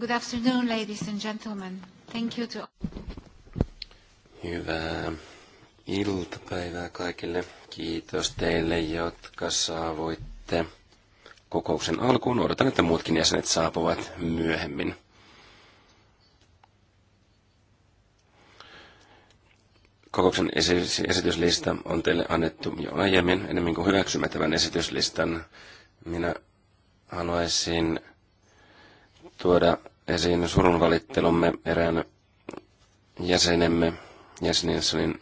Good afternoon, ladies and gentlemen. Thank you to... Hyvää iltapäivää kaikille. Kiitos teille, jotka saavuitte kokouksen alkuun. Odotan, että muutkin jäsenet saapuvat myöhemmin. Kokouksen esityslista on teille annettu jo aiemmin, enemmän kuin hyväksymme tämän esityslistan. Minä haluaisin tuoda esiin surunvalittelumme erään jäsenemme, jäsenenssonin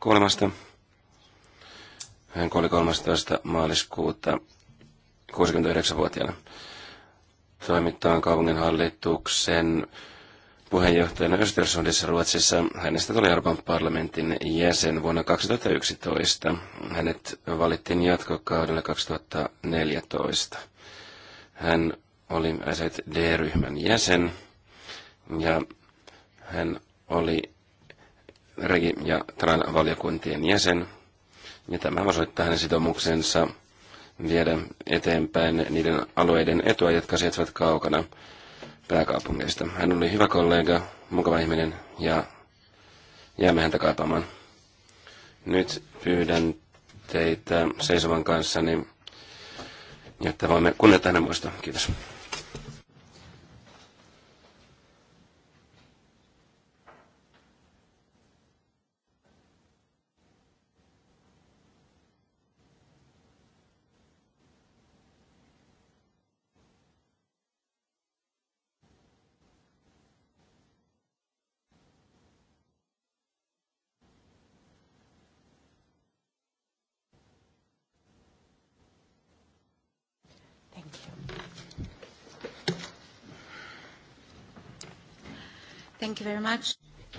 kuolemasta. Hän kuoli 13. maaliskuuta 69-vuotiaana. Toimittaan kaupungin hallituksen puheenjohtajana Östersundissa Ruotsissa. Hänestä tuli Euroopan parlamentin jäsen vuonna 2011. Hänet valittiin jatkokaudelle 2014. Hän Olin Aset d ryhmän jäsen ja hän oli Regi- ja Tran-valiokuntien jäsen. Ja tämä osoittaa hänen sitoumuksensa viedä eteenpäin niiden alueiden etua, jotka sijaitsevat kaukana pääkaupungeista. Hän oli hyvä kollega, mukava ihminen ja jäämme häntä kaipaamaan. Nyt pyydän teitä seisovan kanssani, jotta voimme kunnioittaa hänen muista. Kiitos. Thank you very much.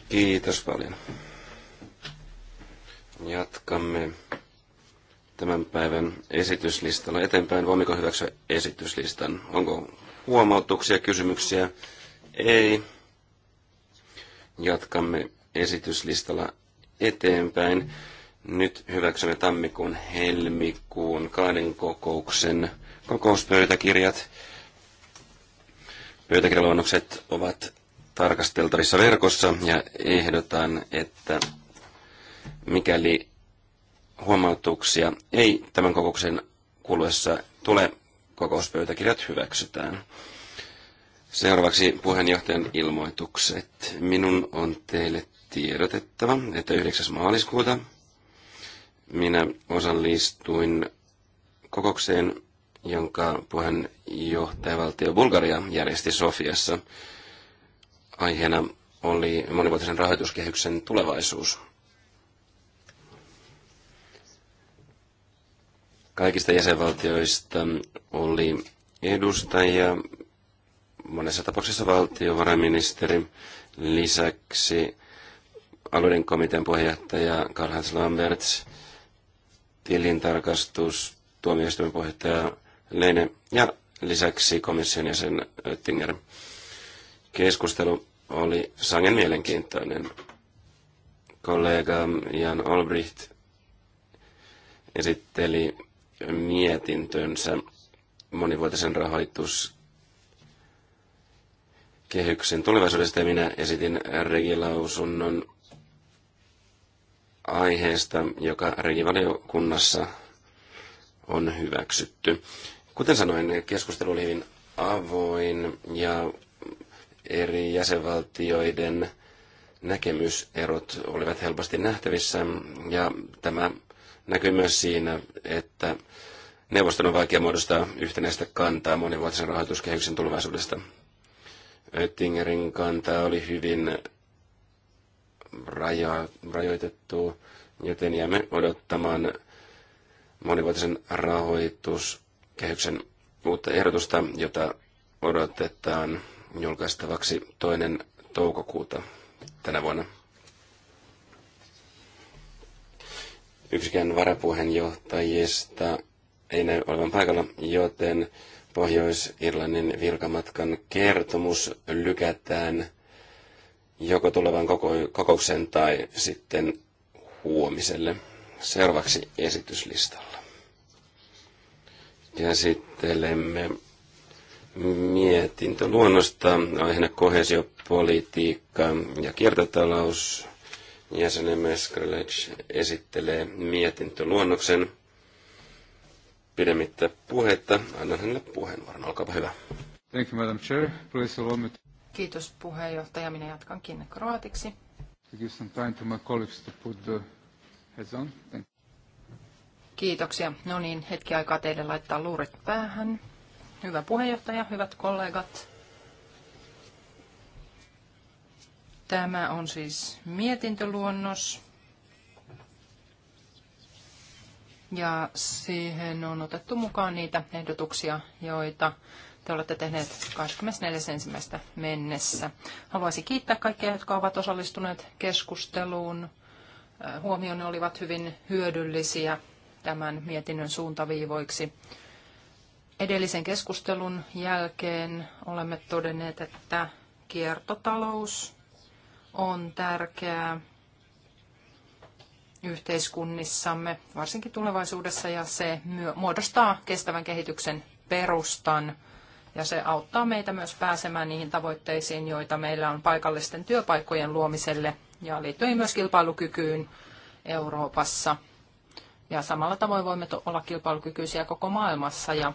Kiitos paljon. Jatkamme tämän päivän esityslistalla eteenpäin. Voimmeko hyväksyä esityslistan? Onko huomautuksia, kysymyksiä? Ei. Jatkamme esityslistalla eteenpäin. Nyt hyväksymme tammikuun helmikuun kahden kokouksen kokouspöytäkirjat. Pöytäkirjaluonnokset ovat tarkasteltavissa verkossa ja ehdotan, että mikäli huomautuksia ei tämän kokouksen kuluessa tule, kokouspöytäkirjat hyväksytään. Seuraavaksi puheenjohtajan ilmoitukset. Minun on teille tiedotettava, että 9. maaliskuuta minä osallistuin kokoukseen, jonka puheenjohtajavaltio Bulgaria järjesti Sofiassa – aiheena oli monivuotisen rahoituskehyksen tulevaisuus. Kaikista jäsenvaltioista oli edustajia, monessa tapauksessa valtiovarainministeri, lisäksi alueiden komitean puheenjohtaja Karl-Heinz Lamberts, tilintarkastus, tuomioistuimen puheenjohtaja Leine ja lisäksi komission jäsen Oettinger. Keskustelu oli sangen mielenkiintoinen. Kollega Jan Olbricht esitteli mietintönsä monivuotisen rahoitus kehyksen tulevaisuudesta ja minä esitin regilausunnon aiheesta, joka regivaliokunnassa on hyväksytty. Kuten sanoin, keskustelu oli hyvin avoin ja eri jäsenvaltioiden näkemyserot olivat helposti nähtävissä, ja tämä näkyy myös siinä, että neuvoston on vaikea muodostaa yhtenäistä kantaa monivuotisen rahoituskehyksen tulevaisuudesta. Oettingerin kanta oli hyvin rajoitettu, joten jäämme odottamaan monivuotisen rahoituskehyksen uutta ehdotusta, jota odotetaan julkaistavaksi toinen toukokuuta tänä vuonna. Yksikään varapuheenjohtajista ei näy olevan paikalla, joten Pohjois-Irlannin virkamatkan kertomus lykätään joko tulevan kokouksen tai sitten huomiselle. Seuraavaksi esityslistalla. Käsittelemme mietintö luonnosta, aiheena kohesiopolitiikka ja kiertotalous. Jäsenemme Skrelec esittelee mietintöluonnoksen. Pidemmittä puhetta, annan hänelle puheenvuoron. Olkaapa hyvä. Thank you, Madam Chair. Please allow me Kiitos puheenjohtaja. Minä jatkankin kroatiksi. Kiitoksia. No niin, hetki aikaa teille laittaa luuret päähän. Hyvä puheenjohtaja, hyvät kollegat. Tämä on siis mietintöluonnos. Ja siihen on otettu mukaan niitä ehdotuksia, joita te olette tehneet 24.1. mennessä. Haluaisin kiittää kaikkia, jotka ovat osallistuneet keskusteluun. Huomionne olivat hyvin hyödyllisiä tämän mietinnön suuntaviivoiksi. Edellisen keskustelun jälkeen olemme todenneet, että kiertotalous on tärkeää yhteiskunnissamme, varsinkin tulevaisuudessa, ja se muodostaa kestävän kehityksen perustan, ja se auttaa meitä myös pääsemään niihin tavoitteisiin, joita meillä on paikallisten työpaikkojen luomiselle, ja liittyen myös kilpailukykyyn Euroopassa. Ja samalla tavoin voimme olla kilpailukykyisiä koko maailmassa, ja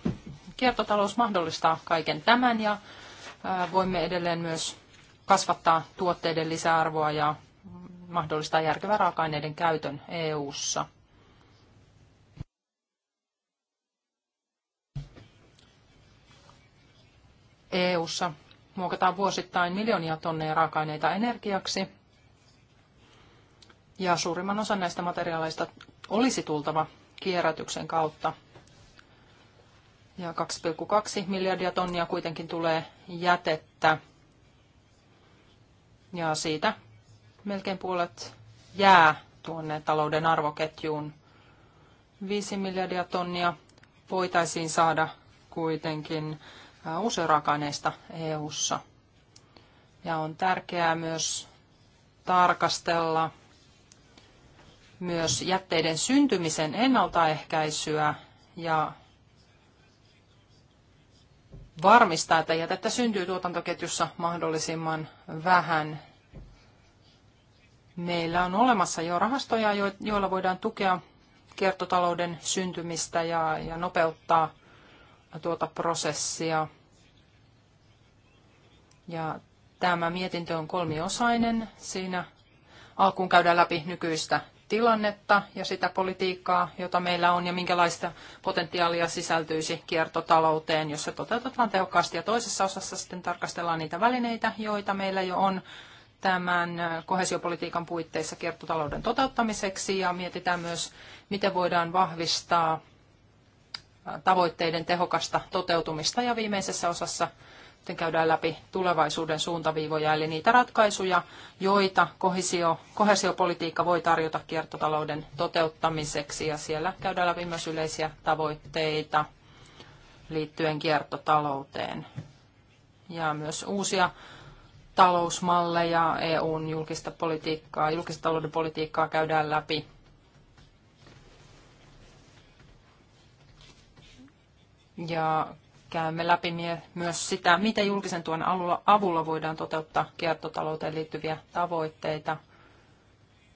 Kiertotalous mahdollistaa kaiken tämän ja voimme edelleen myös kasvattaa tuotteiden lisäarvoa ja mahdollistaa järkevän raaka-aineiden käytön EU:ssa. EU:ssa muokataan vuosittain miljoonia tonneja raaka-aineita energiaksi. Ja suurimman osan näistä materiaaleista olisi tultava kierrätyksen kautta ja 2,2 miljardia tonnia kuitenkin tulee jätettä. Ja siitä melkein puolet jää tuonne talouden arvoketjuun. 5 miljardia tonnia voitaisiin saada kuitenkin äh, useurakaneista EU-ssa. Ja on tärkeää myös tarkastella myös jätteiden syntymisen ennaltaehkäisyä ja varmistaa, että jätettä syntyy tuotantoketjussa mahdollisimman vähän. Meillä on olemassa jo rahastoja, joilla voidaan tukea kiertotalouden syntymistä ja, ja nopeuttaa tuota prosessia. Ja tämä mietintö on kolmiosainen. Siinä alkuun käydään läpi nykyistä tilannetta ja sitä politiikkaa, jota meillä on ja minkälaista potentiaalia sisältyisi kiertotalouteen, jos se toteutetaan tehokkaasti. Ja toisessa osassa sitten tarkastellaan niitä välineitä, joita meillä jo on tämän äh, kohesiopolitiikan puitteissa kiertotalouden toteuttamiseksi ja mietitään myös, miten voidaan vahvistaa äh, tavoitteiden tehokasta toteutumista ja viimeisessä osassa sitten käydään läpi tulevaisuuden suuntaviivoja, eli niitä ratkaisuja, joita kohesio, kohesiopolitiikka voi tarjota kiertotalouden toteuttamiseksi, ja siellä käydään läpi myös yleisiä tavoitteita liittyen kiertotalouteen. Ja myös uusia talousmalleja, EUn julkista politiikkaa, julkista talouden politiikkaa käydään läpi. Ja käymme läpi myös sitä, mitä julkisen tuen avulla voidaan toteuttaa kiertotalouteen liittyviä tavoitteita.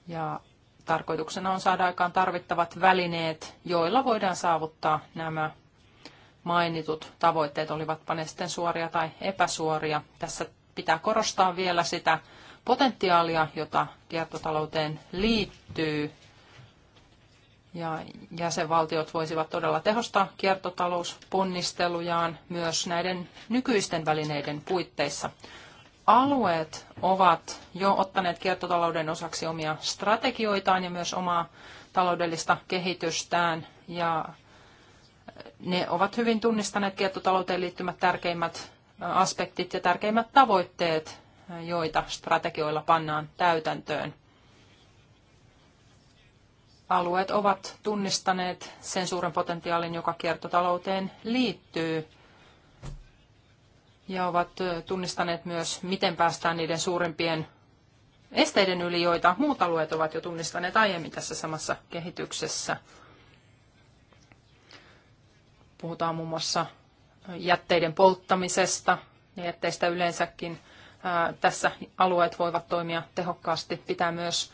Ja tarkoituksena on saada aikaan tarvittavat välineet, joilla voidaan saavuttaa nämä mainitut tavoitteet, olivatpa ne sitten suoria tai epäsuoria. Tässä pitää korostaa vielä sitä potentiaalia, jota kiertotalouteen liittyy ja jäsenvaltiot voisivat todella tehostaa kiertotalousponnistelujaan myös näiden nykyisten välineiden puitteissa. Alueet ovat jo ottaneet kiertotalouden osaksi omia strategioitaan ja myös omaa taloudellista kehitystään ja ne ovat hyvin tunnistaneet kiertotalouteen liittymät tärkeimmät aspektit ja tärkeimmät tavoitteet, joita strategioilla pannaan täytäntöön alueet ovat tunnistaneet sen suuren potentiaalin, joka kiertotalouteen liittyy, ja ovat tunnistaneet myös, miten päästään niiden suurimpien esteiden yli, joita muut alueet ovat jo tunnistaneet aiemmin tässä samassa kehityksessä. Puhutaan muun muassa jätteiden polttamisesta ja jätteistä yleensäkin. Tässä alueet voivat toimia tehokkaasti. Pitää myös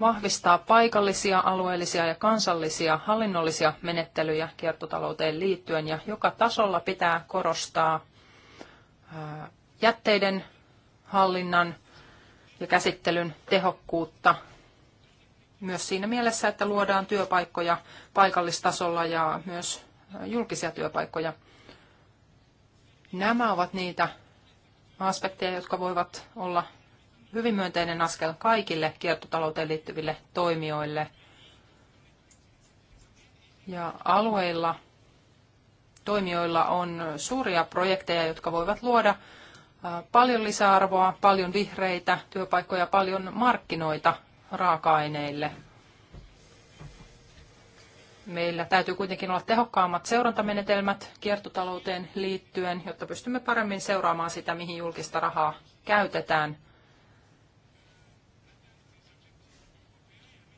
vahvistaa paikallisia, alueellisia ja kansallisia hallinnollisia menettelyjä kiertotalouteen liittyen ja joka tasolla pitää korostaa jätteiden hallinnan ja käsittelyn tehokkuutta myös siinä mielessä, että luodaan työpaikkoja paikallistasolla ja myös julkisia työpaikkoja. Nämä ovat niitä aspekteja, jotka voivat olla hyvin myönteinen askel kaikille kiertotalouteen liittyville toimijoille. Ja alueilla toimijoilla on suuria projekteja, jotka voivat luoda paljon lisäarvoa, paljon vihreitä työpaikkoja, paljon markkinoita raaka-aineille. Meillä täytyy kuitenkin olla tehokkaammat seurantamenetelmät kiertotalouteen liittyen, jotta pystymme paremmin seuraamaan sitä, mihin julkista rahaa käytetään –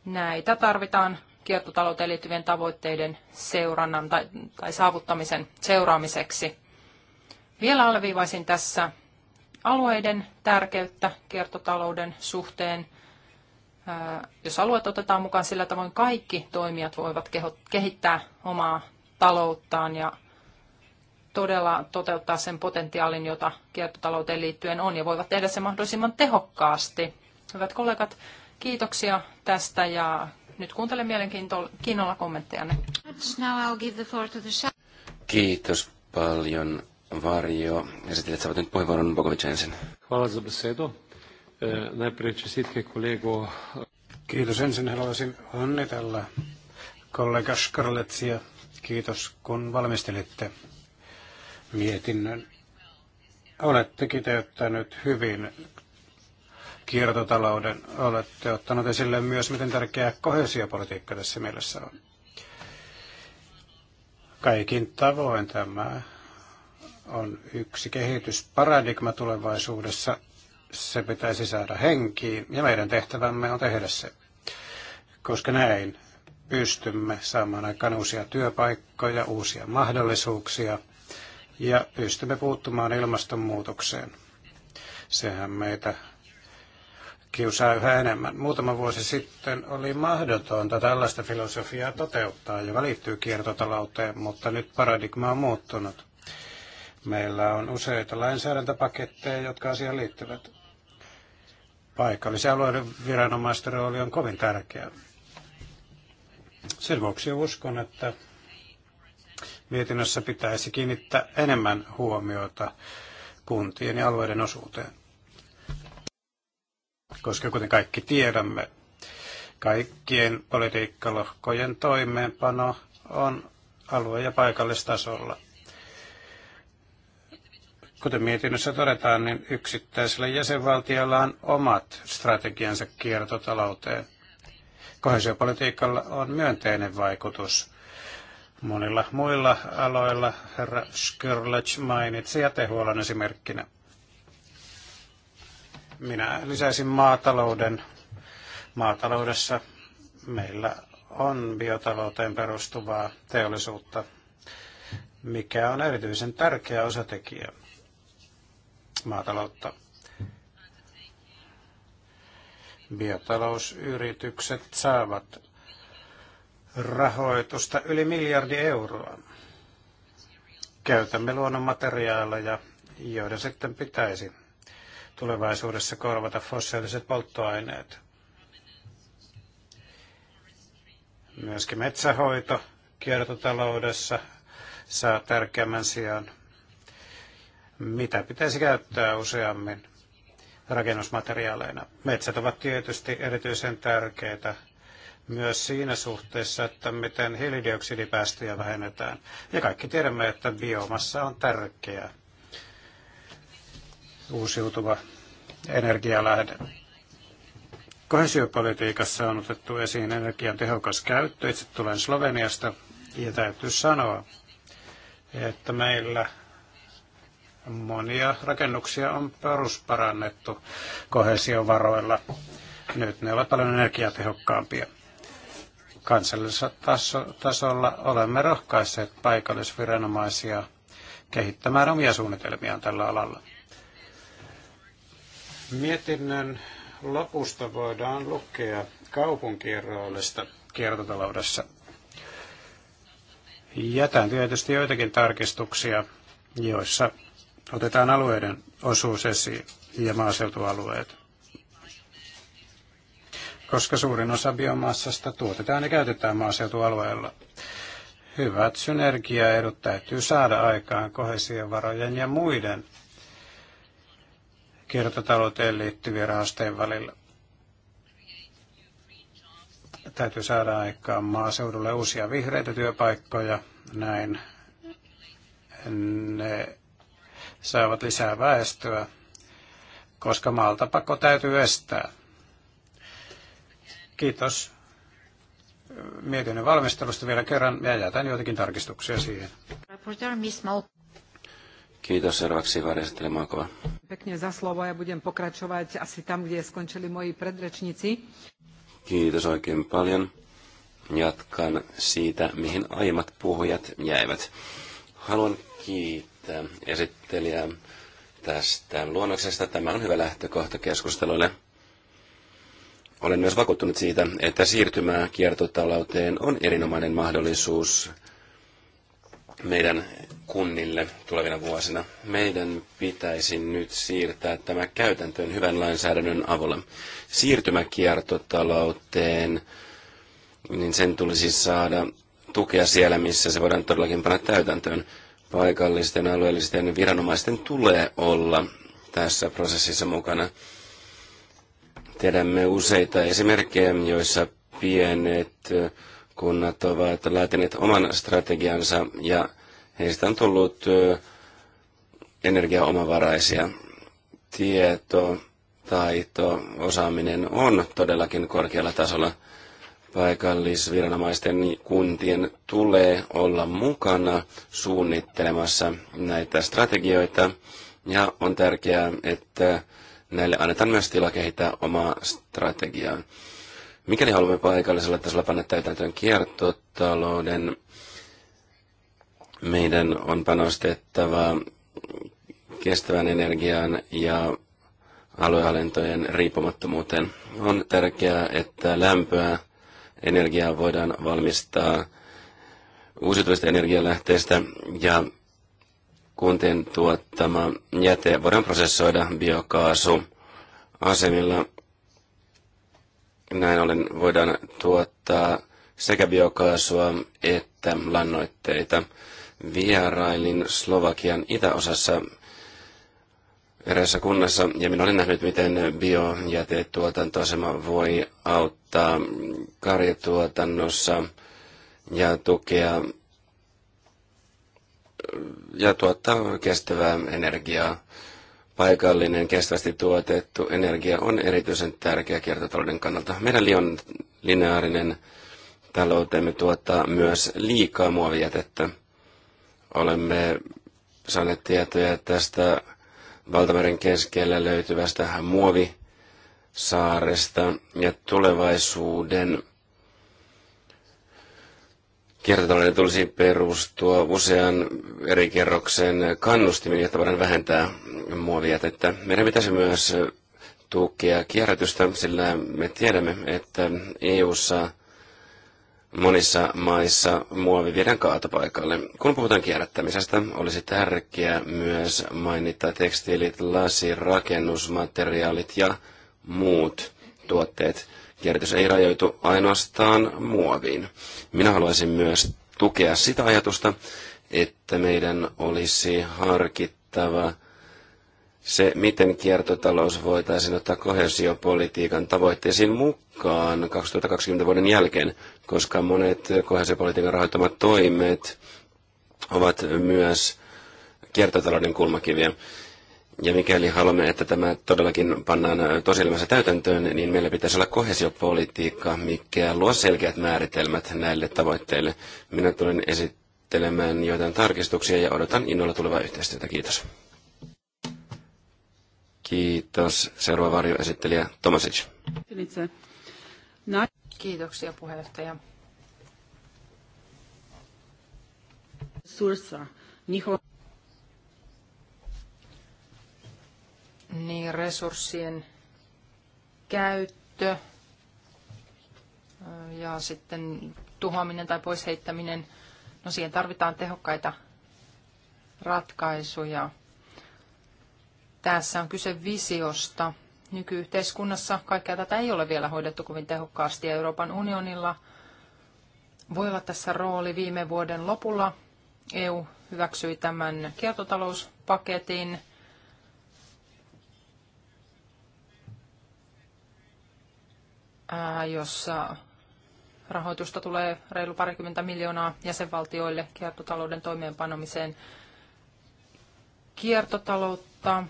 Näitä tarvitaan kiertotalouteen liittyvien tavoitteiden seurannan tai, tai saavuttamisen seuraamiseksi. Vielä alleviivaisin tässä alueiden tärkeyttä kiertotalouden suhteen. Jos alueet otetaan mukaan sillä tavoin, kaikki toimijat voivat kehittää omaa talouttaan ja todella toteuttaa sen potentiaalin, jota kiertotalouteen liittyen on, ja voivat tehdä se mahdollisimman tehokkaasti. Hyvät kollegat, Kiitoksia tästä ja nyt kuuntelen mielenkiinnolla kommenttejanne. Kiitos paljon Varjo. Esittelijät saavat nyt puheenvuoron Bogovic ensin. Hvala e, Kiitos ensin. Haluaisin onnitella kollega Skarletsia. Kiitos kun valmistelitte mietinnön. Olette kiteyttänyt hyvin kiertotalouden. Olette ottanut esille myös, miten tärkeää kohesiopolitiikka tässä mielessä on. Kaikin tavoin tämä on yksi kehitysparadigma tulevaisuudessa. Se pitäisi saada henkiin ja meidän tehtävämme on tehdä se, koska näin pystymme saamaan aikaan uusia työpaikkoja, uusia mahdollisuuksia ja pystymme puuttumaan ilmastonmuutokseen. Sehän meitä kiusaa yhä enemmän. Muutama vuosi sitten oli mahdotonta tällaista filosofiaa toteuttaa, joka liittyy kiertotalouteen, mutta nyt paradigma on muuttunut. Meillä on useita lainsäädäntöpaketteja, jotka asiaan liittyvät. Paikallisen alueiden viranomaisten rooli on kovin tärkeä. Sen vuoksi uskon, että mietinnössä pitäisi kiinnittää enemmän huomiota kuntien ja alueiden osuuteen koska kuten kaikki tiedämme, kaikkien politiikkalohkojen toimeenpano on alue- ja paikallistasolla. Kuten mietinnössä todetaan, niin yksittäisellä jäsenvaltiolla on omat strategiansa kiertotalouteen. Kohesiopolitiikalla on myönteinen vaikutus. Monilla muilla aloilla herra Skirlach mainitsi jätehuollon esimerkkinä. Minä lisäisin maatalouden. Maataloudessa meillä on biotalouteen perustuvaa teollisuutta, mikä on erityisen tärkeä osatekijä maataloutta. Biotalousyritykset saavat rahoitusta yli miljardi euroa. Käytämme luonnonmateriaaleja, joiden sitten pitäisi tulevaisuudessa korvata fossiiliset polttoaineet. Myöskin metsähoito kiertotaloudessa saa tärkeämmän sijaan. mitä pitäisi käyttää useammin rakennusmateriaaleina. Metsät ovat tietysti erityisen tärkeitä myös siinä suhteessa, että miten hiilidioksidipäästöjä vähennetään. Ja kaikki tiedämme, että biomassa on tärkeää uusiutuva energialähde. Kohesiopolitiikassa on otettu esiin energian tehokas käyttö. Itse tulen Sloveniasta ja täytyy sanoa, että meillä monia rakennuksia on perusparannettu kohesiovaroilla. Nyt ne ovat paljon energiatehokkaampia. Kansallisella taso- tasolla olemme rohkaisseet paikallisviranomaisia kehittämään omia suunnitelmiaan tällä alalla. Mietinnön lopusta voidaan lukea kaupunkien roolista kiertotaloudessa. Jätän tietysti joitakin tarkistuksia, joissa otetaan alueiden osuus esiin ja maaseutualueet. Koska suurin osa biomassasta tuotetaan ja käytetään maaseutualueella. Hyvät synergiaedut täytyy saada aikaan kohesiovarojen ja muiden kiertotalouteen liittyvien rahastojen välillä. Täytyy saada aikaan maaseudulle uusia vihreitä työpaikkoja, näin ne saavat lisää väestöä, koska maalta pakko täytyy estää. Kiitos mietinnön valmistelusta vielä kerran ja jätän joitakin tarkistuksia siihen. Kiitos seuraavaksi Varjasateli Makova. Pekne za slovo ja budem pokračovať asi tam, kde skončili moji predrečnici. Kiitos oikein paljon. Jatkan siitä, mihin aiemmat puhujat jäivät. Haluan kiittää esittelijää tästä luonnoksesta. Tämä on hyvä lähtökohta keskustelulle. Olen myös vakuuttunut siitä, että siirtymää kiertotalouteen on erinomainen mahdollisuus meidän kunnille tulevina vuosina. Meidän pitäisi nyt siirtää tämä käytäntöön hyvän lainsäädännön avulla. Siirtymäkiertotalouteen, niin sen tulisi saada tukea siellä, missä se voidaan todellakin panna täytäntöön. Paikallisten alueellisten viranomaisten tulee olla tässä prosessissa mukana. Tiedämme useita esimerkkejä, joissa pienet kunnat ovat laatineet oman strategiansa ja Niistä on tullut energiaomavaraisia. Tieto, taito, osaaminen on todellakin korkealla tasolla. Paikallisviranomaisten kuntien tulee olla mukana suunnittelemassa näitä strategioita. Ja on tärkeää, että näille annetaan myös tila kehittää omaa strategiaa. Mikäli haluamme paikallisella tasolla panna täytäntöön kiertotalouden meidän on panostettava kestävän energiaan ja aluehallintojen riippumattomuuteen. On tärkeää, että lämpöä energiaa voidaan valmistaa uusiutuvista energialähteistä ja kuntien tuottama jäte voidaan prosessoida biokaasu asemilla. Näin ollen voidaan tuottaa sekä biokaasua että lannoitteita vierailin Slovakian itäosassa eräässä kunnassa, ja minä olin nähnyt, miten biojätetuotantoasema voi auttaa karjatuotannossa ja tukea ja tuottaa kestävää energiaa. Paikallinen, kestävästi tuotettu energia on erityisen tärkeä kiertotalouden kannalta. Meidän liian lineaarinen taloutemme tuottaa myös liikaa muovijätettä – Olemme saaneet tietoja tästä Valtameren keskellä löytyvästä muovisaaresta ja tulevaisuuden kiertotalouden tulisi perustua usean eri kerroksen kannustimiin, jotta voidaan vähentää muovijätettä. Meidän pitäisi myös tukea kierrätystä, sillä me tiedämme, että EU:ssa monissa maissa muovi viedään kaatopaikalle. Kun puhutaan kierrättämisestä, olisi tärkeää myös mainita tekstiilit, lasi, rakennusmateriaalit ja muut tuotteet. Kierrätys ei rajoitu ainoastaan muoviin. Minä haluaisin myös tukea sitä ajatusta, että meidän olisi harkittava se, miten kiertotalous voitaisiin ottaa kohesiopolitiikan tavoitteisiin mukaan 2020 vuoden jälkeen, koska monet kohesiopolitiikan rahoittamat toimet ovat myös kiertotalouden kulmakiviä. Ja mikäli haluamme, että tämä todellakin pannaan tosielämässä täytäntöön, niin meillä pitäisi olla kohesiopolitiikka, mikä luo selkeät määritelmät näille tavoitteille. Minä tulen esittelemään joitain tarkistuksia ja odotan innolla tulevaa yhteistyötä. Kiitos. Kiitos. Seuraava varjoesittelijä Tomasic. Kiitoksia puheenjohtaja. Sursa. Niho. Niin, resurssien käyttö ja sitten tuhoaminen tai poisheittäminen. No siihen tarvitaan tehokkaita ratkaisuja. Tässä on kyse visiosta. Nykyyhteiskunnassa kaikkea tätä ei ole vielä hoidettu kovin tehokkaasti ja Euroopan unionilla voi olla tässä rooli viime vuoden lopulla. EU hyväksyi tämän kiertotalouspaketin. jossa rahoitusta tulee reilu parikymmentä miljoonaa jäsenvaltioille kiertotalouden toimeenpanomiseen. Kiertotaloutta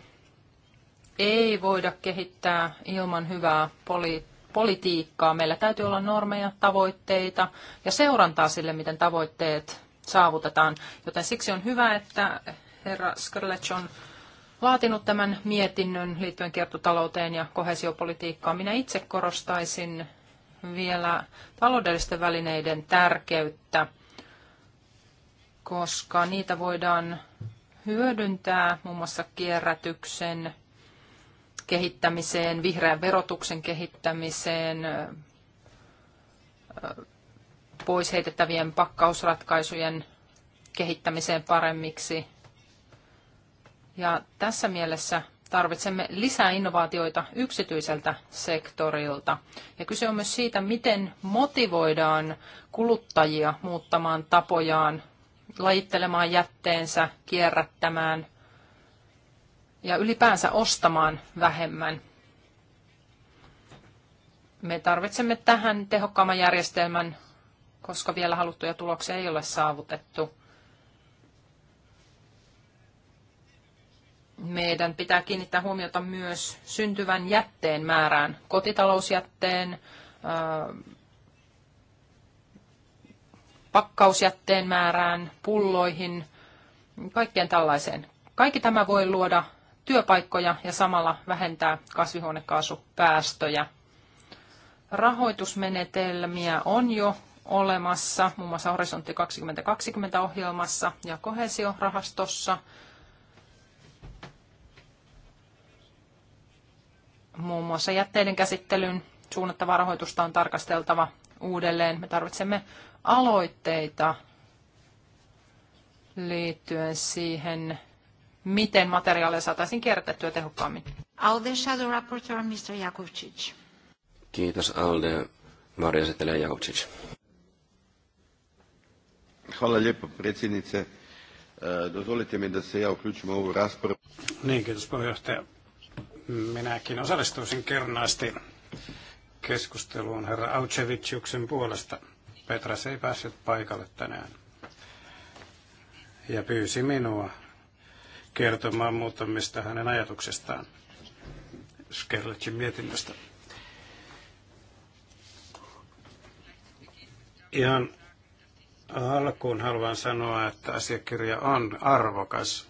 ei voida kehittää ilman hyvää poli- politiikkaa. Meillä täytyy olla normeja, tavoitteita ja seurantaa sille, miten tavoitteet saavutetaan. Joten siksi on hyvä, että herra Skrlec on laatinut tämän mietinnön liittyen kiertotalouteen ja kohesiopolitiikkaan. Minä itse korostaisin vielä taloudellisten välineiden tärkeyttä, koska niitä voidaan hyödyntää muun muassa kierrätyksen kehittämiseen, vihreän verotuksen kehittämiseen, pois heitettävien pakkausratkaisujen kehittämiseen paremmiksi. Ja tässä mielessä tarvitsemme lisää innovaatioita yksityiseltä sektorilta. Ja kyse on myös siitä, miten motivoidaan kuluttajia muuttamaan tapojaan, lajittelemaan jätteensä, kierrättämään ja ylipäänsä ostamaan vähemmän. Me tarvitsemme tähän tehokkaamman järjestelmän, koska vielä haluttuja tuloksia ei ole saavutettu. Meidän pitää kiinnittää huomiota myös syntyvän jätteen määrään, kotitalousjätteen, äh, pakkausjätteen määrään, pulloihin, kaikkeen tällaiseen. Kaikki tämä voi luoda työpaikkoja ja samalla vähentää kasvihuonekaasupäästöjä. Rahoitusmenetelmiä on jo olemassa, muun muassa Horisontti 2020-ohjelmassa ja kohesiorahastossa. Muun muassa jätteiden käsittelyn suunnattavaa rahoitusta on tarkasteltava uudelleen. Me tarvitsemme aloitteita liittyen siihen, miten materiaaleja saataisiin kierrätettyä tehokkaammin. ALDE Shadow Rapporteur, Mr. Jakovcic. Kiitos Alde. Marja Setelä Jakovcic. Hvala lijepo predsjednice. E, dozvolite mi da se ja uključim ovu raspravu. Niin, kiitos puheenjohtaja. Minäkin osallistuisin kernaasti keskusteluun herra Aucevicjuksen puolesta. Petras ei päässyt paikalle tänään ja pyysi minua kertomaan muutamista hänen ajatuksestaan Skerletsin mietinnöstä. Ihan alkuun haluan sanoa, että asiakirja on arvokas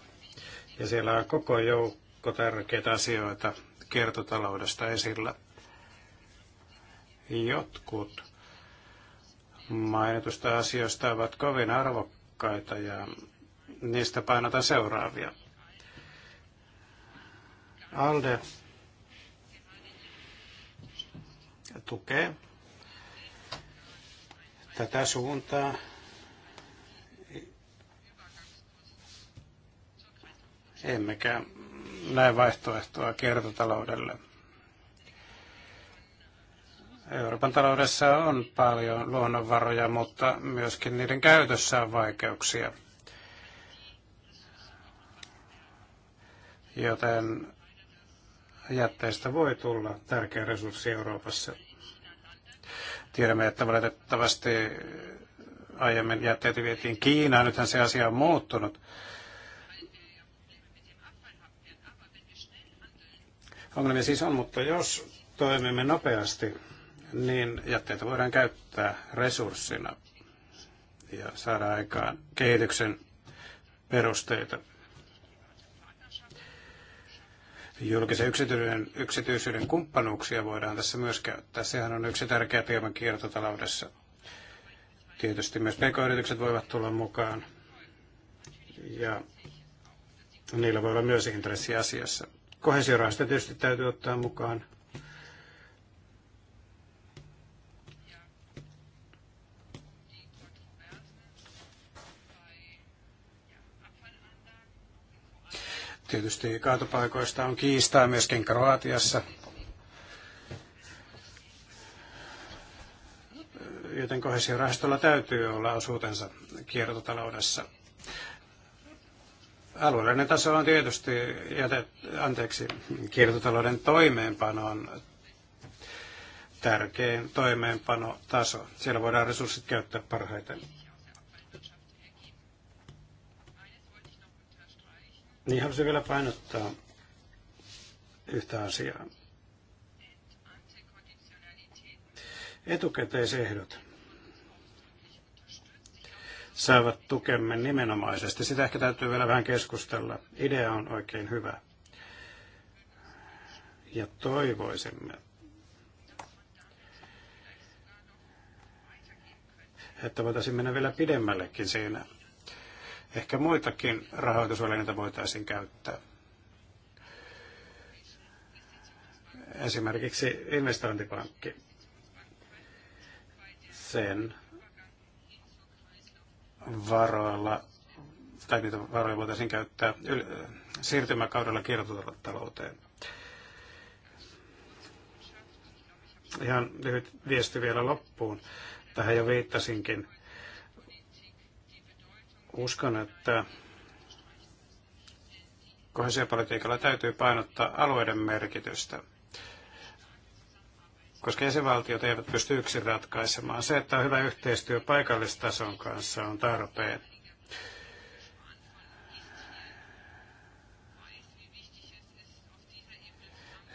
ja siellä on koko joukko tärkeitä asioita kiertotaloudesta esillä. Jotkut mainitusta asioista ovat kovin arvokkaita ja niistä painotan seuraavia. ALDE tukee tätä suuntaa. Emmekä näe vaihtoehtoa kiertotaloudelle. Euroopan taloudessa on paljon luonnonvaroja, mutta myöskin niiden käytössä on vaikeuksia. Joten jätteistä voi tulla tärkeä resurssi Euroopassa. Tiedämme, että valitettavasti aiemmin jätteet vietiin Kiinaan, nythän se asia on muuttunut. Ongelmia siis on, mutta jos toimimme nopeasti, niin jätteitä voidaan käyttää resurssina ja saada aikaan kehityksen perusteita. julkisen yksityisyyden, yksityisyyden kumppanuuksia voidaan tässä myös käyttää. Sehän on yksi tärkeä teema kiertotaloudessa. Tietysti myös pk-yritykset voivat tulla mukaan ja niillä voi olla myös intressi asiassa. Kohesiorahasta tietysti täytyy ottaa mukaan Tietysti kaatopaikoista on kiistaa myöskin Kroatiassa. Joten kohesiorahastolla täytyy olla osuutensa kiertotaloudessa. Alueellinen taso on tietysti jätet, anteeksi, kiertotalouden toimeenpanoon tärkein toimeenpanotaso. Siellä voidaan resurssit käyttää parhaiten. Niin haluaisin vielä painottaa yhtä asiaa. Etukäteisehdot saavat tukemme nimenomaisesti. Sitä ehkä täytyy vielä vähän keskustella. Idea on oikein hyvä. Ja toivoisimme, että voitaisiin mennä vielä pidemmällekin siinä. Ehkä muitakin rahoitusvälineitä voitaisiin käyttää. Esimerkiksi investointipankki. Sen varoilla, tai niitä varoja voitaisiin käyttää siirtymäkaudella kiertotalouteen. Ihan lyhyt viesti vielä loppuun. Tähän jo viittasinkin. Uskon, että kohesiopolitiikalla täytyy painottaa alueiden merkitystä, koska jäsenvaltiot eivät pysty yksin ratkaisemaan. Se, että on hyvä yhteistyö paikallistason kanssa on tarpeen.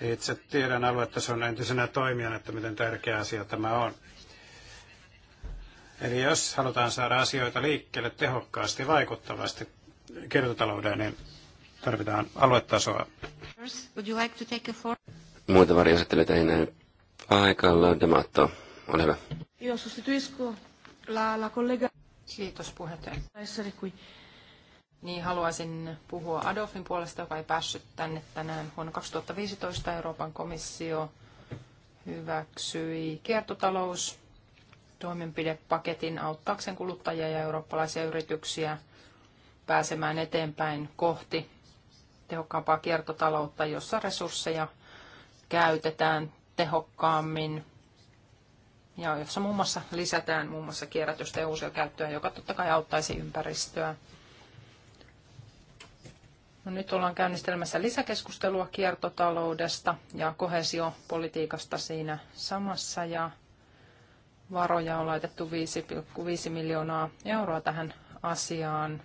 Itse tiedän aluetason entisenä toimijana, että miten tärkeä asia tämä on. Eli jos halutaan saada asioita liikkeelle tehokkaasti, vaikuttavasti kiertotalouteen, niin tarvitaan aluetasoa. Would you like Muita ei näy paikalla. Demato, ole hyvä. Io sostituisco la, la collega. Kiitos puheenjohtaja. Niin haluaisin puhua Adolfin puolesta, joka ei päässyt tänne tänään. Vuonna 2015 Euroopan komissio hyväksyi kiertotalous toimenpidepaketin auttaakseen kuluttajia ja eurooppalaisia yrityksiä pääsemään eteenpäin kohti tehokkaampaa kiertotaloutta, jossa resursseja käytetään tehokkaammin ja jossa muun muassa lisätään muun muassa kierrätystä ja uusia käyttöä, joka totta kai auttaisi ympäristöä. No nyt ollaan käynnistelemässä lisäkeskustelua kiertotaloudesta ja kohesiopolitiikasta siinä samassa ja varoja on laitettu 5,5 miljoonaa euroa tähän asiaan.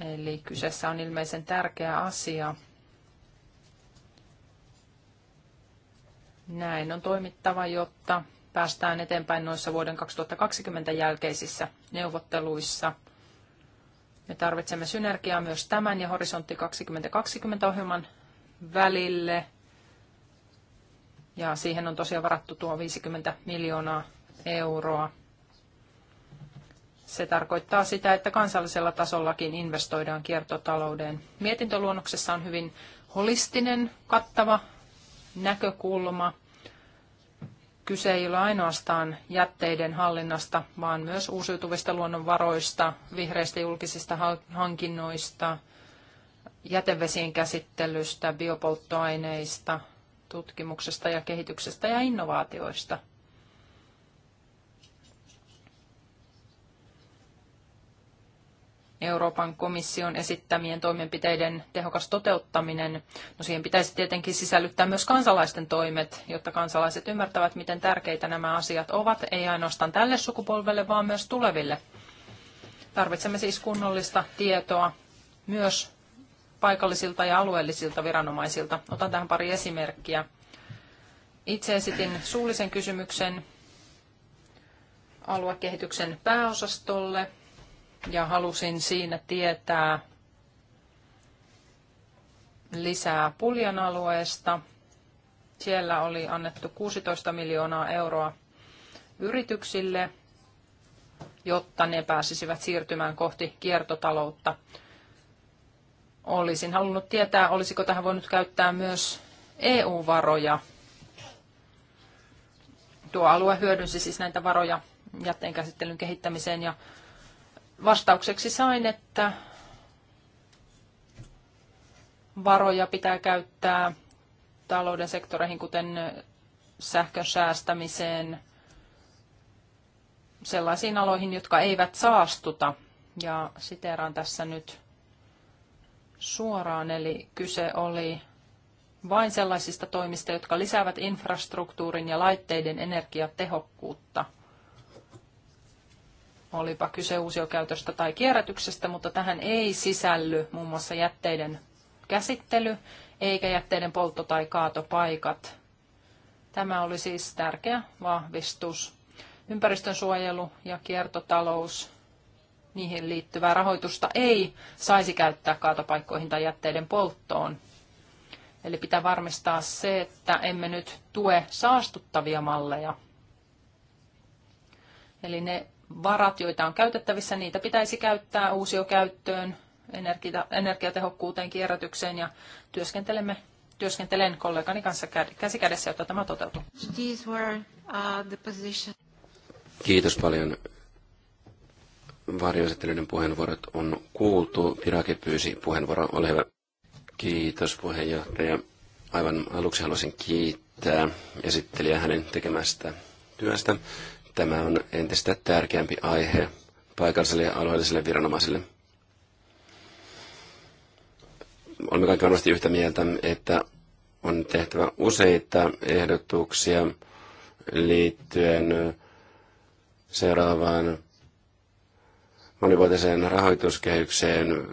Eli kyseessä on ilmeisen tärkeä asia. Näin on toimittava, jotta päästään eteenpäin noissa vuoden 2020 jälkeisissä neuvotteluissa. Me tarvitsemme synergiaa myös tämän ja Horisontti 2020-ohjelman välille – ja siihen on tosiaan varattu tuo 50 miljoonaa euroa. Se tarkoittaa sitä, että kansallisella tasollakin investoidaan kiertotalouteen. Mietintöluonnoksessa on hyvin holistinen, kattava näkökulma. Kyse ei ole ainoastaan jätteiden hallinnasta, vaan myös uusiutuvista luonnonvaroista, vihreistä julkisista hankinnoista, jätevesien käsittelystä, biopolttoaineista, tutkimuksesta ja kehityksestä ja innovaatioista. Euroopan komission esittämien toimenpiteiden tehokas toteuttaminen. No siihen pitäisi tietenkin sisällyttää myös kansalaisten toimet, jotta kansalaiset ymmärtävät, miten tärkeitä nämä asiat ovat, ei ainoastaan tälle sukupolvelle, vaan myös tuleville. Tarvitsemme siis kunnollista tietoa myös paikallisilta ja alueellisilta viranomaisilta. Otan tähän pari esimerkkiä. Itse esitin suullisen kysymyksen aluekehityksen pääosastolle ja halusin siinä tietää lisää Puljan alueesta. Siellä oli annettu 16 miljoonaa euroa yrityksille, jotta ne pääsisivät siirtymään kohti kiertotaloutta – Olisin halunnut tietää, olisiko tähän voinut käyttää myös EU-varoja. Tuo alue hyödynsi siis näitä varoja jätteenkäsittelyn kehittämiseen ja vastaukseksi sain, että varoja pitää käyttää talouden sektoreihin, kuten sähkön säästämiseen, sellaisiin aloihin, jotka eivät saastuta. Ja siteeraan tässä nyt suoraan, eli kyse oli vain sellaisista toimista, jotka lisäävät infrastruktuurin ja laitteiden energiatehokkuutta. Olipa kyse uusiokäytöstä tai kierrätyksestä, mutta tähän ei sisälly muun mm. muassa jätteiden käsittely eikä jätteiden poltto- tai kaatopaikat. Tämä oli siis tärkeä vahvistus. Ympäristönsuojelu ja kiertotalous niihin liittyvää rahoitusta ei saisi käyttää kaatopaikkoihin tai jätteiden polttoon. Eli pitää varmistaa se, että emme nyt tue saastuttavia malleja. Eli ne varat, joita on käytettävissä, niitä pitäisi käyttää uusiokäyttöön, energiatehokkuuteen, kierrätykseen ja työskentelemme, työskentelen kollegani kanssa käsi kädessä, jotta tämä toteutuu. Uh, Kiitos paljon varjoesittelyiden puheenvuorot on kuultu. Pirake pyysi puheenvuoro. Ole hyvä. Kiitos puheenjohtaja. Aivan aluksi haluaisin kiittää esittelijä hänen tekemästä työstä. Tämä on entistä tärkeämpi aihe paikalliselle ja alueelliselle viranomaisille. Olemme kaikki varmasti yhtä mieltä, että on tehtävä useita ehdotuksia liittyen seuraavaan monivuotiseen rahoituskehykseen,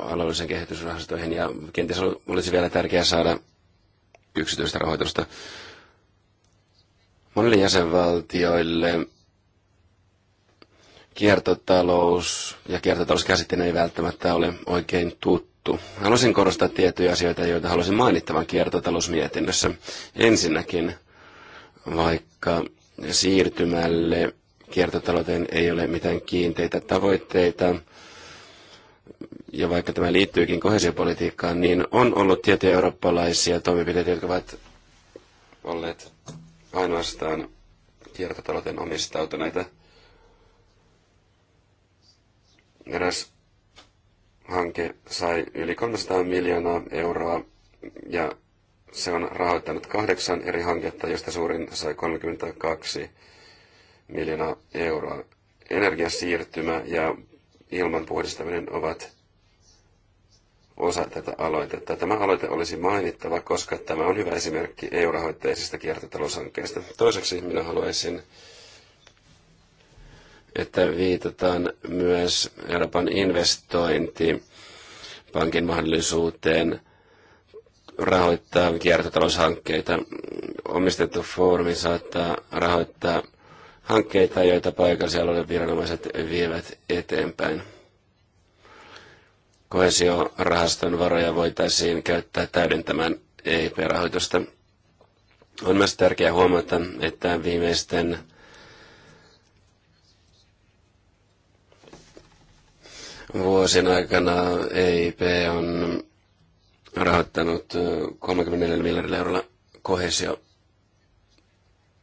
alueellisen kehitysrahastoihin ja kenties olisi vielä tärkeää saada yksityistä rahoitusta. Monille jäsenvaltioille kiertotalous ja kiertotalouskäsitteen ei välttämättä ole oikein tuttu. Haluaisin korostaa tiettyjä asioita, joita haluaisin mainittavan kiertotalousmietinnössä. Ensinnäkin, vaikka siirtymälle Kiertotalouteen ei ole mitään kiinteitä tavoitteita. Ja vaikka tämä liittyykin kohesiopolitiikkaan, niin on ollut tiettyjä eurooppalaisia toimenpiteitä, jotka ovat olleet ainoastaan kiertotalouteen omistautuneita. Eräs hanke sai yli 300 miljoonaa euroa ja se on rahoittanut kahdeksan eri hanketta, joista suurin sai 32 miljoonaa euroa. Energiasiirtymä ja ilman puhdistaminen ovat osa tätä aloitetta. Tämä aloite olisi mainittava, koska tämä on hyvä esimerkki EU-rahoitteisista kiertotaloushankkeista. Toiseksi minä haluaisin, että viitataan myös Euroopan investointipankin mahdollisuuteen rahoittaa kiertotaloushankkeita. Omistettu foorumi saattaa rahoittaa hankkeita, joita paikallisalueiden viranomaiset vievät eteenpäin. Kohesiorahaston varoja voitaisiin käyttää täydentämään EIP-rahoitusta. On myös tärkeää huomata, että viimeisten vuosien aikana EIP on rahoittanut 34 miljardilla eurolla kohesio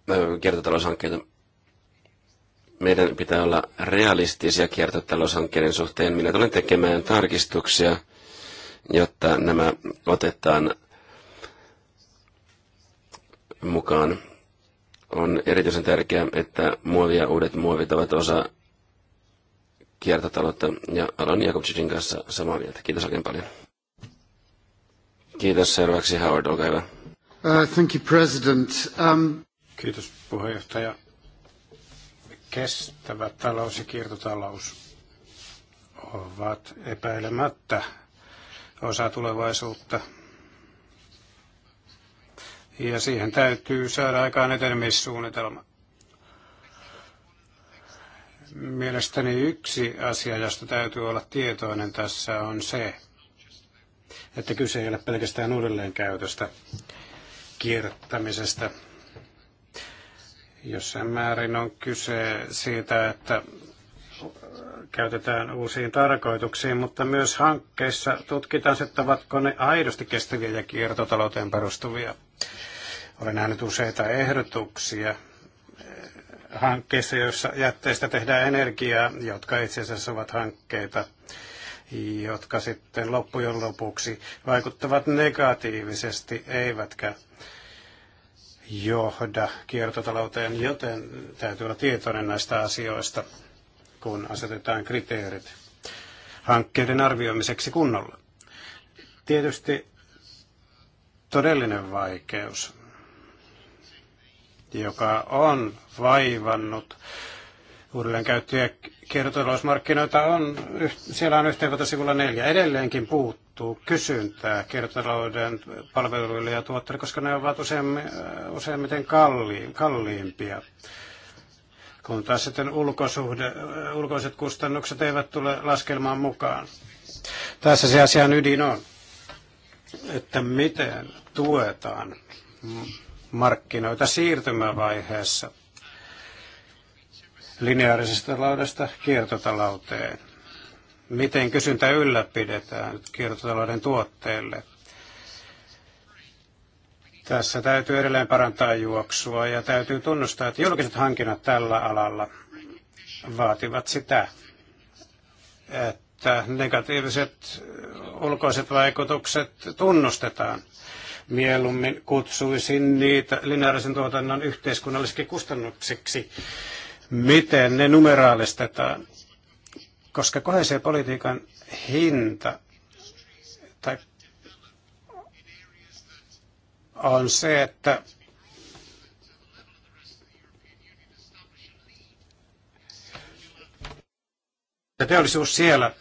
äh, kiertotaloushankkeita meidän pitää olla realistisia kiertotaloushankkeiden suhteen. Minä tulen tekemään tarkistuksia, jotta nämä otetaan mukaan. On erityisen tärkeää, että muovia ja uudet muovit ovat osa kiertotaloutta ja Alan Jakobsidin kanssa samaa mieltä. Kiitos oikein paljon. Kiitos. Seuraavaksi Howard, olkaa hyvä. Uh, thank you, President. Um... Kiitos puheenjohtaja Kestävä talous ja kiertotalous ovat epäilemättä osa tulevaisuutta. Ja siihen täytyy saada aikaan etenemissuunnitelma. Mielestäni yksi asia, josta täytyy olla tietoinen tässä, on se, että kyse ei ole pelkästään uudelleenkäytöstä, kierrättämisestä, Jossain määrin on kyse siitä, että käytetään uusiin tarkoituksiin, mutta myös hankkeissa tutkitaan, että ovatko ne aidosti kestäviä ja kiertotalouteen perustuvia. Olen nähnyt useita ehdotuksia hankkeissa, joissa jätteistä tehdään energiaa, jotka itse asiassa ovat hankkeita, jotka sitten loppujen lopuksi vaikuttavat negatiivisesti, eivätkä johda kiertotalouteen, joten täytyy olla tietoinen näistä asioista, kun asetetaan kriteerit hankkeiden arvioimiseksi kunnolla. Tietysti todellinen vaikeus, joka on vaivannut uudelleenkäyttöjä kiertotalousmarkkinoita, on, siellä on yhteenvetosivulla neljä edelleenkin puuttuu tapahtuu kysyntää kiertotalouden palveluille ja tuotteille, koska ne ovat useimmiten kalliimpia. Kun taas sitten ulkosuhde, ulkoiset kustannukset eivät tule laskelmaan mukaan. Tässä se asian ydin on, että miten tuetaan markkinoita siirtymävaiheessa lineaarisesta taloudesta kiertotalouteen miten kysyntä ylläpidetään kiertotalouden tuotteille. Tässä täytyy edelleen parantaa juoksua ja täytyy tunnustaa, että julkiset hankinnat tällä alalla vaativat sitä, että negatiiviset ulkoiset vaikutukset tunnustetaan. Mieluummin kutsuisin niitä lineaarisen tuotannon yhteiskunnallisiksi kustannuksiksi, miten ne numeraalistetaan koska kohesiopolitiikan hinta tai on se, että teollisuus siellä,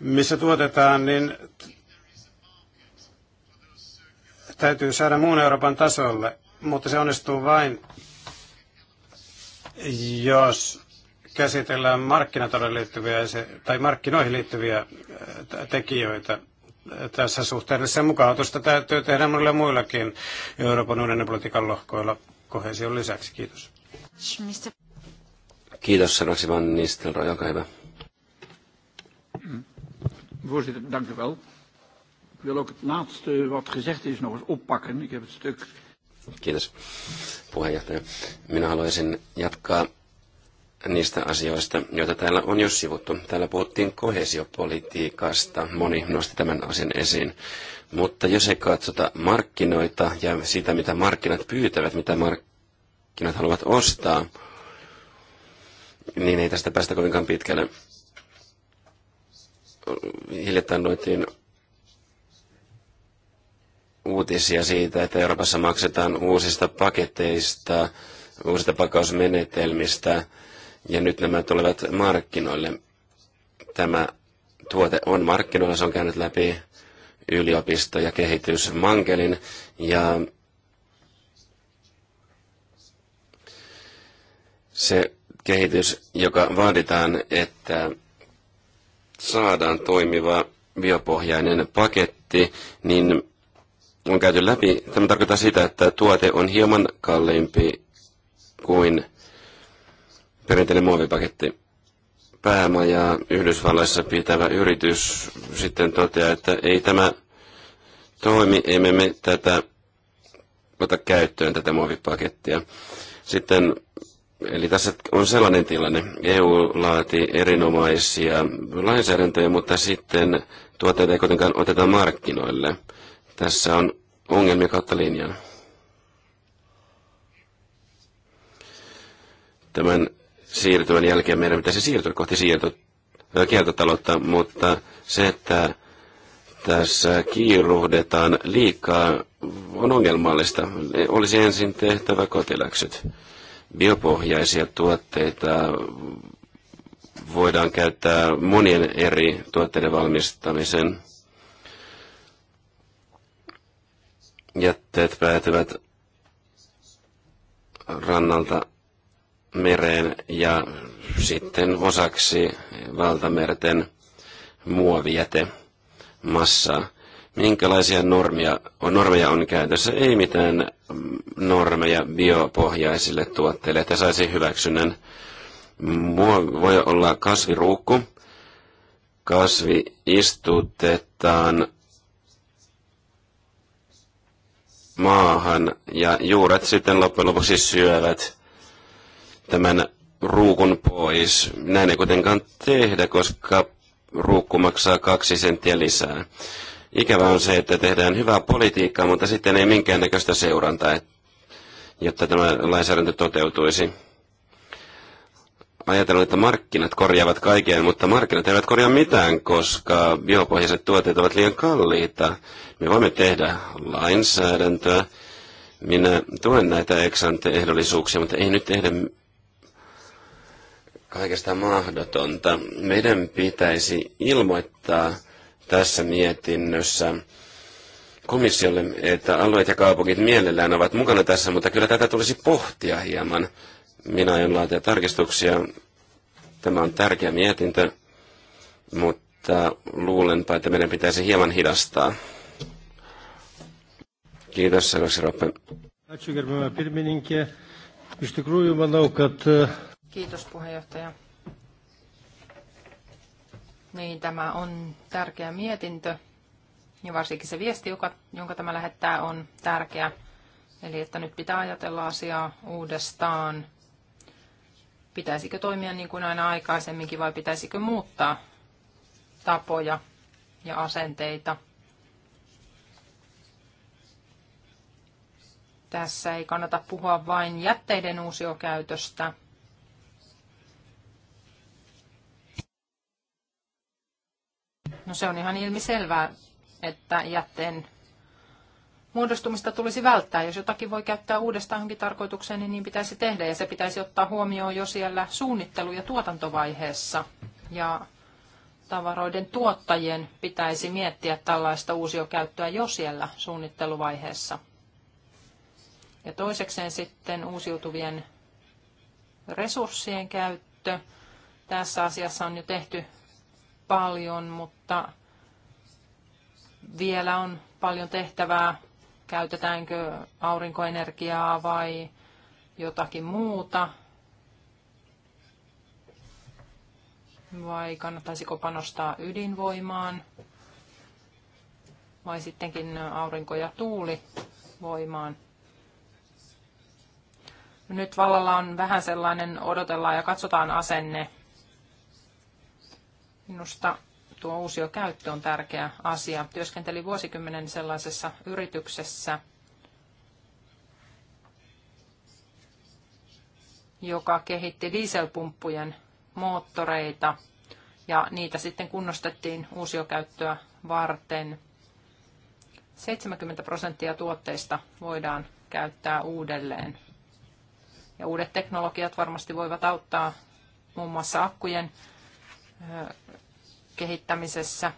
missä tuotetaan, niin täytyy saada muun Euroopan tasolle, mutta se onnistuu vain, jos käsitellään markkinatalouden liittyviä tai markkinoihin liittyviä äh, tekijöitä tässä suhteellisessa mukautusta täytyy tehdä monilla muillakin Euroopan unionin politiikan lohkoilla kohesion lisäksi. Kiitos. Kiitos, seuraavaksi Van Nistelrooy, olkaa hyvä. Voorzitter, dank u wel. Ik wil ook het laatste wat gezegd is nog eens oppakken. Ik heb het stuk. Kiitos, puheenjohtaja. Minä haluaisin jatkaa niistä asioista, joita täällä on jo sivuttu. Täällä puhuttiin kohesiopolitiikasta, moni nosti tämän asian esiin. Mutta jos ei katsota markkinoita ja sitä, mitä markkinat pyytävät, mitä markkinat haluavat ostaa, niin ei tästä päästä kovinkaan pitkälle. Hiljattain noitiin uutisia siitä, että Euroopassa maksetaan uusista paketeista, uusista pakausmenetelmistä, ja nyt nämä tulevat markkinoille. Tämä tuote on markkinoilla, se on käynyt läpi yliopisto- ja kehitysmankelin, ja se kehitys, joka vaaditaan, että saadaan toimiva biopohjainen paketti, niin on käyty läpi. Tämä tarkoittaa sitä, että tuote on hieman kalliimpi kuin perinteinen muovipaketti. ja Yhdysvalloissa pitävä yritys sitten toteaa, että ei tämä toimi, emme me tätä ota käyttöön tätä muovipakettia. Sitten, eli tässä on sellainen tilanne. EU laati erinomaisia lainsäädäntöjä, mutta sitten tuotteita ei kuitenkaan oteta markkinoille. Tässä on ongelmia kautta linjan. Tämän siirtymän jälkeen meidän pitäisi siirtyä kohti siirto, mutta se, että tässä kiiruhdetaan liikaa, on ongelmallista. Olisi ensin tehtävä kotiläksyt. Biopohjaisia tuotteita voidaan käyttää monien eri tuotteiden valmistamisen. Jätteet päätyvät rannalta mereen ja sitten osaksi valtamerten muovijäte massaa. Minkälaisia normia, normeja on käytössä? Ei mitään normeja biopohjaisille tuotteille, että saisi hyväksynnän. Muovi voi olla kasviruukku. Kasvi istutetaan maahan ja juuret sitten loppujen lopuksi syövät tämän ruukun pois. Näin ei kuitenkaan tehdä, koska ruukku maksaa kaksi senttiä lisää. Ikävä on se, että tehdään hyvää politiikkaa, mutta sitten ei minkäännäköistä seurantaa, jotta tämä lainsäädäntö toteutuisi. Ajatellaan, että markkinat korjaavat kaiken, mutta markkinat eivät korjaa mitään, koska biopohjaiset tuotteet ovat liian kalliita. Me voimme tehdä lainsäädäntöä. Minä tuen näitä eksante-ehdollisuuksia, mutta ei nyt tehdä kaikesta mahdotonta. Meidän pitäisi ilmoittaa tässä mietinnössä komissiolle, että alueet ja kaupungit mielellään ovat mukana tässä, mutta kyllä tätä tulisi pohtia hieman. Minä aion laatia tarkistuksia. Tämä on tärkeä mietintö, mutta luulenpa, että meidän pitäisi hieman hidastaa. Kiitos, seuraavaksi Roppe. Kiitos, gerbiamą pirmininkę. Iš tikrųjų, manau, kad Kiitos puheenjohtaja. Niin, tämä on tärkeä mietintö ja varsinkin se viesti, joka, jonka tämä lähettää, on tärkeä. Eli että nyt pitää ajatella asiaa uudestaan. Pitäisikö toimia niin kuin aina aikaisemminkin vai pitäisikö muuttaa tapoja ja asenteita? Tässä ei kannata puhua vain jätteiden uusiokäytöstä, No se on ihan ilmiselvää, että jätteen muodostumista tulisi välttää. Jos jotakin voi käyttää uudestaan johonkin tarkoitukseen, niin niin pitäisi tehdä. Ja se pitäisi ottaa huomioon jo siellä suunnittelu- ja tuotantovaiheessa. Ja tavaroiden tuottajien pitäisi miettiä tällaista uusiokäyttöä jo siellä suunnitteluvaiheessa. Ja toisekseen sitten uusiutuvien resurssien käyttö. Tässä asiassa on jo tehty paljon, mutta vielä on paljon tehtävää. Käytetäänkö aurinkoenergiaa vai jotakin muuta? Vai kannattaisiko panostaa ydinvoimaan? Vai sittenkin aurinko- ja tuulivoimaan? Nyt vallalla on vähän sellainen odotellaan ja katsotaan asenne Minusta tuo uusio käyttö on tärkeä asia. Työskentelin vuosikymmenen sellaisessa yrityksessä, joka kehitti dieselpumppujen moottoreita ja niitä sitten kunnostettiin uusiokäyttöä varten. 70 prosenttia tuotteista voidaan käyttää uudelleen. Ja uudet teknologiat varmasti voivat auttaa muun muassa akkujen kehittämisessä.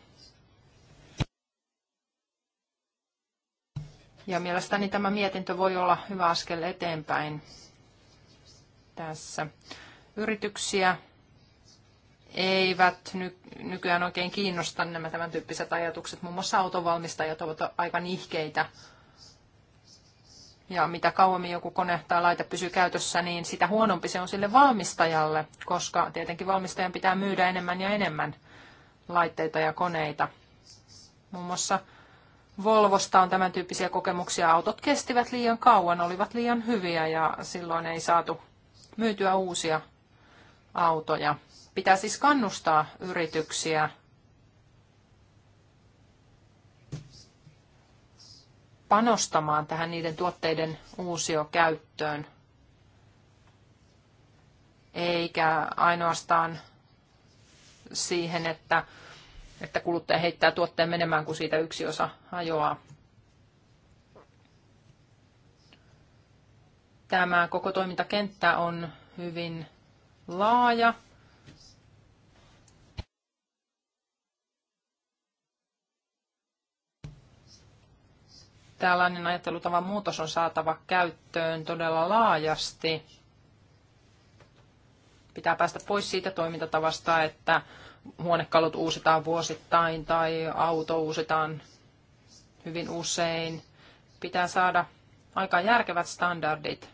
Ja mielestäni tämä mietintö voi olla hyvä askel eteenpäin tässä. Yrityksiä eivät nykyään oikein kiinnosta nämä tämän tyyppiset ajatukset. Muun muassa autonvalmistajat ovat aika nihkeitä ja mitä kauemmin joku kone tai laite pysyy käytössä, niin sitä huonompi se on sille valmistajalle, koska tietenkin valmistajan pitää myydä enemmän ja enemmän laitteita ja koneita. Muun muassa Volvosta on tämän tyyppisiä kokemuksia. Autot kestivät liian kauan, olivat liian hyviä ja silloin ei saatu myytyä uusia autoja. Pitää siis kannustaa yrityksiä panostamaan tähän niiden tuotteiden uusiokäyttöön, eikä ainoastaan siihen, että, että kuluttaja heittää tuotteen menemään, kun siitä yksi osa hajoaa. Tämä koko toimintakenttä on hyvin laaja tällainen ajattelutavan muutos on saatava käyttöön todella laajasti. Pitää päästä pois siitä toimintatavasta, että huonekalut uusitaan vuosittain tai auto uusitaan hyvin usein. Pitää saada aika järkevät standardit,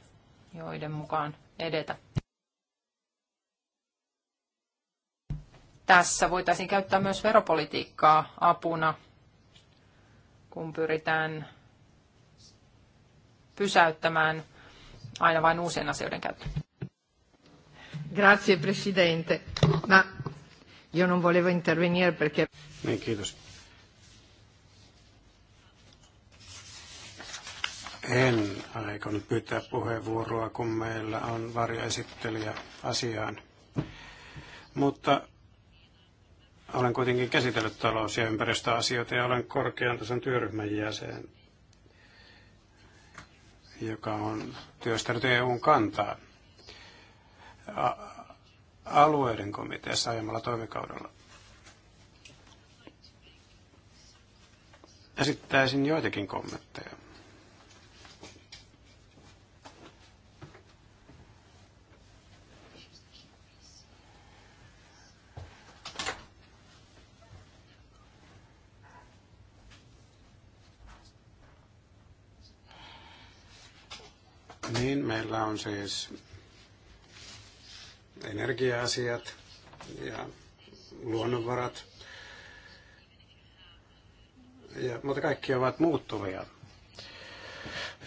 joiden mukaan edetä. Tässä voitaisiin käyttää myös veropolitiikkaa apuna, kun pyritään pysäyttämään aina vain uusien asioiden käyttö. Grazie Presidente. Ma io non volevo intervenire perché... Niin, kiitos. En aikonut pyytää puheenvuoroa, kun meillä on varjoesittelijä asiaan. Mutta olen kuitenkin käsitellyt talous- ja ympäristöasioita ja olen korkean tason työryhmän jäsen joka on työstänyt EUn kantaa alueiden komiteassa aiemmalla toimikaudella. Esittäisin joitakin kommentteja. Niin, meillä on siis energia-asiat ja luonnonvarat. Ja, mutta kaikki ovat muuttuvia.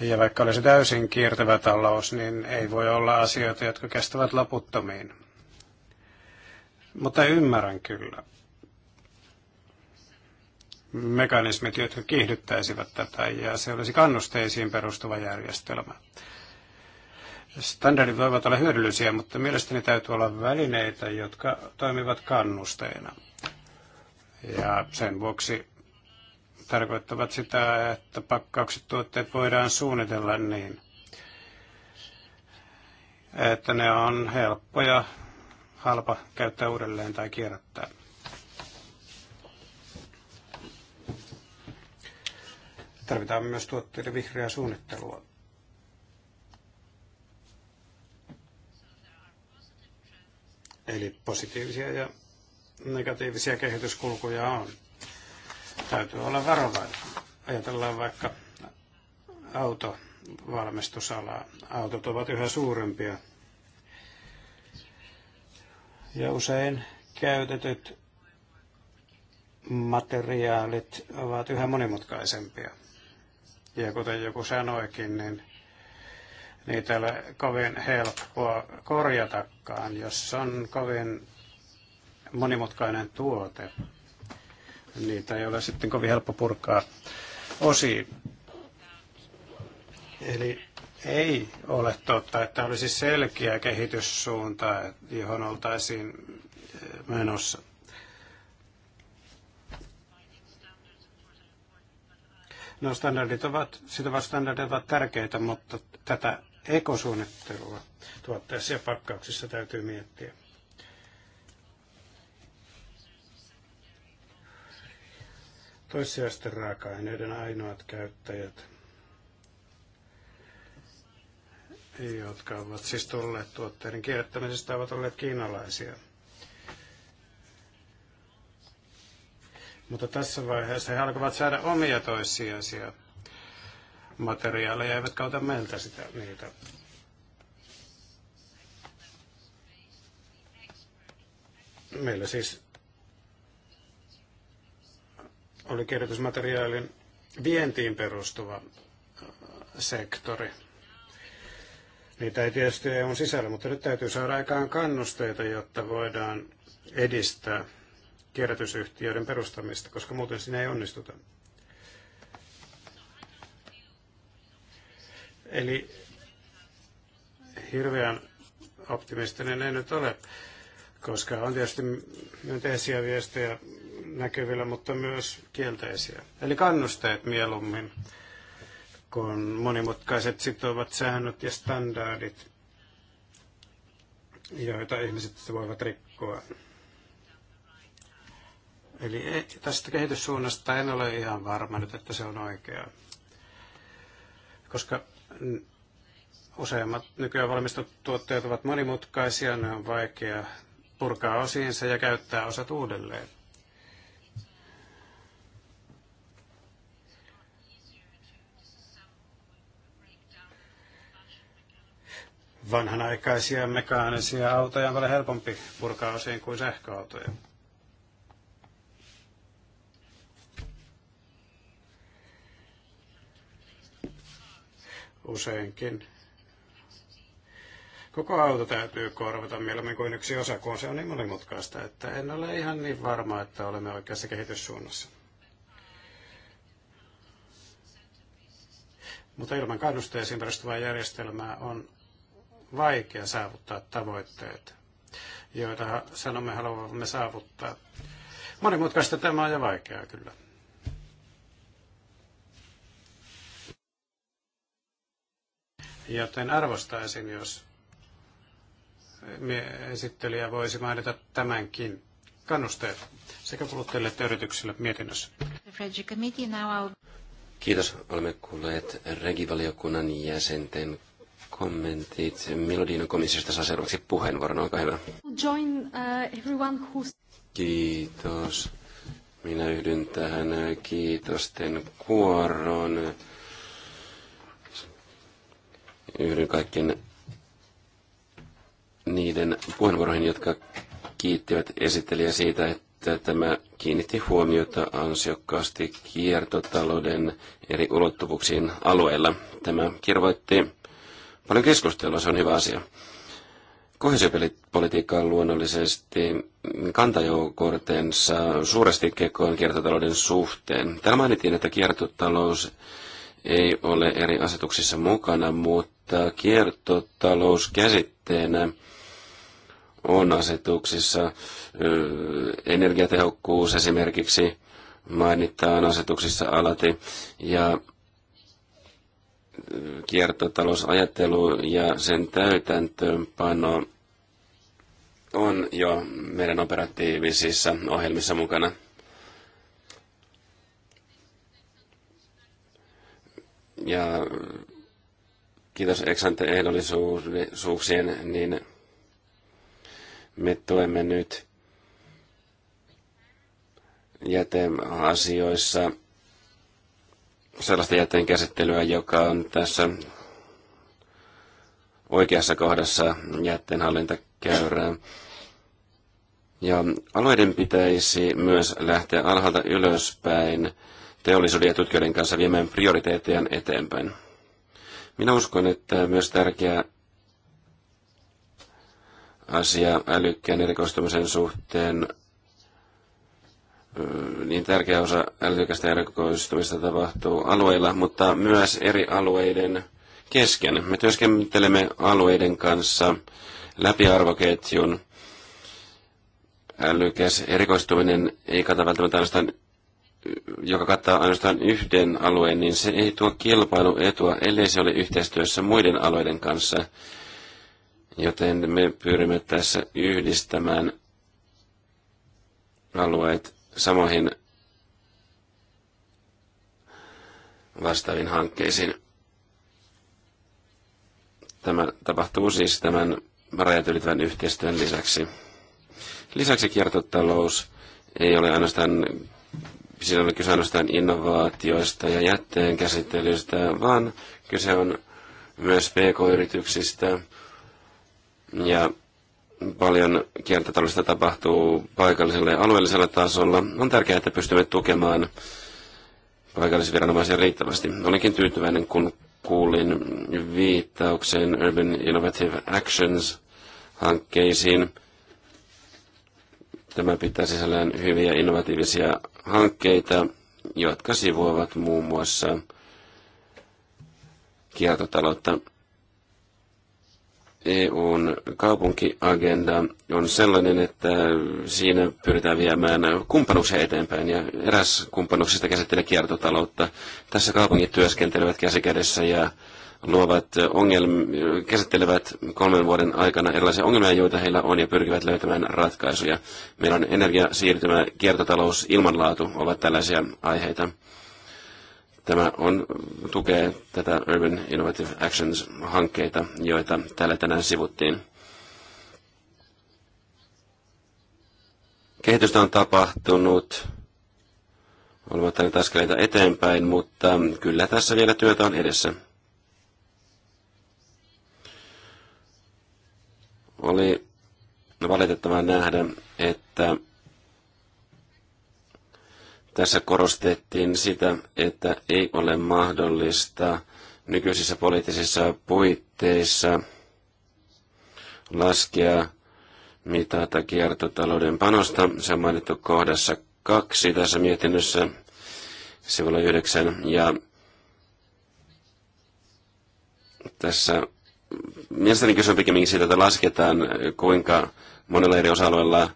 Ja vaikka olisi täysin kiertävä talous, niin ei voi olla asioita, jotka kestävät loputtomiin. Mutta ymmärrän kyllä mekanismit, jotka kiihdyttäisivät tätä, ja se olisi kannusteisiin perustuva järjestelmä. Standardit voivat olla hyödyllisiä, mutta mielestäni täytyy olla välineitä, jotka toimivat kannusteina. Ja sen vuoksi tarkoittavat sitä, että pakkaukset tuotteet voidaan suunnitella niin, että ne on helppo ja halpa käyttää uudelleen tai kierrättää. Tarvitaan myös tuotteiden vihreää suunnittelua. Eli positiivisia ja negatiivisia kehityskulkuja on. Täytyy olla varovainen. Ajatellaan vaikka autovalmistusalaa. Autot ovat yhä suurempia. Ja usein käytetyt materiaalit ovat yhä monimutkaisempia. Ja kuten joku sanoikin, niin niitä ei ole kovin helppoa korjatakaan, jos on kovin monimutkainen tuote. Niitä ei ole sitten kovin helppo purkaa osiin. Eli ei ole totta, että olisi selkeä kehityssuunta, johon oltaisiin eh, menossa. No standardit ovat, sitovat standardit ovat tärkeitä, mutta tätä ekosuunnittelua tuotteessa ja pakkauksissa täytyy miettiä. Toissijaisten raaka-aineiden ainoat käyttäjät, jotka ovat siis tulleet tuotteiden kierrättämisestä, ovat olleet kiinalaisia. Mutta tässä vaiheessa he alkavat saada omia toissijaisia materiaaleja, eivätkä ota meiltä sitä, niitä. Meillä siis oli kierrätysmateriaalin vientiin perustuva äh, sektori. Niitä ei tietysti EUn sisällä, mutta nyt täytyy saada aikaan kannusteita, jotta voidaan edistää kierrätysyhtiöiden perustamista, koska muuten siinä ei onnistuta. Eli hirveän optimistinen ei nyt ole, koska on tietysti myönteisiä viestejä näkyvillä, mutta myös kielteisiä. Eli kannusteet mieluummin kun monimutkaiset sitovat säännöt ja standardit, joita ihmiset voivat rikkoa. Eli tästä kehityssuunnasta en ole ihan varma nyt, että se on oikea. Koska Useimmat nykyään valmistut tuotteet ovat monimutkaisia, ne on vaikea purkaa osiinsa ja käyttää osat uudelleen. vanhanaikaisia mekaanisia autoja on paljon helpompi purkaa osiin kuin sähköautoja. useinkin. Koko auto täytyy korvata mieluummin kuin yksi osa, kun se on niin monimutkaista, että en ole ihan niin varma, että olemme oikeassa kehityssuunnassa. Mutta ilman kannusteisiin perustuvaa järjestelmää on vaikea saavuttaa tavoitteet, joita sanomme haluamme saavuttaa. Monimutkaista tämä on ja vaikeaa kyllä. Joten arvostaisin, jos esittelijä voisi mainita tämänkin kannusteet sekä kuluttajille että yrityksille mietinnössä. Kiitos. Olemme kuulleet regivaliokunnan jäsenten kommentit. Melodinon komissiosta saa seuraavaksi puheenvuoron. Olkaa hyvä. Join, uh, Kiitos. Minä yhdyn tähän kiitosten kuoroon Yhdyn kaikkien niiden puheenvuoroihin, jotka kiittivät esittelijä siitä, että tämä kiinnitti huomiota ansiokkaasti kiertotalouden eri ulottuvuuksiin alueilla. Tämä kirvoitti paljon keskustelua, se on hyvä asia. Kohesiopolitiikka on luonnollisesti kantajoukortensa suuresti kekoon kiertotalouden suhteen. Täällä mainittiin, että kiertotalous ei ole eri asetuksissa mukana, mutta kiertotalous käsitteenä on asetuksissa. Energiatehokkuus esimerkiksi mainitaan asetuksissa alati ja kiertotalousajattelu ja sen täytäntöönpano on jo meidän operatiivisissa ohjelmissa mukana. ja kiitos Exante ehdollisuuksien, niin me tuemme nyt jäteasioissa sellaista jätteen käsittelyä, joka on tässä oikeassa kohdassa jätteenhallintakäyrää. Ja alueiden pitäisi myös lähteä alhaalta ylöspäin teollisuuden ja tutkijoiden kanssa viemään prioriteettejaan eteenpäin. Minä uskon, että myös tärkeä asia älykkään erikoistumisen suhteen, niin tärkeä osa älykästä erikoistumista tapahtuu alueilla, mutta myös eri alueiden kesken. Me työskentelemme alueiden kanssa läpi arvoketjun. Älykäs erikoistuminen ei kata välttämättä ainoastaan joka kattaa ainoastaan yhden alueen, niin se ei tuo kilpailuetua, ellei se ole yhteistyössä muiden alueiden kanssa. Joten me pyrimme tässä yhdistämään alueet samoihin vastaaviin hankkeisiin. Tämä tapahtuu siis tämän rajat ylittävän yhteistyön lisäksi. Lisäksi kiertotalous ei ole ainoastaan Siinä on kyse ainoastaan innovaatioista ja jätteen käsittelystä, vaan kyse on myös pk-yrityksistä ja paljon kiertotaloudesta tapahtuu paikallisella ja alueellisella tasolla. On tärkeää, että pystymme tukemaan paikallisviranomaisia riittävästi. Olenkin tyytyväinen, kun kuulin viittauksen Urban Innovative Actions-hankkeisiin. Tämä pitää sisällään hyviä innovatiivisia hankkeita, jotka sivuavat muun muassa kiertotaloutta. EUn kaupunkiagenda on sellainen, että siinä pyritään viemään kumppanuksia eteenpäin ja eräs kumppanuksista käsittelee kiertotaloutta. Tässä kaupungit työskentelevät käsikädessä ja luovat ongelm- käsittelevät kolmen vuoden aikana erilaisia ongelmia, joita heillä on, ja pyrkivät löytämään ratkaisuja. Meillä on energiasiirtymä, kiertotalous, ilmanlaatu ovat tällaisia aiheita. Tämä on, tukee tätä Urban Innovative Actions-hankkeita, joita täällä tänään sivuttiin. Kehitystä on tapahtunut, olemme ottaneet askeleita eteenpäin, mutta kyllä tässä vielä työtä on edessä. Oli valitettavaa nähdä, että tässä korostettiin sitä, että ei ole mahdollista nykyisissä poliittisissa puitteissa laskea mitata kiertotalouden panosta. Se on mainittu kohdassa kaksi tässä mietinnössä sivulla yhdeksän. Ja tässä Mielestäni kyse on pikemminkin siitä, että lasketaan kuinka monella eri osa-alueella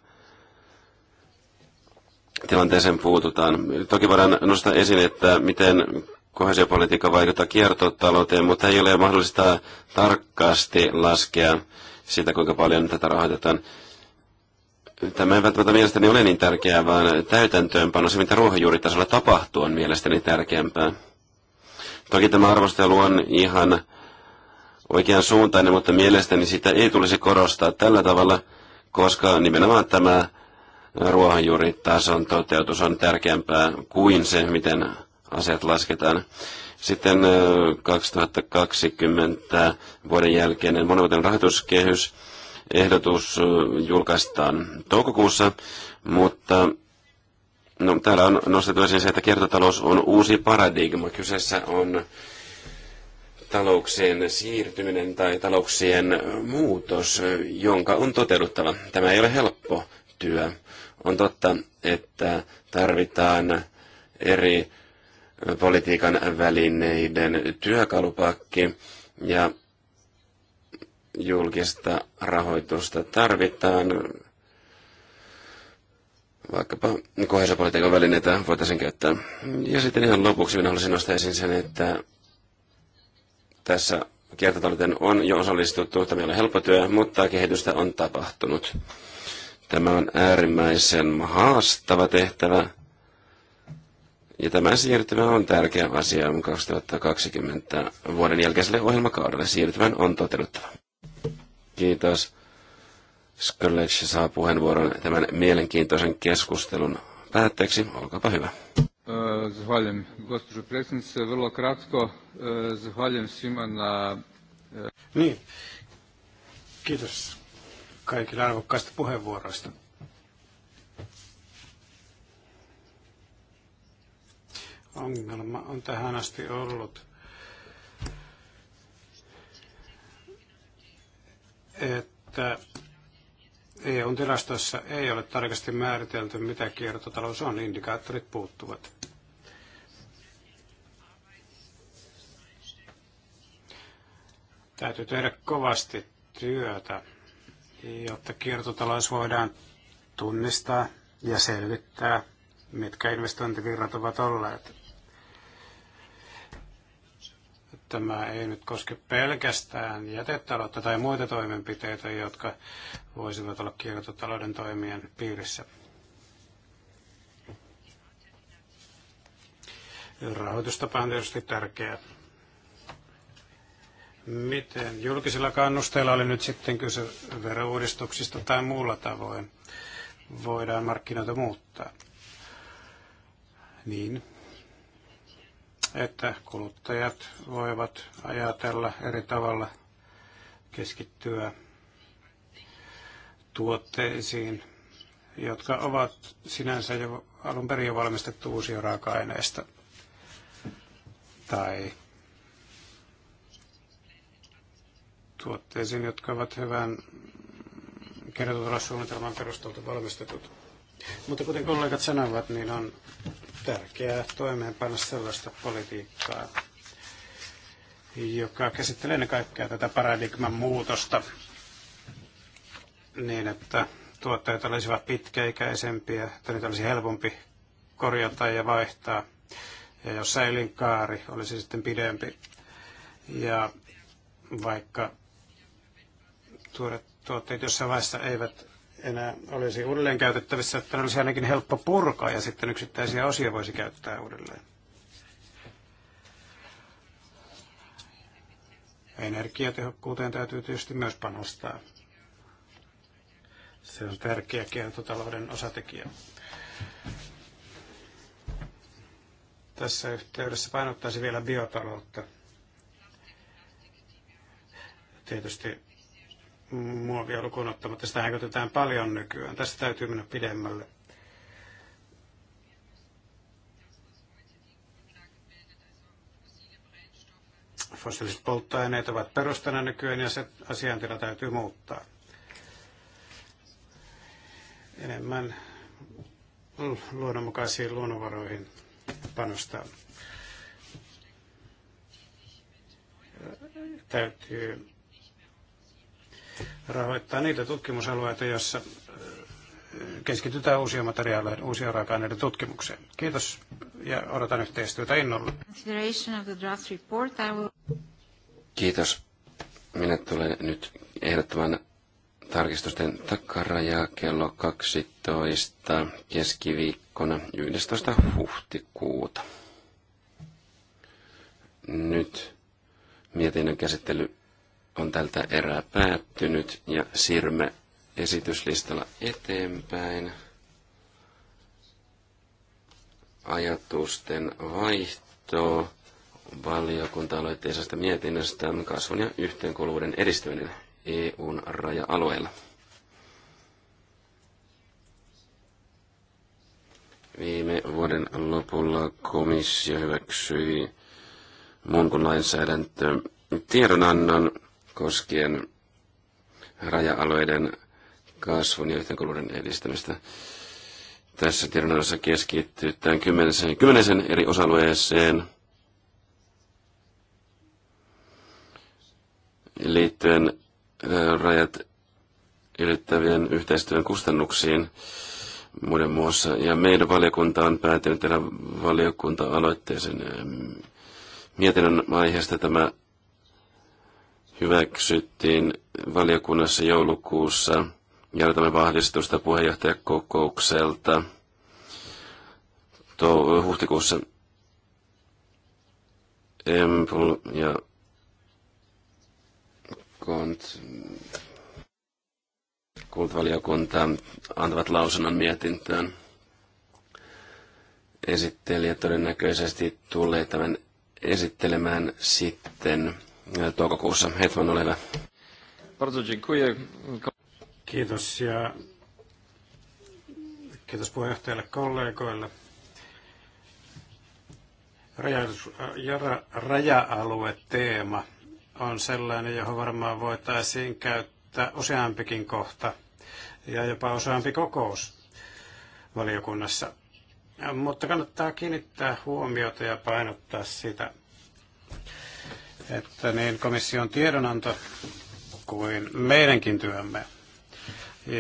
tilanteeseen puututaan. Toki voidaan nostaa esiin, että miten kohesiopolitiikka vaikuttaa kiertotalouteen, mutta ei ole mahdollista tarkasti laskea sitä, kuinka paljon tätä rahoitetaan. Tämä ei välttämättä mielestäni ole niin tärkeää, vaan täytäntöönpano, se mitä ruohonjuuritasolla tapahtuu, on mielestäni tärkeämpää. Toki tämä arvostelu on ihan oikean suuntainen, mutta mielestäni sitä ei tulisi korostaa tällä tavalla, koska nimenomaan tämä ruohonjuuritason toteutus on tärkeämpää kuin se, miten asiat lasketaan. Sitten 2020 vuoden jälkeinen monivuotinen rahoituskehys ehdotus julkaistaan toukokuussa, mutta no, täällä on nostettu esiin se, että kiertotalous on uusi paradigma. Kyseessä on talouksien siirtyminen tai talouksien muutos, jonka on toteuduttava. Tämä ei ole helppo työ. On totta, että tarvitaan eri politiikan välineiden työkalupakki ja julkista rahoitusta tarvitaan. Vaikkapa kohesopolitiikan välineitä voitaisiin käyttää. Ja sitten ihan lopuksi minä haluaisin nostaa esiin sen, että tässä kiertotalouteen on jo osallistuttu, tämä meillä on helppo työ, mutta kehitystä on tapahtunut. Tämä on äärimmäisen haastava tehtävä, ja tämä siirtymä on tärkeä asia 2020 vuoden jälkeiselle ohjelmakaudelle. Siirtymän on toteutettava. Kiitos. Skolec saa puheenvuoron tämän mielenkiintoisen keskustelun päätteeksi. Olkaapa hyvä. E, zahvaljujem, gospođo predsjednice. Vrlo kratko, e, zahvaljujem svima na... E, niin, kiitos kaikille arvokkaista puheenvuoroista. Ongelma on tähän asti ollut, että eu tilastossa ei ole tarkasti määritelty, mitä kiertotalous on. Indikaattorit puuttuvat. Täytyy tehdä kovasti työtä, jotta kiertotalous voidaan tunnistaa ja selvittää, mitkä investointivirrat ovat olleet. Tämä ei nyt koske pelkästään jätetaloutta tai muita toimenpiteitä, jotka voisivat olla kiertotalouden toimien piirissä. Rahoitustapa on tietysti tärkeä. Miten julkisilla kannusteilla oli nyt sitten kyse verouudistuksista tai muulla tavoin voidaan markkinoita muuttaa? Niin, että kuluttajat voivat ajatella eri tavalla keskittyä tuotteisiin, jotka ovat sinänsä jo alun perin jo valmistettu uusia raaka-aineista tai tuotteisiin, jotka ovat hyvän kiertotaloussuunnitelman perusteltu valmistetut. Mutta kuten kollegat sanovat, niin on tärkeää toimeenpanna sellaista politiikkaa, joka käsittelee ennen kaikkea tätä paradigman muutosta niin, että tuotteet olisivat pitkäikäisempiä, että niitä olisi helpompi korjata ja vaihtaa, ja jos säilinkaari olisi sitten pidempi. Ja vaikka tuoreet tuotteet jossain vaiheessa eivät enää olisi uudelleen käytettävissä, että ne olisi ainakin helppo purkaa ja sitten yksittäisiä osia voisi käyttää uudelleen. Energiatehokkuuteen täytyy tietysti myös panostaa. Se on tärkeä kiertotalouden osatekijä. Tässä yhteydessä painottaisi vielä biotaloutta. Tietysti muovia lukuun ottamatta. Sitä käytetään paljon nykyään. Tässä täytyy mennä pidemmälle. Fossiiliset polttoaineet ovat perustana nykyään ja se asiantila täytyy muuttaa. Enemmän luonnonmukaisiin luonnonvaroihin panostaa. Täytyy rahoittaa niitä tutkimusalueita, joissa keskitytään uusia materiaaleja, uusia raaka-aineiden tutkimukseen. Kiitos ja odotan yhteistyötä innolla. Kiitos. Minä tulen nyt ehdottoman tarkistusten takarajaa kello 12 keskiviikkona 11. huhtikuuta. Nyt mietinnön käsittely on tältä erää päättynyt ja siirrymme esityslistalla eteenpäin. Ajatusten vaihto valiokunta-aloitteisesta mietinnöstä kasvun ja yhteenkuuluvuuden edistyminen EUn raja-alueella. Viime vuoden lopulla komissio hyväksyi muun kuin lainsäädäntö tiedonannon koskien raja-alueiden kasvun ja yhteenkuuluvuuden edistämistä. Tässä tiedonannossa tämän kymmenisen, kymmenisen eri osa-alueeseen liittyen rajat ylittävien yhteistyön kustannuksiin muiden muassa. Ja meidän valiokunta on päätynyt tehdä valiokunta-aloitteisen mietinnön aiheesta tämä hyväksyttiin valiokunnassa joulukuussa ja odotamme vahvistusta puheenjohtajakokoukselta huhtikuussa. Empul ja Kont kultvaliokunta antavat lausunnon mietintöön. Esittelijä todennäköisesti tulee tämän esittelemään sitten toukokuussa. Hetman, ole hyvä. Kiitos ja kiitos puheenjohtajalle kollegoille. Raja-alue-teema on sellainen, johon varmaan voitaisiin käyttää useampikin kohta ja jopa useampi kokous valiokunnassa. Mutta kannattaa kiinnittää huomiota ja painottaa sitä, että niin komission tiedonanto kuin meidänkin työmme,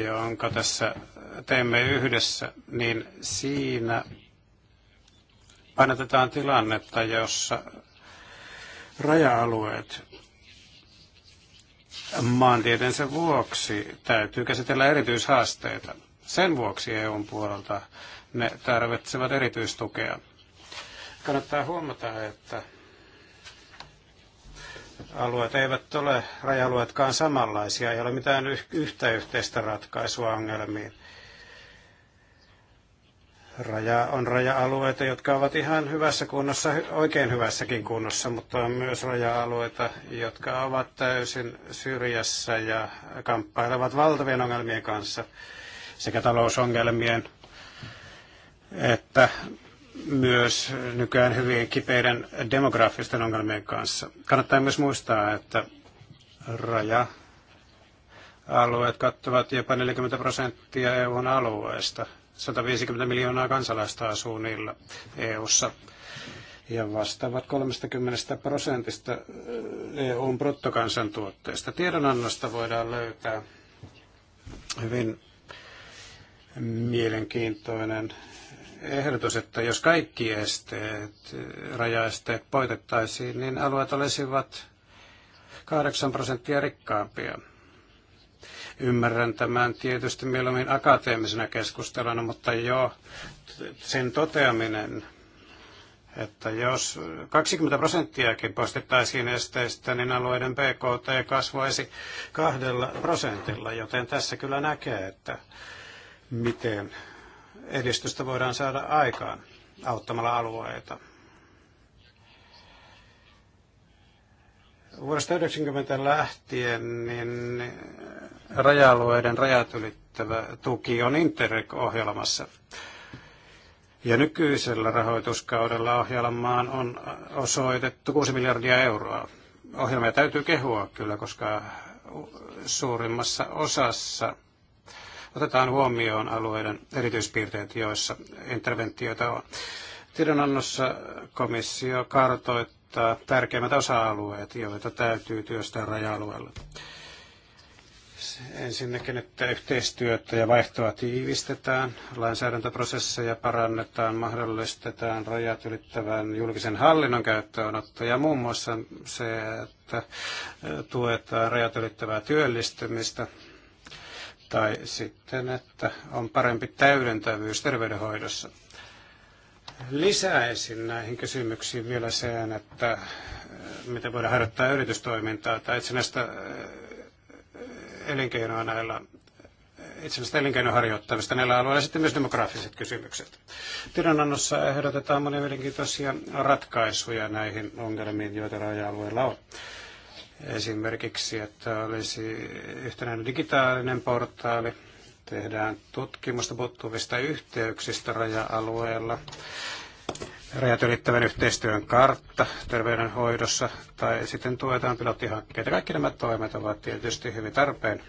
jonka tässä teemme yhdessä, niin siinä painotetaan tilannetta, jossa raja-alueet maantieteensä vuoksi täytyy käsitellä erityishaasteita. Sen vuoksi EUn puolelta ne tarvitsevat erityistukea. Kannattaa huomata, että alueet eivät ole raja-alueetkaan samanlaisia, ei ole mitään yhtä yhteistä ratkaisua ongelmiin. Raja on raja-alueita, jotka ovat ihan hyvässä kunnossa, oikein hyvässäkin kunnossa, mutta on myös raja-alueita, jotka ovat täysin syrjässä ja kamppailevat valtavien ongelmien kanssa sekä talousongelmien että myös nykyään hyvin kipeiden demografisten ongelmien kanssa. Kannattaa myös muistaa, että raja alueet kattavat jopa 40 prosenttia EUn alueesta. 150 miljoonaa kansalaista asuu niillä EUssa ja vastaavat 30 prosentista EUn bruttokansantuotteesta. Tiedonannosta voidaan löytää hyvin mielenkiintoinen ehdotus, että jos kaikki esteet, rajaesteet poitettaisiin, niin alueet olisivat 8 prosenttia rikkaampia. Ymmärrän tämän tietysti mieluummin akateemisena keskusteluna, mutta jo sen toteaminen, että jos 20 prosenttiakin poistettaisiin esteistä, niin alueiden PKT kasvaisi kahdella prosentilla, joten tässä kyllä näkee, että miten edistystä voidaan saada aikaan auttamalla alueita. Vuodesta 1990 lähtien niin raja-alueiden rajat ylittävä tuki on Interreg-ohjelmassa. Ja nykyisellä rahoituskaudella ohjelmaan on osoitettu 6 miljardia euroa. Ohjelmia täytyy kehua kyllä, koska suurimmassa osassa otetaan huomioon alueiden erityispiirteet, joissa interventioita on. Tiedonannossa komissio kartoittaa tärkeimmät osa-alueet, joita täytyy työstää raja-alueella. Ensinnäkin, että yhteistyötä ja vaihtoa tiivistetään, lainsäädäntöprosesseja parannetaan, mahdollistetaan rajat ylittävän julkisen hallinnon käyttöönotto ja muun muassa se, että tuetaan rajat ylittävää työllistymistä, tai sitten, että on parempi täydentävyys terveydenhoidossa. Lisäisin näihin kysymyksiin vielä sen, että äh, miten voidaan harjoittaa yritystoimintaa tai itsenäistä äh, elinkeinoa näillä itsenäistä elinkeinoharjoittamista näillä alueilla sitten myös demografiset kysymykset. Tiedonannossa ehdotetaan monia mielenkiintoisia ratkaisuja näihin ongelmiin, joita raja-alueilla on. Esimerkiksi, että olisi yhtenäinen digitaalinen portaali, tehdään tutkimusta puuttuvista yhteyksistä raja-alueella, rajat ylittävän yhteistyön kartta terveydenhoidossa tai sitten tuetaan pilottihankkeita. Kaikki nämä toimet ovat tietysti hyvin tarpeen,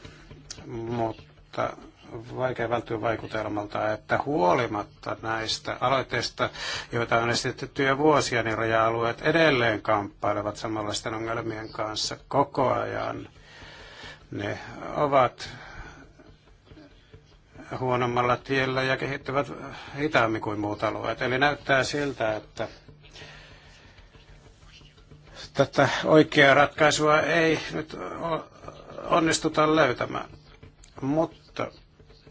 mutta vaikea välttyä vaikutelmalta, että huolimatta näistä aloitteista, joita on esitetty jo vuosia, niin raja-alueet edelleen kamppailevat samanlaisten ongelmien kanssa koko ajan. Ne ovat huonommalla tiellä ja kehittyvät hitaammin kuin muut alueet. Eli näyttää siltä, että tätä oikeaa ratkaisua ei nyt onnistuta löytämään. Mutta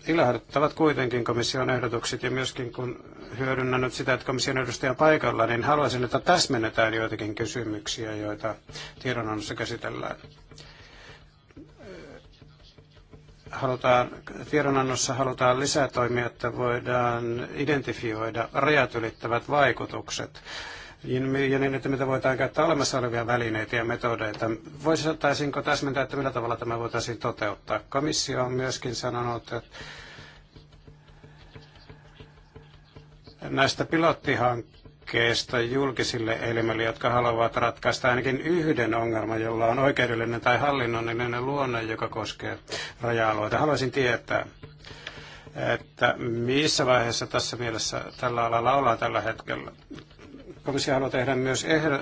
ilahduttavat kuitenkin komission ehdotukset ja myöskin kun hyödynnän nyt sitä, että komission edustaja on paikalla, niin haluaisin, että täsmennetään joitakin kysymyksiä, joita tiedonannossa käsitellään. Halutaan, tiedonannossa halutaan lisätoimia, että voidaan identifioida rajat ylittävät vaikutukset niin, ja niin, että mitä voidaan käyttää olemassa olevia välineitä ja metodeita. Voisitaisinko täsmentää, että millä tavalla tämä voitaisiin toteuttaa? Komissio on myöskin sanonut, että näistä pilottihankkeista julkisille elimille, jotka haluavat ratkaista ainakin yhden ongelman, jolla on oikeudellinen tai hallinnollinen luonne, joka koskee raja-alueita. Haluaisin tietää, että missä vaiheessa tässä mielessä tällä alalla ollaan tällä hetkellä, Komissio haluaa tehdä myös ehdo,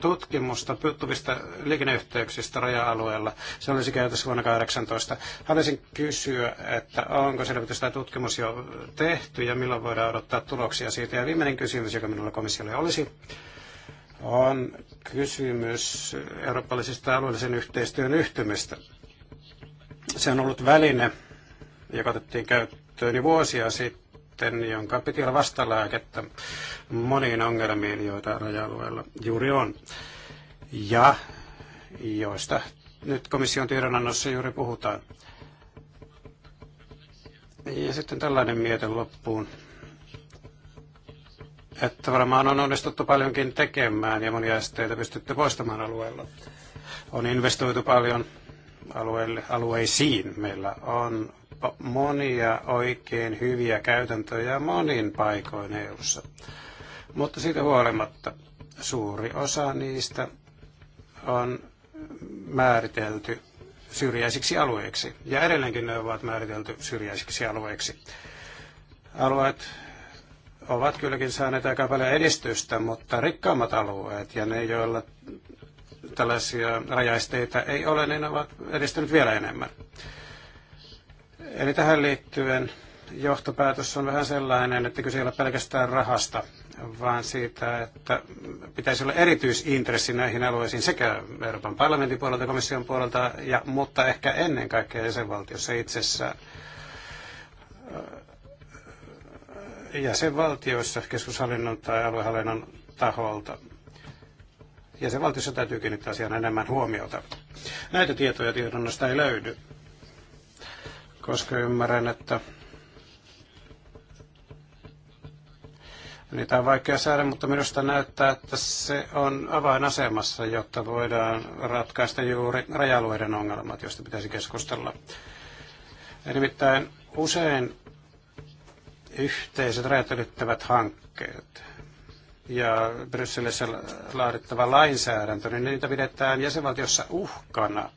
tutkimusta puuttuvista liikenneyhteyksistä raja-alueella. Se olisi käytössä vuonna 2018. Haluaisin kysyä, että onko selvitys tai tutkimus jo tehty ja milloin voidaan odottaa tuloksia siitä. Ja viimeinen kysymys, joka minulla komissiolle olisi, on kysymys eurooppalaisesta alueellisen yhteistyön yhtymistä. Se on ollut väline, joka otettiin käyttöön jo vuosia sitten sitten, jonka piti olla vastalääkettä moniin ongelmiin, joita raja-alueella juuri on. Ja joista nyt komission tiedonannossa juuri puhutaan. Ja sitten tällainen miete loppuun. Että varmaan on onnistuttu paljonkin tekemään ja monia esteitä pystytty poistamaan alueella. On investoitu paljon alueelle, alueisiin. Meillä on monia oikein hyviä käytäntöjä monin paikoin EU:ssa. Mutta siitä huolimatta suuri osa niistä on määritelty syrjäisiksi alueiksi. Ja edelleenkin ne ovat määritelty syrjäisiksi alueiksi. Alueet ovat kylläkin saaneet aika paljon edistystä, mutta rikkaammat alueet ja ne, joilla tällaisia rajaisteita ei ole, niin ne ovat edistyneet vielä enemmän. Eli tähän liittyen johtopäätös on vähän sellainen, että kyse ei ole pelkästään rahasta, vaan siitä, että pitäisi olla erityisintressi näihin alueisiin sekä Euroopan parlamentin puolelta, komission puolelta, ja, mutta ehkä ennen kaikkea jäsenvaltiossa itsessään. Jäsenvaltioissa keskushallinnon tai aluehallinnon taholta. Jäsenvaltiossa täytyy kiinnittää asiaan enemmän huomiota. Näitä tietoja tiedonnosta ei löydy koska ymmärrän, että niitä on vaikea saada, mutta minusta näyttää, että se on avainasemassa, jotta voidaan ratkaista juuri rajalueiden ongelmat, joista pitäisi keskustella. Ja nimittäin usein yhteiset rajat ylittävät hankkeet ja Brysselissä laadittava lainsäädäntö, niin niitä pidetään jäsenvaltiossa uhkana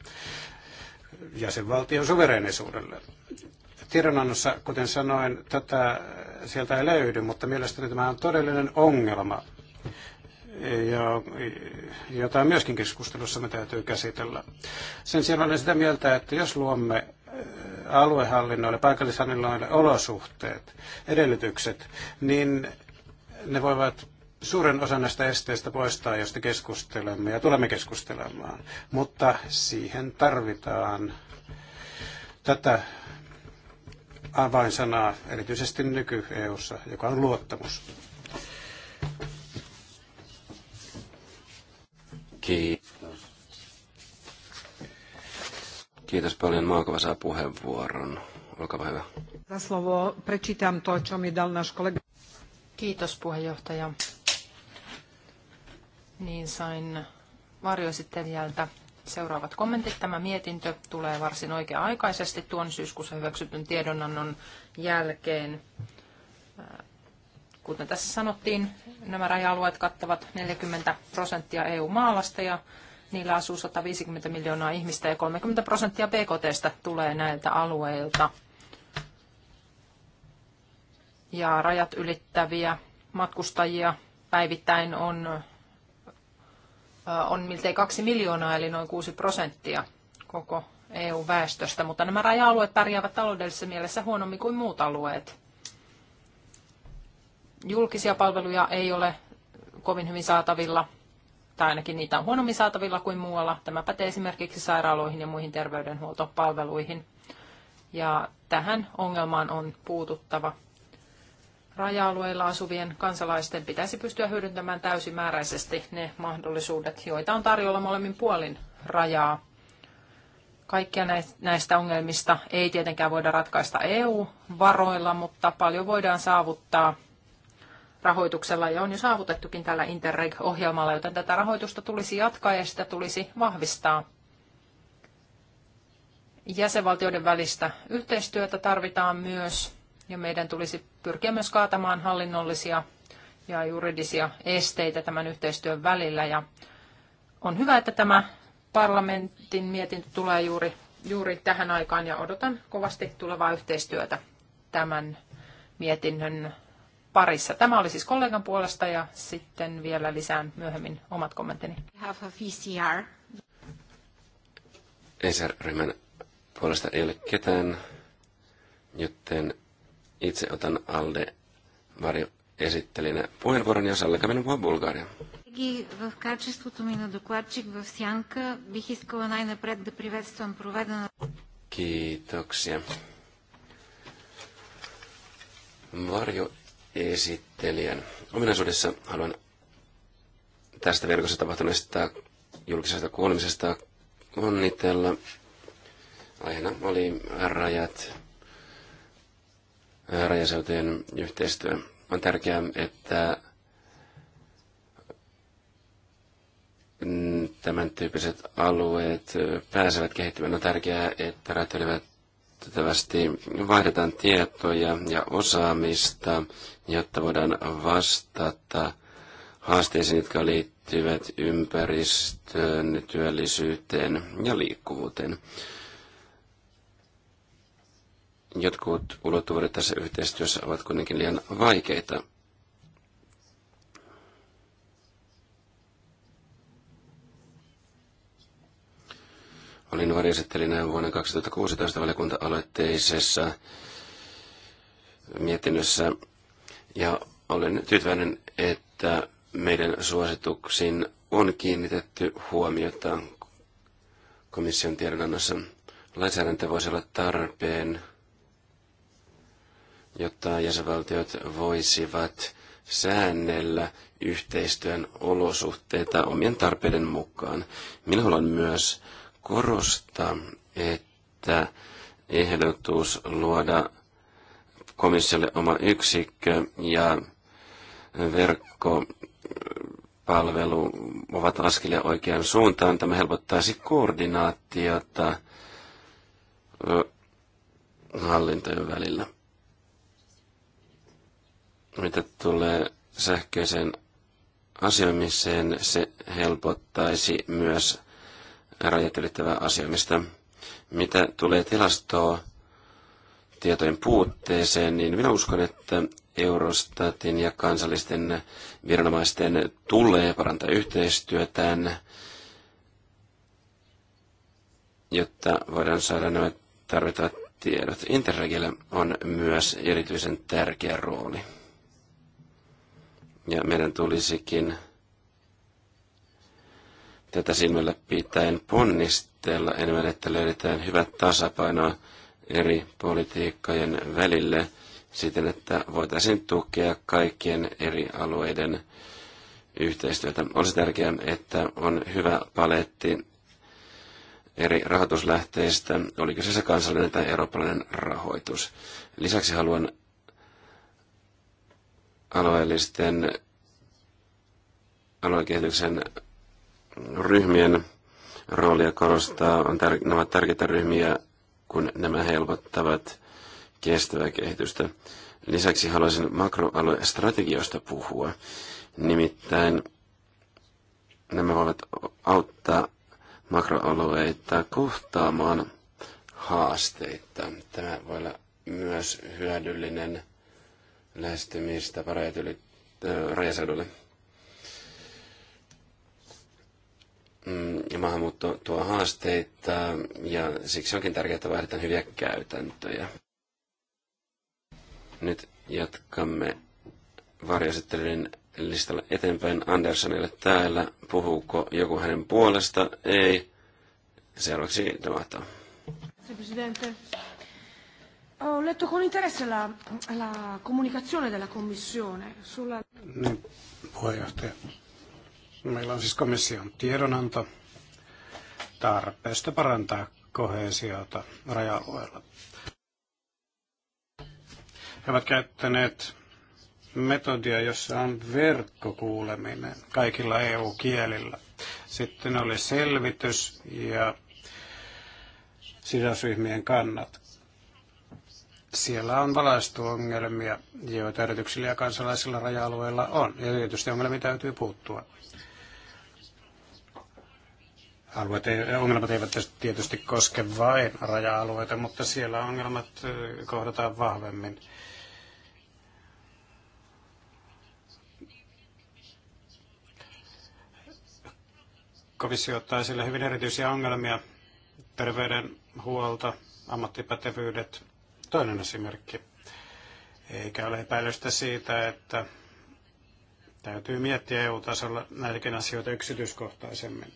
jäsenvaltion suvereenisuudelle. Tiedonannossa, kuten sanoin, tätä sieltä ei löydy, mutta mielestäni tämä on todellinen ongelma, ja, jota myöskin keskustelussa me täytyy käsitellä. Sen sijaan olen sitä mieltä, että jos luomme aluehallinnoille, paikallishallinnoille olosuhteet, edellytykset, niin ne voivat suuren osan näistä esteistä poistaa, josta keskustelemme ja tulemme keskustelemaan. Mutta siihen tarvitaan tätä avainsanaa, erityisesti nyky EU:ssa, joka on luottamus. Kiitos. Kiitos paljon. Maakova saa puheenvuoron. Olkaa hyvä. Kiitos puheenjohtaja niin sain varjoesittelijältä seuraavat kommentit. Tämä mietintö tulee varsin oikea-aikaisesti tuon syyskuussa hyväksytyn tiedonannon jälkeen. Äh, kuten tässä sanottiin, nämä raja-alueet kattavat 40 prosenttia EU-maalasta ja niillä asuu 150 miljoonaa ihmistä ja 30 prosenttia BKTstä tulee näiltä alueilta. Ja rajat ylittäviä matkustajia päivittäin on Äh, on miltei kaksi miljoonaa, eli noin kuusi prosenttia koko EU-väestöstä, mutta nämä raja-alueet pärjäävät taloudellisessa mielessä huonommin kuin muut alueet. Julkisia palveluja ei ole kovin hyvin saatavilla, tai ainakin niitä on huonommin saatavilla kuin muualla. Tämä pätee esimerkiksi sairaaloihin ja muihin terveydenhuoltopalveluihin. Ja tähän ongelmaan on puututtava raja-alueilla asuvien kansalaisten pitäisi pystyä hyödyntämään täysimääräisesti ne mahdollisuudet, joita on tarjolla molemmin puolin rajaa. Kaikkia näistä ongelmista ei tietenkään voida ratkaista EU-varoilla, mutta paljon voidaan saavuttaa rahoituksella ja on jo saavutettukin tällä Interreg-ohjelmalla, joten tätä rahoitusta tulisi jatkaa ja sitä tulisi vahvistaa. Jäsenvaltioiden välistä yhteistyötä tarvitaan myös ja meidän tulisi pyrkiä myös kaatamaan hallinnollisia ja juridisia esteitä tämän yhteistyön välillä. Ja on hyvä, että tämä parlamentin mietintö tulee juuri, juuri tähän aikaan ja odotan kovasti tulevaa yhteistyötä tämän mietinnön parissa. Tämä oli siis kollegan puolesta ja sitten vielä lisään myöhemmin omat kommenttini. VCR. ESR-ryhmän puolesta ei ole ketään, joten itse otan Alde Varjo esittelinä puheenvuoron, ja alkaa minun puhua Bulgaria. в качеството ми на докладчик в Сянка бих искала най-напред да приветствам проведена... Kiitoksia. Varjoesittelijän ominaisuudessa haluan tästä verkossa tapahtuneesta julkisesta kuolemisesta onnitella. Aiheena oli rajat rajaseutujen yhteistyö. On tärkeää, että tämän tyyppiset alueet pääsevät kehittymään. On tärkeää, että tietysti vaihdetaan tietoja ja osaamista, jotta voidaan vastata haasteisiin, jotka liittyvät ympäristöön, työllisyyteen ja liikkuvuuteen. Jotkut ulottuvuudet tässä yhteistyössä ovat kuitenkin liian vaikeita. Olin varjoesittelijänä vuonna 2016 valiokunta-aloitteisessa mietinnössä ja olen tyytyväinen, että meidän suosituksiin on kiinnitetty huomiota komission tiedonannossa. Lainsäädäntö voisi olla tarpeen jotta jäsenvaltiot voisivat säännellä yhteistyön olosuhteita omien tarpeiden mukaan. Minä haluan myös korostaa, että ehdotus luoda komissiolle oma yksikkö ja verkkopalvelu ovat askelia oikeaan suuntaan. Tämä helpottaisi koordinaatiota hallintojen välillä. Mitä tulee sähköiseen asioimiseen, se helpottaisi myös rajat ylittävää asioimista. Mitä tulee tilastoon, tietojen puutteeseen, niin minä uskon, että Eurostatin ja kansallisten viranomaisten tulee parantaa yhteistyötään, jotta voidaan saada nämä tarvittavat tiedot. Interregillä on myös erityisen tärkeä rooli. Ja meidän tulisikin tätä silmällä pitäen ponnistella enemmän, että löydetään hyvät tasapaino eri politiikkojen välille siten, että voitaisiin tukea kaikkien eri alueiden yhteistyötä. Olisi tärkeää, että on hyvä paletti eri rahoituslähteistä, oli kyseessä kansallinen tai eurooppalainen rahoitus. Lisäksi haluan alueellisten aluekehityksen ryhmien roolia korostaa. On tär- ne ovat tärkeitä ryhmiä, kun nämä helpottavat kestävää kehitystä. Lisäksi haluaisin makroaluestrategioista puhua. Nimittäin nämä voivat auttaa makroalueita kohtaamaan haasteita. Tämä voi olla myös hyödyllinen lähestymistä rajat yli, rajaseudulle. Mm, maahanmuutto tuo haasteita ja siksi onkin tärkeää, että vaihdetaan hyviä käytäntöjä. Nyt jatkamme varjoesittelyiden listalla eteenpäin Andersonille täällä. Puhuuko joku hänen puolesta? Ei. Seuraavaksi Damato. Ho letto con interesse la, la comunicazione della Commissione sulla... Niin, puheenjohtaja. Meillä on siis komission tiedonanto tarpeesta parantaa kohesiota raja-alueella. He ovat käyttäneet metodia, jossa on verkkokuuleminen kaikilla EU-kielillä. Sitten oli selvitys ja sidosryhmien kannat. Siellä on valaistuongelmia, joita yrityksillä ja kansalaisilla raja-alueilla on, ja tietysti ongelmiin täytyy puuttua. Alueet, ongelmat eivät tietysti koske vain raja-alueita, mutta siellä ongelmat kohdataan vahvemmin. komissio ottaa esille hyvin erityisiä ongelmia, terveydenhuolto, ammattipätevyydet, Toinen esimerkki. Eikä ole epäilystä siitä, että täytyy miettiä EU-tasolla näitäkin asioita yksityiskohtaisemmin.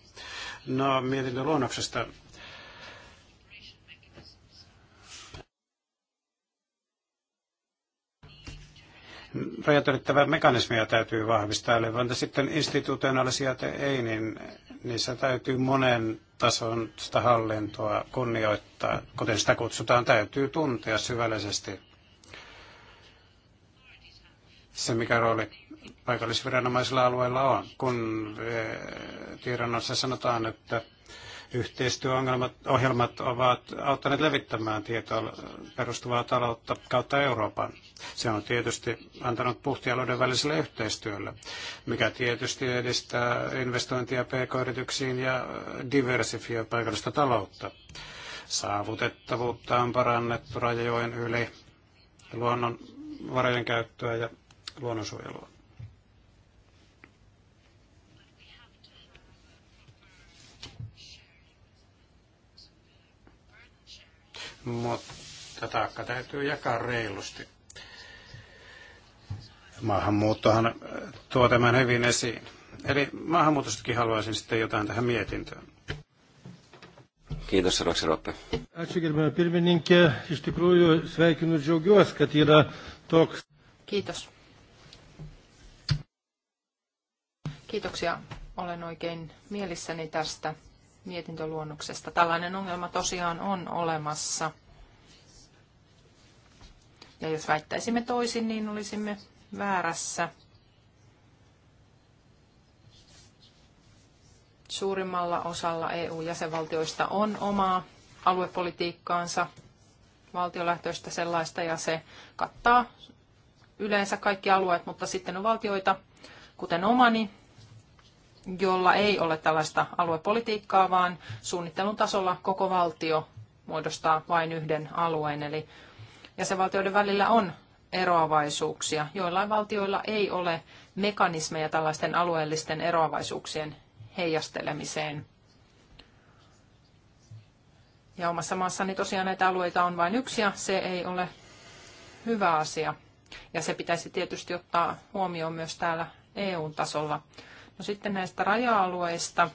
No, mietinnön luonnoksesta rajat ylittävää mekanismia täytyy vahvistaa, eli vaan sitten institutionaalisia tai ei, niin niissä täytyy monen tason sitä hallintoa kunnioittaa, kuten sitä kutsutaan, täytyy tuntea syvällisesti se, mikä rooli paikallisviranomaisilla alueilla on. Kun eh, tiedonnossa sanotaan, että Yhteistyöohjelmat ovat auttaneet levittämään tietoa perustuvaa taloutta kautta Euroopan. Se on tietysti antanut puhtialueiden väliselle yhteistyölle, mikä tietysti edistää investointia pk-yrityksiin ja diversifioi paikallista taloutta. Saavutettavuutta on parannettu rajojen yli, luonnon käyttöä ja luonnonsuojelua. mutta taakka täytyy jakaa reilusti. Maahanmuuttohan tuo tämän hyvin esiin. Eli maahanmuutostakin haluaisin sitten jotain tähän mietintöön. Kiitos, Roksi Roppe. Kiitos. Kiitoksia. Olen oikein mielissäni tästä mietintöluonnoksesta. Tällainen ongelma tosiaan on olemassa. Ja jos väittäisimme toisin, niin olisimme väärässä. Suurimmalla osalla EU-jäsenvaltioista on omaa aluepolitiikkaansa, valtiolähtöistä sellaista, ja se kattaa yleensä kaikki alueet, mutta sitten on valtioita, kuten omani, jolla ei ole tällaista aluepolitiikkaa, vaan suunnittelun tasolla koko valtio muodostaa vain yhden alueen. Eli jäsenvaltioiden välillä on eroavaisuuksia. Joillain valtioilla ei ole mekanismeja tällaisten alueellisten eroavaisuuksien heijastelemiseen. Ja omassa maassani tosiaan näitä alueita on vain yksi ja se ei ole hyvä asia. Ja se pitäisi tietysti ottaa huomioon myös täällä EU-tasolla. No sitten näistä raja-alueista.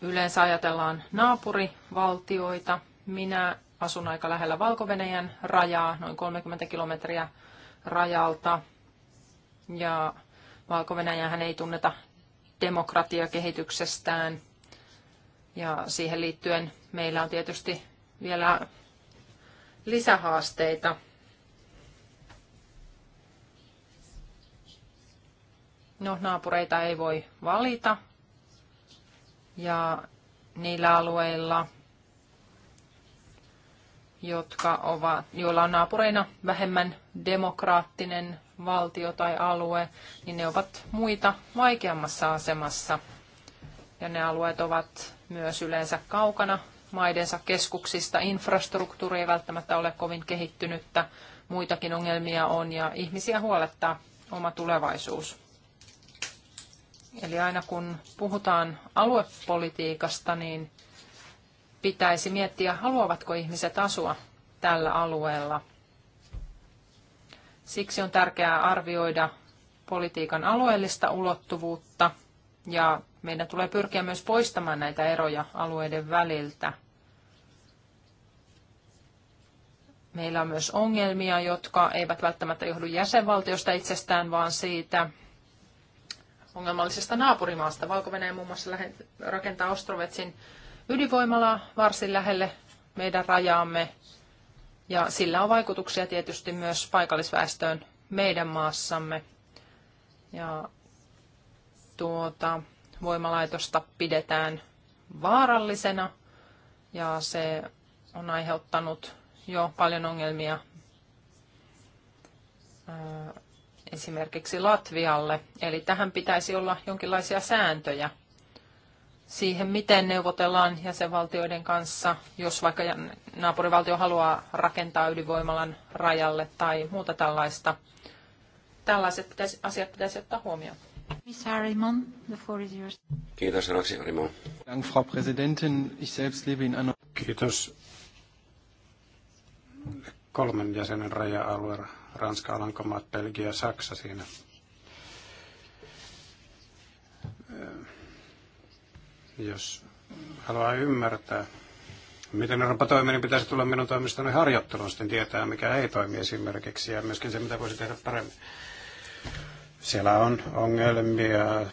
Yleensä ajatellaan naapurivaltioita. Minä asun aika lähellä valko rajaa, noin 30 kilometriä rajalta. Ja valko hän ei tunneta demokratiakehityksestään. Ja siihen liittyen meillä on tietysti vielä lisähaasteita – No, naapureita ei voi valita. Ja niillä alueilla, jotka ovat, joilla on naapureina vähemmän demokraattinen valtio tai alue, niin ne ovat muita vaikeammassa asemassa. Ja ne alueet ovat myös yleensä kaukana maidensa keskuksista. Infrastruktuuri ei välttämättä ole kovin kehittynyttä. Muitakin ongelmia on ja ihmisiä huolettaa oma tulevaisuus. Eli aina kun puhutaan aluepolitiikasta, niin pitäisi miettiä, haluavatko ihmiset asua tällä alueella. Siksi on tärkeää arvioida politiikan alueellista ulottuvuutta ja meidän tulee pyrkiä myös poistamaan näitä eroja alueiden väliltä. Meillä on myös ongelmia, jotka eivät välttämättä johdu jäsenvaltiosta itsestään, vaan siitä, ongelmallisesta naapurimaasta. valko muun muassa rakentaa Ostrovetsin ydinvoimalaa varsin lähelle meidän rajaamme. Ja sillä on vaikutuksia tietysti myös paikallisväestöön meidän maassamme. Ja tuota, voimalaitosta pidetään vaarallisena ja se on aiheuttanut jo paljon ongelmia esimerkiksi Latvialle. Eli tähän pitäisi olla jonkinlaisia sääntöjä siihen, miten neuvotellaan jäsenvaltioiden kanssa, jos vaikka naapurivaltio haluaa rakentaa ydinvoimalan rajalle tai muuta tällaista. Tällaiset pitäisi, asiat pitäisi ottaa huomioon. Kiitos, Roksi Harriman. Kiitos. Kolmen jäsenen raja-alueella Ranska, Alankomaat, Belgia, Saksa siinä. Jos haluaa ymmärtää, miten Euroopan toimii, niin pitäisi tulla minun toimistoni harjoitteluun sitten tietää, mikä ei toimi esimerkiksi, ja myöskin se, mitä voisi tehdä paremmin. Siellä on ongelmia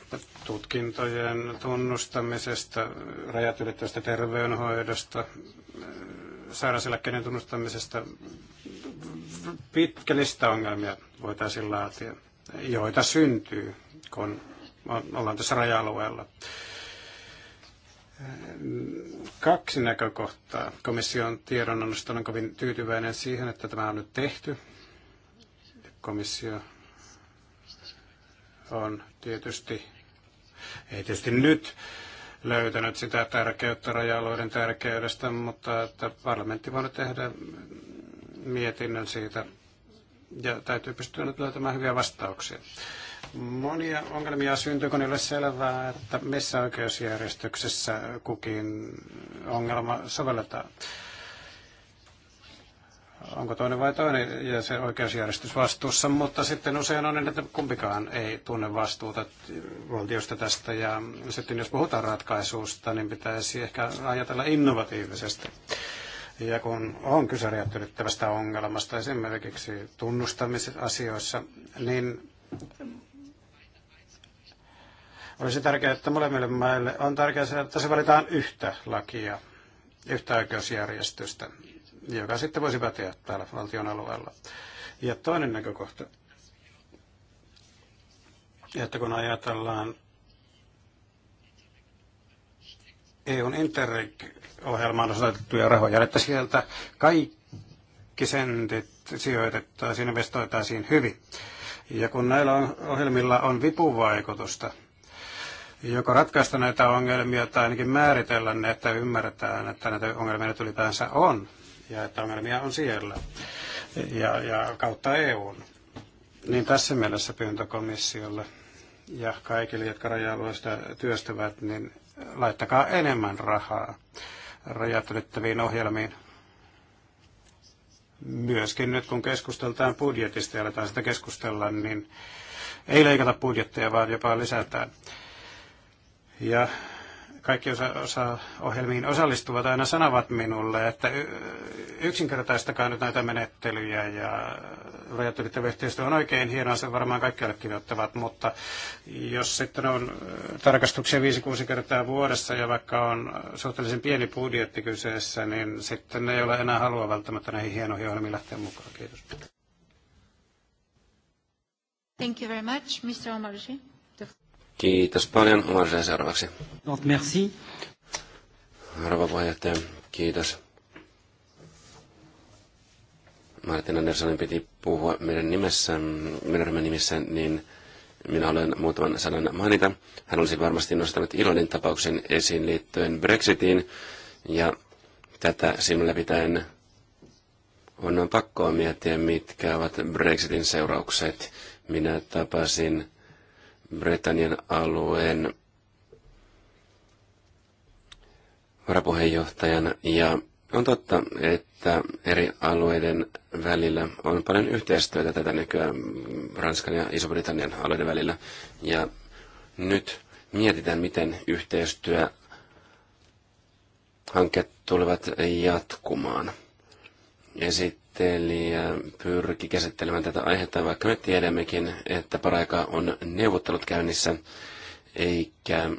tutkintojen tunnustamisesta, rajat ylittävästä terveydenhoidosta, sairauseläkkeiden tunnustamisesta, pitkä lista ongelmia voitaisiin laatia, joita syntyy, kun ollaan tässä raja-alueella. Kaksi näkökohtaa. Komission tiedonannosta on kovin tyytyväinen siihen, että tämä on nyt tehty. Komissio on tietysti, ei tietysti nyt löytänyt sitä tärkeyttä raja-alueiden tärkeydestä, mutta että parlamentti voi tehdä mietinnön siitä ja täytyy pystyä nyt löytämään hyviä vastauksia. Monia ongelmia syntyy, kun ei ole selvää, että missä oikeusjärjestyksessä kukin ongelma sovelletaan. Onko toinen vai toinen ja se oikeusjärjestys vastuussa, mutta sitten usein on niin, että kumpikaan ei tunne vastuuta valtiosta tästä. Ja sitten jos puhutaan ratkaisusta, niin pitäisi ehkä ajatella innovatiivisesti ja kun on kyse räjäyttelyttävästä ongelmasta, esimerkiksi tunnustamisasioissa, niin olisi tärkeää, että molemmille maille on tärkeää, että se valitaan yhtä lakia, yhtä oikeusjärjestystä, joka sitten voisi päteä täällä valtion alueella. Ja toinen näkökohta, että kun ajatellaan EUn Interreg-ohjelmaan osoitettuja rahoja, että sieltä kaikki sentit sijoitettaisiin, investoitaisiin hyvin. Ja kun näillä ohjelmilla on vipuvaikutusta, joko ratkaista näitä ongelmia tai ainakin määritellä ne, että ymmärretään, että näitä ongelmia nyt ylipäänsä on ja että ongelmia on siellä ja, ja kautta EUn. Niin tässä mielessä pyyntökomissiolle ja kaikille, jotka raja-alueesta työstävät, niin laittakaa enemmän rahaa rajat ylittäviin ohjelmiin. Myöskin nyt kun keskusteltaan budjetista ja aletaan sitä keskustella, niin ei leikata budjetteja, vaan jopa lisätään. Ja kaikki osa, osa ohjelmiin osallistuvat aina sanovat minulle, että yksinkertaistakaa nyt näitä menettelyjä ja rajat yhteistyö on oikein hienoa, se varmaan kaikki allekirjoittavat, mutta jos sitten on tarkastuksia 5-6 kertaa vuodessa ja vaikka on suhteellisen pieni budjetti kyseessä, niin sitten ei ole enää halua välttämättä näihin hienoihin ohjelmiin lähteä mukaan. Kiitos. Thank you very much, Mr. Omarji. Kiitos paljon. Marsen seuraavaksi. Merci. Arvo puheenjohtaja, kiitos. Martin Anderssonin piti puhua meidän nimessä, meidän nimissä, niin minä olen muutaman sanan mainita. Hän olisi varmasti nostanut Ilonin tapauksen esiin liittyen Brexitiin, ja tätä sinulle pitäen on pakko miettiä, mitkä ovat Brexitin seuraukset. Minä tapasin Britannian alueen varapuheenjohtajan ja on totta, että eri alueiden välillä on paljon yhteistyötä tätä nykyään Ranskan ja Iso-Britannian alueiden välillä. Ja nyt mietitään, miten yhteistyö hankkeet tulevat jatkumaan. Ja sitten esittelijä pyrki käsittelemään tätä aihetta, vaikka me tiedämmekin, että paraikaa on neuvottelut käynnissä, eikä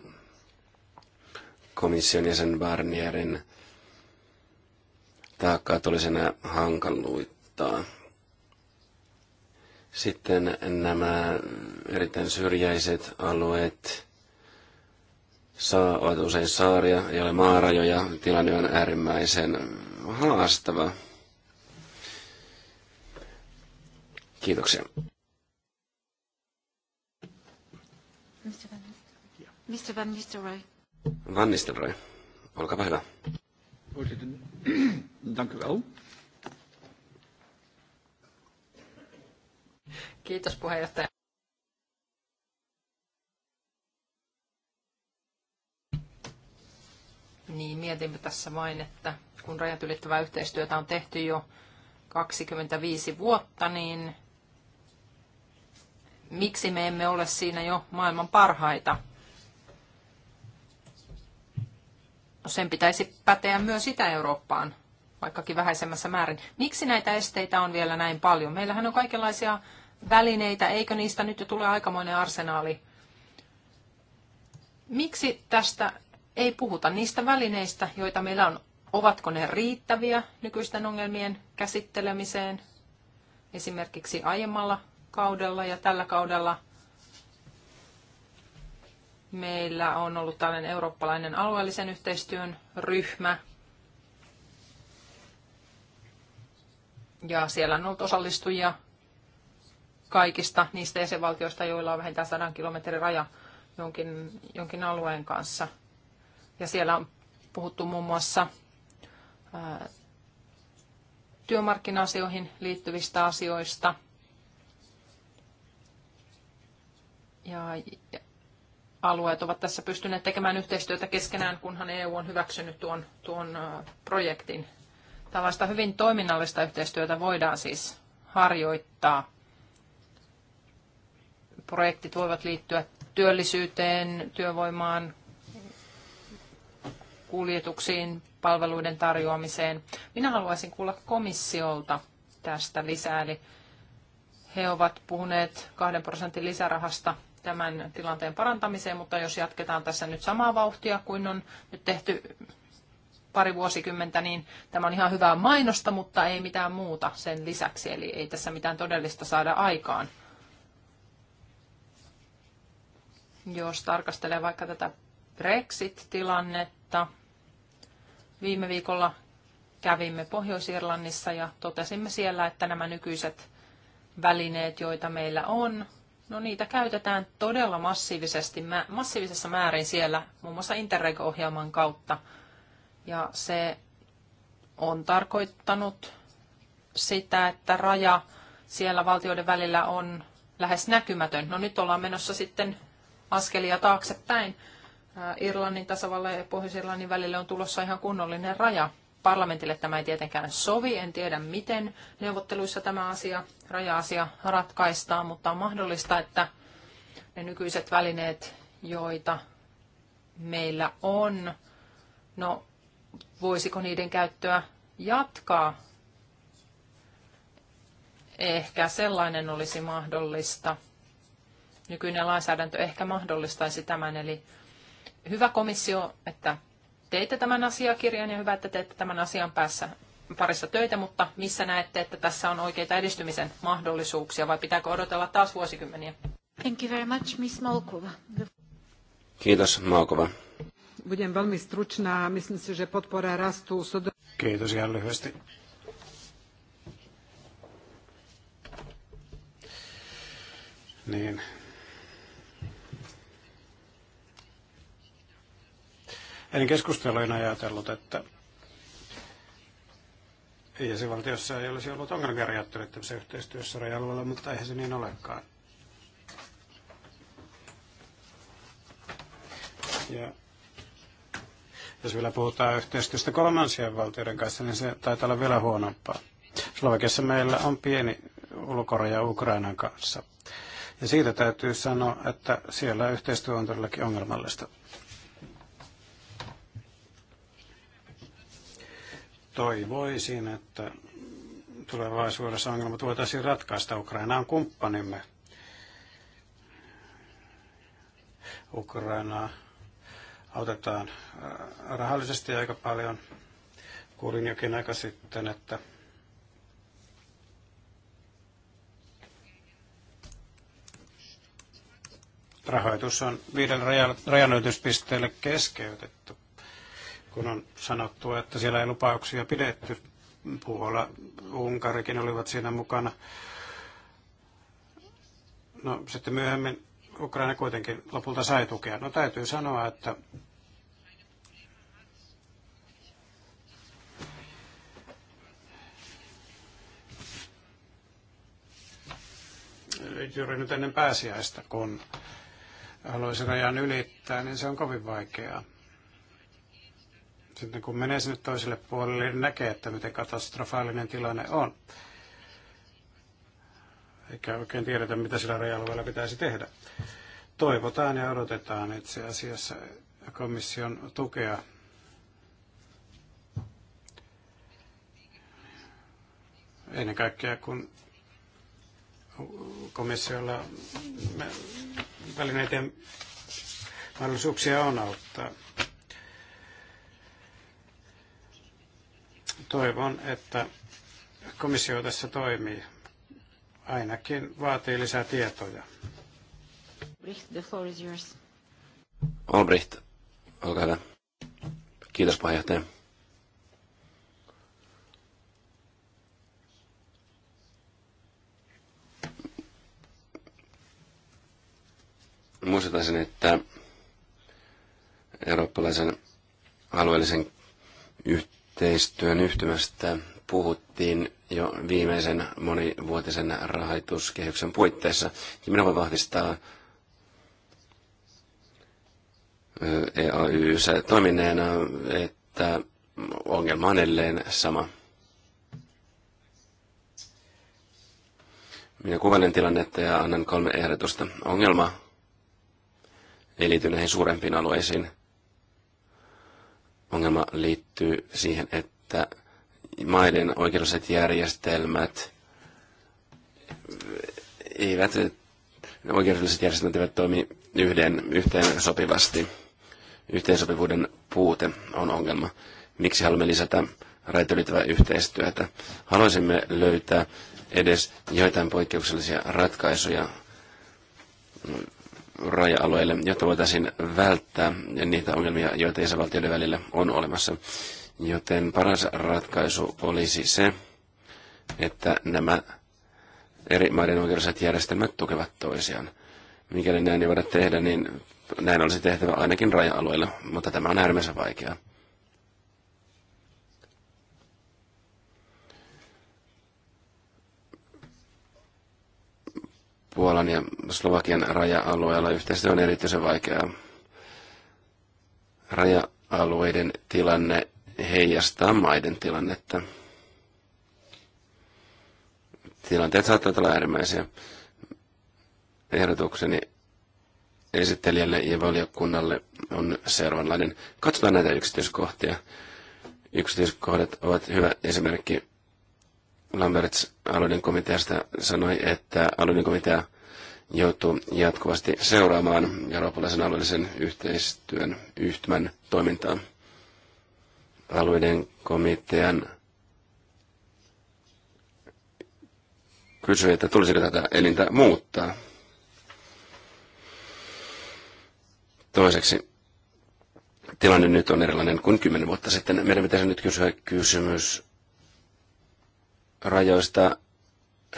komission jäsen Barnierin taakkaa tulisi enää hankaluittaa. Sitten nämä erittäin syrjäiset alueet saa, ovat usein saaria, ei ole maarajoja, tilanne on äärimmäisen haastava. Kiitoksia. Mr. Van Nistelrooy. Van Nistelrooy, olkaapa hyvä. Voorzitter, dank u wel. Kiitos puheenjohtaja. Niin, mietimme tässä vain, että kun rajat ylittävää yhteistyötä on tehty jo 25 vuotta, niin miksi me emme ole siinä jo maailman parhaita. No sen pitäisi päteä myös Itä-Eurooppaan, vaikkakin vähäisemmässä määrin. Miksi näitä esteitä on vielä näin paljon? Meillähän on kaikenlaisia välineitä, eikö niistä nyt jo tule aikamoinen arsenaali? Miksi tästä ei puhuta niistä välineistä, joita meillä on? Ovatko ne riittäviä nykyisten ongelmien käsittelemiseen? Esimerkiksi aiemmalla kaudella ja tällä kaudella meillä on ollut tällainen eurooppalainen alueellisen yhteistyön ryhmä. Ja siellä on ollut osallistujia kaikista niistä jäsenvaltioista, joilla on vähintään 100 kilometrin raja jonkin, jonkin alueen kanssa. Ja siellä on puhuttu muun muassa ää, työmarkkina-asioihin liittyvistä asioista – ja alueet ovat tässä pystyneet tekemään yhteistyötä keskenään, kunhan EU on hyväksynyt tuon, tuon projektin. Tällaista hyvin toiminnallista yhteistyötä voidaan siis harjoittaa. Projektit voivat liittyä työllisyyteen, työvoimaan, kuljetuksiin, palveluiden tarjoamiseen. Minä haluaisin kuulla komissiolta tästä lisää, eli he ovat puhuneet kahden prosentin lisärahasta tämän tilanteen parantamiseen, mutta jos jatketaan tässä nyt samaa vauhtia kuin on nyt tehty pari vuosikymmentä, niin tämä on ihan hyvää mainosta, mutta ei mitään muuta sen lisäksi, eli ei tässä mitään todellista saada aikaan. Jos tarkastelee vaikka tätä Brexit-tilannetta, viime viikolla kävimme Pohjois-Irlannissa ja totesimme siellä, että nämä nykyiset välineet, joita meillä on, No niitä käytetään todella massiivisesti, massiivisessa määrin siellä, muun muassa Interreg-ohjelman kautta. Ja se on tarkoittanut sitä, että raja siellä valtioiden välillä on lähes näkymätön. No nyt ollaan menossa sitten askelia taaksepäin. Irlannin tasavallan ja Pohjois-Irlannin välille on tulossa ihan kunnollinen raja. Parlamentille tämä ei tietenkään sovi, en tiedä miten neuvotteluissa tämä asia, raja-asia ratkaistaan, mutta on mahdollista, että ne nykyiset välineet, joita meillä on, no voisiko niiden käyttöä jatkaa? Ehkä sellainen olisi mahdollista. Nykyinen lainsäädäntö ehkä mahdollistaisi tämän, eli hyvä komissio, että teette tämän asiakirjan ja hyvä, että teette tämän asian päässä parissa töitä, mutta missä näette, että tässä on oikeita edistymisen mahdollisuuksia vai pitääkö odotella taas vuosikymmeniä? Thank you very much, Miss Malkova. Kiitos, Malkova. Budem velmi stručná. Myslím si, že podpora rastu... Kiitos ihan lyhyesti. Niin, En keskustelujen ajatellut, että jäsenvaltiossa ei olisi ollut ongelmia rajattelettavissa yhteistyössä raja mutta eihän se niin olekaan. Ja jos vielä puhutaan yhteistyöstä kolmansien valtioiden kanssa, niin se taitaa olla vielä huonompaa. Slovakiassa meillä on pieni ulkoraja Ukrainan kanssa. Ja siitä täytyy sanoa, että siellä yhteistyö on todellakin ongelmallista. toivoisin, että tulevaisuudessa ongelmat voitaisiin ratkaista. Ukraina on kumppanimme. Ukrainaa autetaan äh, rahallisesti aika paljon. Kuulin jokin aika sitten, että rahoitus on viiden rajanylityspisteelle keskeytetty kun on sanottu, että siellä ei lupauksia pidetty. Puola, Unkarikin olivat siinä mukana. No sitten myöhemmin Ukraina kuitenkin lopulta sai tukea. No täytyy sanoa, että juuri nyt ennen pääsiäistä, kun haluaisi rajan ylittää, niin se on kovin vaikeaa. Sitten kun menee sinne toiselle puolelle, niin näkee, että miten katastrofaalinen tilanne on. Eikä oikein tiedetä, mitä sillä raja pitäisi tehdä. Toivotaan ja odotetaan itse asiassa komission tukea ennen kaikkea kun komissiolla välineiden mahdollisuuksia on auttaa. Toivon, että komissio tässä toimii. Ainakin vaatii lisää tietoja. Bricht, the floor is yours. Olbricht, olkaa hyvä. Kiitos puheenjohtaja. muistutaisin, että eurooppalaisen alueellisen yht- yhteistyön yhtymästä puhuttiin jo viimeisen monivuotisen rahoituskehyksen puitteissa. Ja minä voin vahvistaa EAYssä toimineena, että ongelma on edelleen sama. Minä kuvailen tilannetta ja annan kolme ehdotusta. Ongelma ei liity näihin suurempiin alueisiin. Ongelma liittyy siihen, että maiden oikeudelliset järjestelmät eivät, oikeudelliset järjestelmät eivät toimi yhden, yhteen sopivasti. Yhteensopivuuden puute on ongelma. Miksi haluamme lisätä rajat yhteistyötä? Haluaisimme löytää edes joitain poikkeuksellisia ratkaisuja raja-alueille, jotta voitaisiin välttää niitä ongelmia, joita isävaltioiden välillä on olemassa. Joten paras ratkaisu olisi se, että nämä eri maiden oikeudelliset järjestelmät tukevat toisiaan. Mikäli näin ei voida tehdä, niin näin olisi tehtävä ainakin raja-alueilla, mutta tämä on äärimmäisen vaikeaa. Puolan ja Slovakian raja-alueella yhteistyö on erityisen vaikeaa. Raja-alueiden tilanne heijastaa maiden tilannetta. Tilanteet saattavat olla äärimmäisiä. Ehdotukseni esittelijälle ja valiokunnalle on seuraavanlainen. Katsotaan näitä yksityiskohtia. Yksityiskohdat ovat hyvä esimerkki Lamberts alueiden komiteasta sanoi, että alueiden komitea joutuu jatkuvasti seuraamaan eurooppalaisen alueellisen yhteistyön yhtymän toimintaa. Alueiden komitean kysyi, että tulisiko tätä elintä muuttaa. Toiseksi, tilanne nyt on erilainen kuin kymmenen vuotta sitten. Meidän pitäisi nyt kysyä kysymys rajoista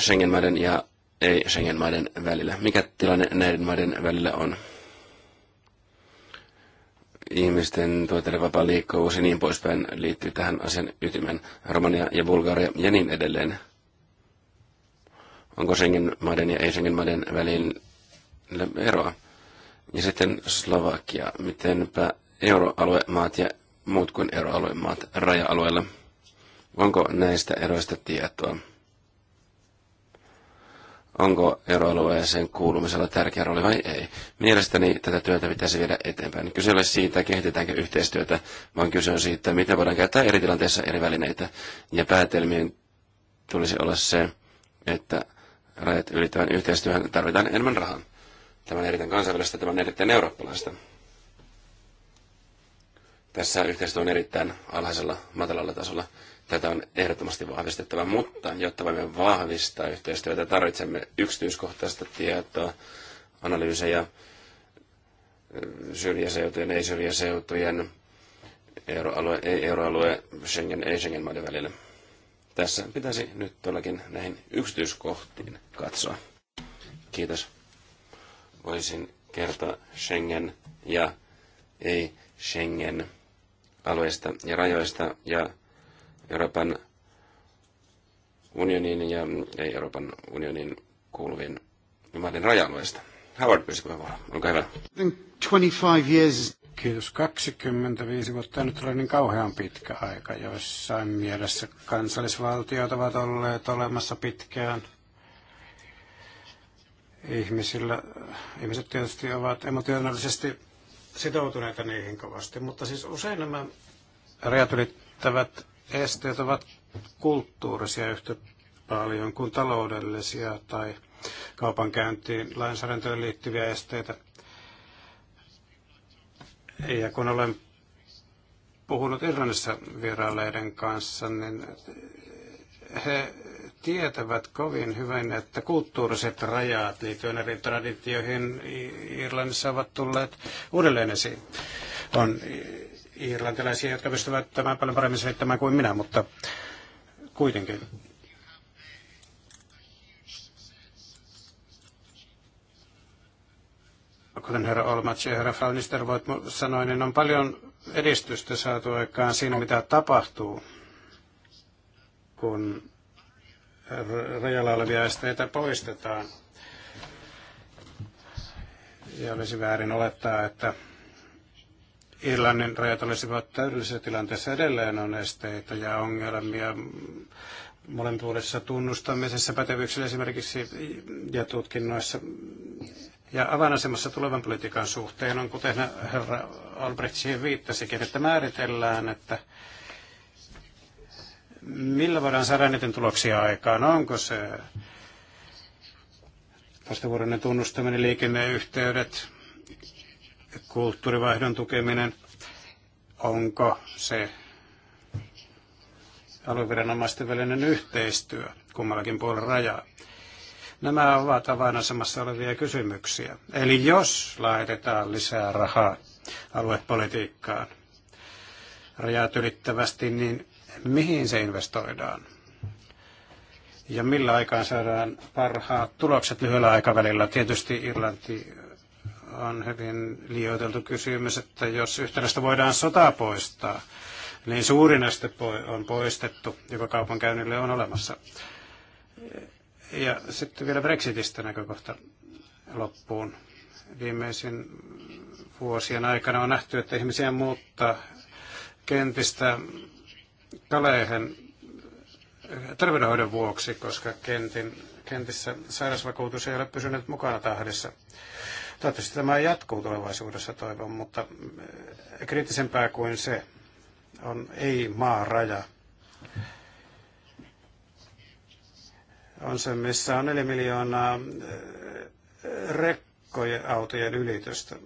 Schengen-maiden ja ei Schengen-maiden välillä. Mikä tilanne näiden maiden välillä on? Ihmisten tuotteiden vapaa liikkuvuus ja niin poispäin liittyy tähän asian ytimen. Romania ja Bulgaria ja niin edelleen. Onko Schengen-maiden ja ei Schengen-maiden välillä eroa? Ja sitten Slovakia. Mitenpä euroaluemaat ja muut kuin euroaluemaat raja-alueella? Onko näistä eroista tietoa? Onko eroalueeseen kuulumisella tärkeä rooli vai ei? Mielestäni tätä työtä pitäisi viedä eteenpäin. Kyse ei ole siitä, kehitetäänkö yhteistyötä, vaan kyse on siitä, miten voidaan käyttää eri tilanteissa eri välineitä. Ja päätelmien tulisi olla se, että rajat ylittävän yhteistyöhön tarvitaan enemmän rahaa. Tämä on erittäin kansainvälistä, tämä on erittäin eurooppalaista. Tässä yhteistyö on erittäin alhaisella, matalalla tasolla. Tätä on ehdottomasti vahvistettava, mutta jotta voimme vahvistaa yhteistyötä, tarvitsemme yksityiskohtaista tietoa, analyysejä syrjäseutujen, ei syrjäseutujen, euroalue, ei euroalue, Schengen, ei Schengen-maiden välillä. Tässä pitäisi nyt todellakin näihin yksityiskohtiin katsoa. Kiitos. Voisin kertoa Schengen ja ei Schengen alueista ja rajoista ja Euroopan unionin ja ei Euroopan unionin kuuluvien maiden raja-alueesta. Howard pyysi puheenvuoron. Olkaa hyvä. 25 years. Kiitos. 25 vuotta nyt ollut niin kauhean pitkä aika. Joissain mielessä kansallisvaltiot ovat olleet olemassa pitkään. Ihmisillä, ihmiset tietysti ovat emotionaalisesti sitoutuneita niihin kovasti, mutta siis usein nämä rajat ylittävät esteet ovat kulttuurisia yhtä paljon kuin taloudellisia tai kaupankäyntiin lainsäädäntöön liittyviä esteitä. Ja kun olen puhunut Irlannissa vierailleiden kanssa, niin he tietävät kovin hyvin, että kulttuuriset rajat liittyen eri traditioihin Irlannissa ovat tulleet uudelleen esiin. On irlantilaisia, jotka pystyvät tämän paljon paremmin selittämään kuin minä, mutta kuitenkin. Kuten herra Olmats ja herra Faunister sanoi, niin on paljon edistystä saatu aikaan siinä, mitä tapahtuu, kun rajalla olevia esteitä poistetaan. Ja olisi väärin olettaa, että Irlannin rajat olisivat täydellisessä tilanteessa edelleen on esteitä ja ongelmia molempuudessa tunnustamisessa, pätevyyksillä esimerkiksi ja tutkinnoissa ja avainasemassa tulevan politiikan suhteen on, kuten herra Albrecht siihen viittasikin, että määritellään, että millä voidaan saada eniten tuloksia aikaan. Onko se vastavuoroinen tunnustaminen, liikenneyhteydet, kulttuurivaihdon tukeminen, onko se alueviranomaisten välinen yhteistyö kummallakin puolella rajaa. Nämä ovat avainasemassa olevia kysymyksiä. Eli jos laitetaan lisää rahaa aluepolitiikkaan rajat ylittävästi, niin mihin se investoidaan? ja millä aikaan saadaan parhaat tulokset lyhyellä aikavälillä. Tietysti Irlanti on hyvin liioiteltu kysymys, että jos yhtenästä voidaan sotaa poistaa, niin suurin este on poistettu, joka kaupankäynnille on olemassa. Ja sitten vielä Brexitistä näkökohta loppuun. Viimeisin vuosien aikana on nähty, että ihmisiä muuttaa kentistä kaleihin terveydenhoidon vuoksi, koska kentin, kentissä sairausvakuutus ei ole pysynyt mukana tahdissa. Toivottavasti tämä jatkuu tulevaisuudessa toivon, mutta eh, kriittisempää kuin se on ei maaraja, raja. On se, missä on 4 miljoonaa eh, rekkojen autojen ylitystä.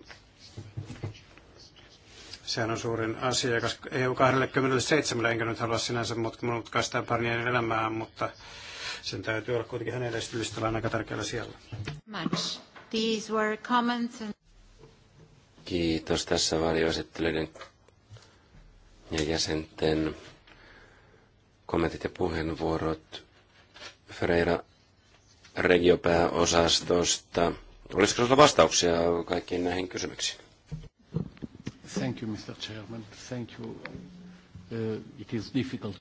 Sehän on suurin asia, koska EU-27, enkä nyt halua sinänsä mutkaistaa parnien elämää, mutta sen täytyy olla kuitenkin hänen esitylistään aika tärkeällä siellä. Max. These were comments and... Kiitos tässä varjoesittelyiden ja jäsenten kommentit ja puheenvuorot. Ferreira regiopääosastosta. Olisiko sinulla vastauksia kaikkiin näihin kysymyksiin? Thank you, Mr. Chairman. Thank you. Uh, it is difficult.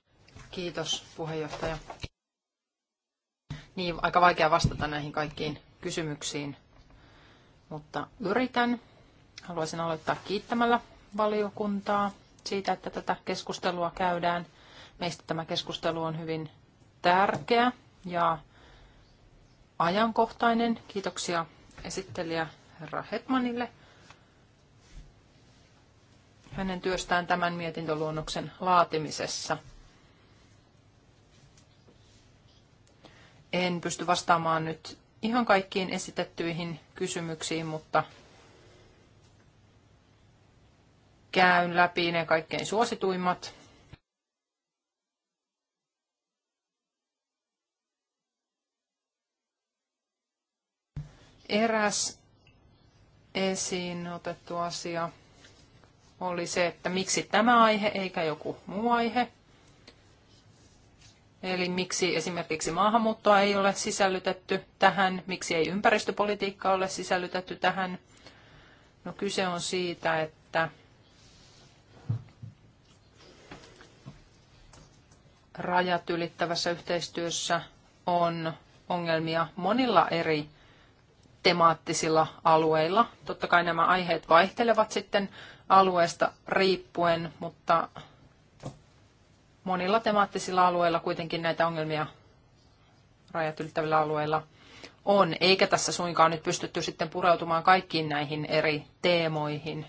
Kiitos, puheenjohtaja. Niin, aika vaikea vastata näihin kaikkiin kysymyksiin mutta yritän. Haluaisin aloittaa kiittämällä valiokuntaa siitä, että tätä keskustelua käydään. Meistä tämä keskustelu on hyvin tärkeä ja ajankohtainen. Kiitoksia esittelijä herra Hetmanille hänen työstään tämän mietintöluonnoksen laatimisessa. En pysty vastaamaan nyt ihan kaikkiin esitettyihin kysymyksiin, mutta käyn läpi ne kaikkein suosituimmat. Eräs esiin otettu asia oli se, että miksi tämä aihe eikä joku muu aihe. Eli miksi esimerkiksi maahanmuuttoa ei ole sisällytetty tähän, miksi ei ympäristöpolitiikka ole sisällytetty tähän. No kyse on siitä, että rajat ylittävässä yhteistyössä on ongelmia monilla eri temaattisilla alueilla. Totta kai nämä aiheet vaihtelevat sitten alueesta riippuen, mutta monilla temaattisilla alueilla kuitenkin näitä ongelmia rajat ylittävillä alueilla on, eikä tässä suinkaan nyt pystytty sitten pureutumaan kaikkiin näihin eri teemoihin.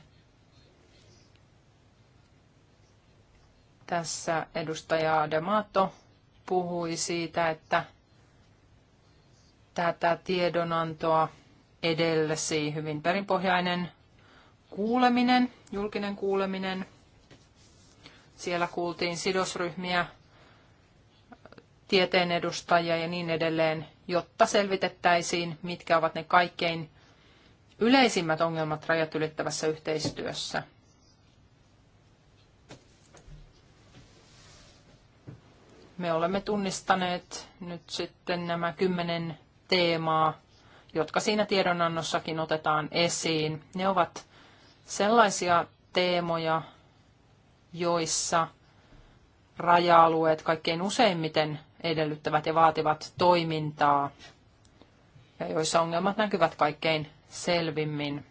Tässä edustaja Demato puhui siitä, että tätä tiedonantoa edellesi hyvin perinpohjainen kuuleminen, julkinen kuuleminen – siellä kuultiin sidosryhmiä, tieteen edustajia ja niin edelleen, jotta selvitettäisiin, mitkä ovat ne kaikkein yleisimmät ongelmat rajat ylittävässä yhteistyössä. Me olemme tunnistaneet nyt sitten nämä kymmenen teemaa, jotka siinä tiedonannossakin otetaan esiin. Ne ovat sellaisia teemoja, joissa raja-alueet kaikkein useimmiten edellyttävät ja vaativat toimintaa ja joissa ongelmat näkyvät kaikkein selvimmin.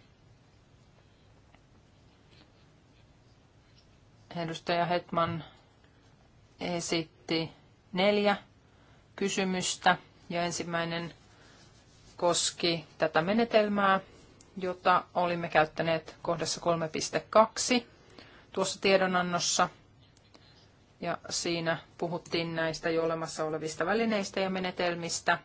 Edustaja Hetman esitti neljä kysymystä ja ensimmäinen koski tätä menetelmää, jota olimme käyttäneet kohdassa tuossa tiedonannossa. Ja siinä puhuttiin näistä jo olemassa olevista välineistä ja menetelmistä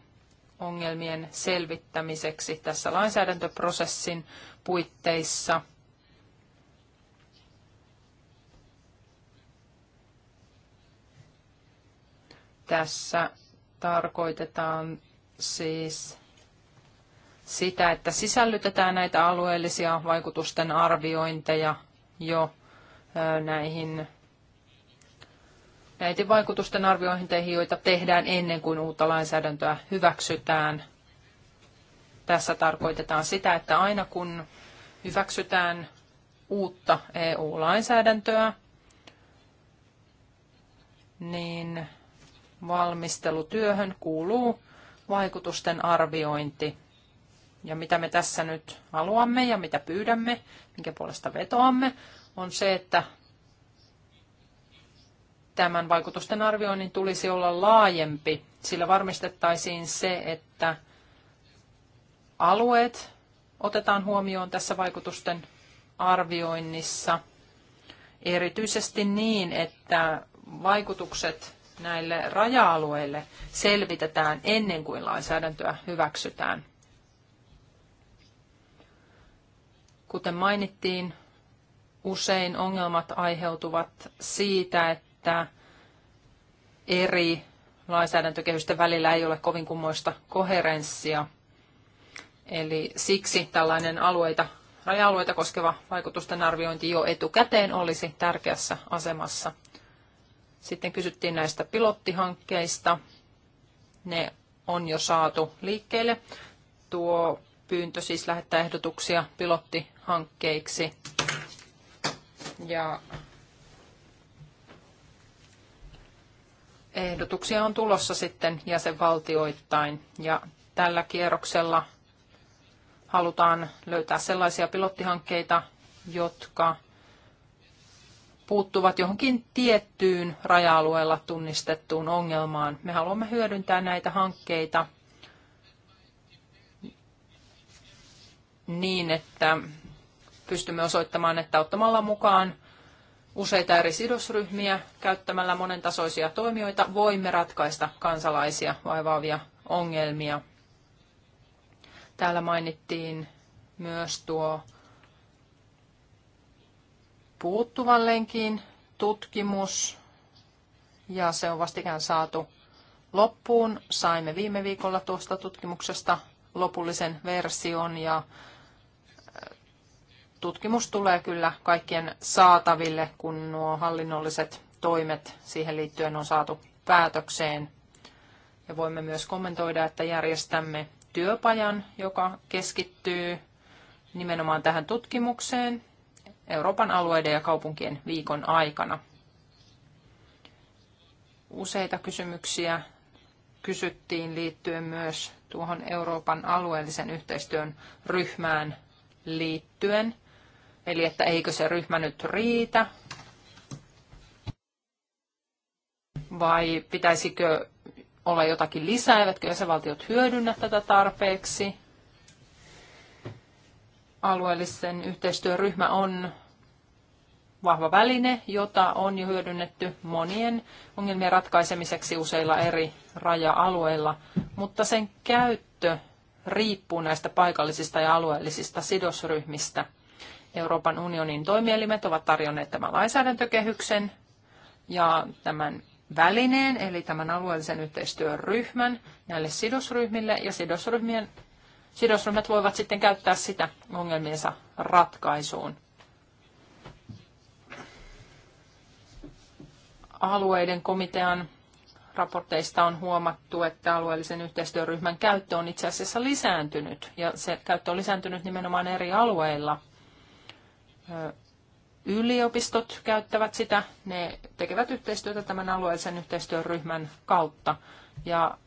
ongelmien selvittämiseksi tässä lainsäädäntöprosessin puitteissa. Tässä tarkoitetaan siis sitä, että sisällytetään näitä alueellisia vaikutusten arviointeja jo näihin näiden vaikutusten arviointeihin, joita tehdään ennen kuin uutta lainsäädäntöä hyväksytään. Tässä tarkoitetaan sitä, että aina kun hyväksytään uutta EU-lainsäädäntöä, niin valmistelutyöhön kuuluu vaikutusten arviointi. Ja mitä me tässä nyt haluamme ja mitä pyydämme, minkä puolesta vetoamme, on se, että tämän vaikutusten arvioinnin tulisi olla laajempi. Sillä varmistettaisiin se, että alueet otetaan huomioon tässä vaikutusten arvioinnissa erityisesti niin, että vaikutukset näille raja-alueille selvitetään ennen kuin lainsäädäntöä hyväksytään. Kuten mainittiin, usein ongelmat aiheutuvat siitä, että eri lainsäädäntökehysten välillä ei ole kovin kummoista koherenssia. Eli siksi tällainen alueita, raja-alueita koskeva vaikutusten arviointi jo etukäteen olisi tärkeässä asemassa. Sitten kysyttiin näistä pilottihankkeista. Ne on jo saatu liikkeelle. Tuo pyyntö siis lähettää ehdotuksia pilottihankkeiksi ja ehdotuksia on tulossa sitten jäsenvaltioittain ja tällä kierroksella halutaan löytää sellaisia pilottihankkeita, jotka puuttuvat johonkin tiettyyn raja-alueella tunnistettuun ongelmaan. Me haluamme hyödyntää näitä hankkeita niin, että pystymme osoittamaan, että ottamalla mukaan useita eri sidosryhmiä, käyttämällä monentasoisia toimijoita, voimme ratkaista kansalaisia vaivaavia ongelmia. Täällä mainittiin myös tuo puuttuvan lenkin tutkimus, ja se on vastikään saatu loppuun. Saimme viime viikolla tuosta tutkimuksesta lopullisen version, ja tutkimus tulee kyllä kaikkien saataville, kun nuo hallinnolliset toimet siihen liittyen on saatu päätökseen. Ja voimme myös kommentoida, että järjestämme työpajan, joka keskittyy nimenomaan tähän tutkimukseen Euroopan alueiden ja kaupunkien viikon aikana. Useita kysymyksiä kysyttiin liittyen myös tuohon Euroopan alueellisen yhteistyön ryhmään liittyen – Eli että eikö se ryhmä nyt riitä? Vai pitäisikö olla jotakin lisää, eivätkö jäsenvaltiot hyödynnä tätä tarpeeksi? Alueellisen yhteistyöryhmä on vahva väline, jota on jo hyödynnetty monien ongelmien ratkaisemiseksi useilla eri raja-alueilla, mutta sen käyttö riippuu näistä paikallisista ja alueellisista sidosryhmistä. Euroopan unionin toimielimet ovat tarjonneet tämän lainsäädäntökehyksen ja tämän välineen, eli tämän alueellisen yhteistyöryhmän näille sidosryhmille, ja sidosryhmien, sidosryhmät voivat sitten käyttää sitä ongelmiensa ratkaisuun. Alueiden komitean raporteista on huomattu, että alueellisen yhteistyöryhmän käyttö on itse asiassa lisääntynyt, ja se käyttö on lisääntynyt nimenomaan eri alueilla yliopistot käyttävät sitä. Ne tekevät yhteistyötä tämän alueellisen yhteistyöryhmän kautta. Ja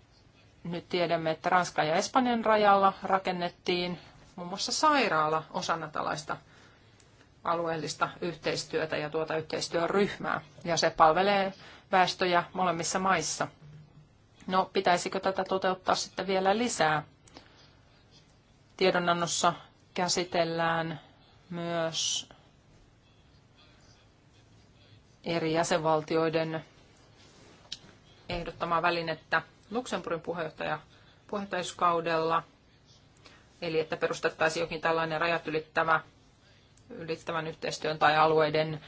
nyt tiedämme, että Ranskan ja Espanjan rajalla rakennettiin muun muassa sairaala osana tällaista alueellista yhteistyötä ja tuota yhteistyöryhmää. Ja se palvelee väestöjä molemmissa maissa. No, pitäisikö tätä toteuttaa sitten vielä lisää? Tiedonannossa käsitellään myös eri jäsenvaltioiden ehdottamaa välinettä Luxemburgin puheenjohtaja, puheenjohtajuuskaudella, eli että perustettaisiin jokin tällainen rajat ylittävä, ylittävän yhteistyön tai alueiden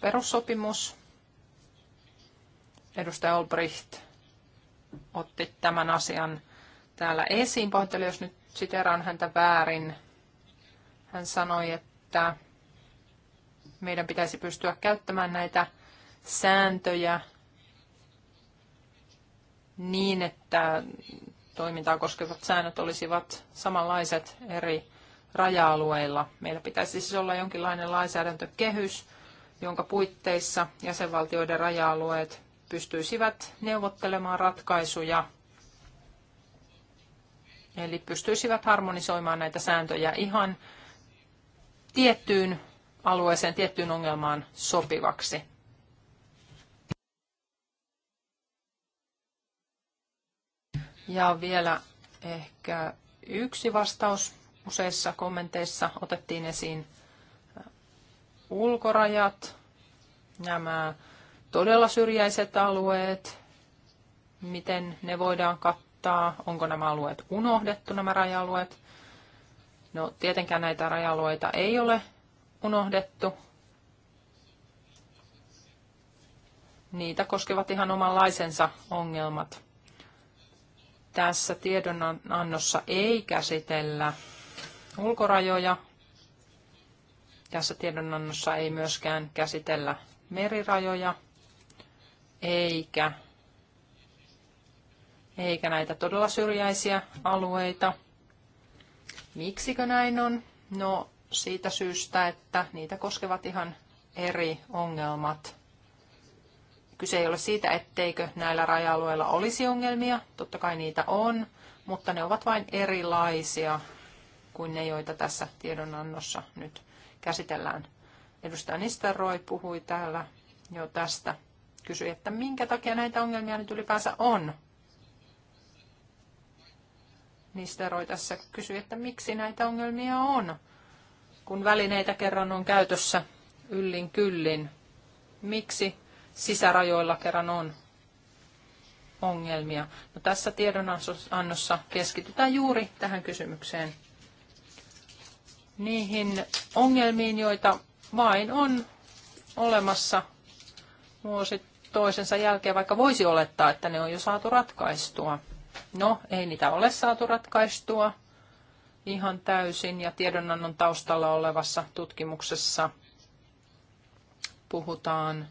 perussopimus. Edustaja Olbricht otti tämän asian täällä esiin. Pahoittelen, jos nyt siteraan häntä väärin. Hän sanoi, että meidän pitäisi pystyä käyttämään näitä sääntöjä niin, että toimintaa koskevat säännöt olisivat samanlaiset eri raja-alueilla. Meillä pitäisi siis olla jonkinlainen lainsäädäntökehys, jonka puitteissa jäsenvaltioiden raja-alueet pystyisivät neuvottelemaan ratkaisuja, eli pystyisivät harmonisoimaan näitä sääntöjä ihan tiettyyn alueeseen tiettyyn ongelmaan sopivaksi. Ja vielä ehkä yksi vastaus. Useissa kommenteissa otettiin esiin ulkorajat, nämä todella syrjäiset alueet, miten ne voidaan kattaa, onko nämä alueet unohdettu, nämä raja-alueet. No tietenkään näitä raja-alueita ei ole unohdettu. Niitä koskevat ihan omanlaisensa ongelmat. Tässä tiedonannossa ei käsitellä ulkorajoja. Tässä tiedonannossa ei myöskään käsitellä merirajoja eikä, eikä näitä todella syrjäisiä alueita. Miksikö näin on? No, siitä syystä, että niitä koskevat ihan eri ongelmat. Kyse ei ole siitä, etteikö näillä raja-alueilla olisi ongelmia, totta kai niitä on, mutta ne ovat vain erilaisia kuin ne, joita tässä tiedonannossa nyt käsitellään. Edustaja Nisteroi puhui täällä jo tästä, kysyi, että minkä takia näitä ongelmia nyt ylipäänsä on. Nisteroi tässä kysyi, että miksi näitä ongelmia on kun välineitä kerran on käytössä yllin kyllin, miksi sisärajoilla kerran on ongelmia. No, tässä tiedonannossa keskitytään juuri tähän kysymykseen. Niihin ongelmiin, joita vain on olemassa vuosi toisensa jälkeen, vaikka voisi olettaa, että ne on jo saatu ratkaistua. No, ei niitä ole saatu ratkaistua ihan täysin ja tiedonannon taustalla olevassa tutkimuksessa puhutaan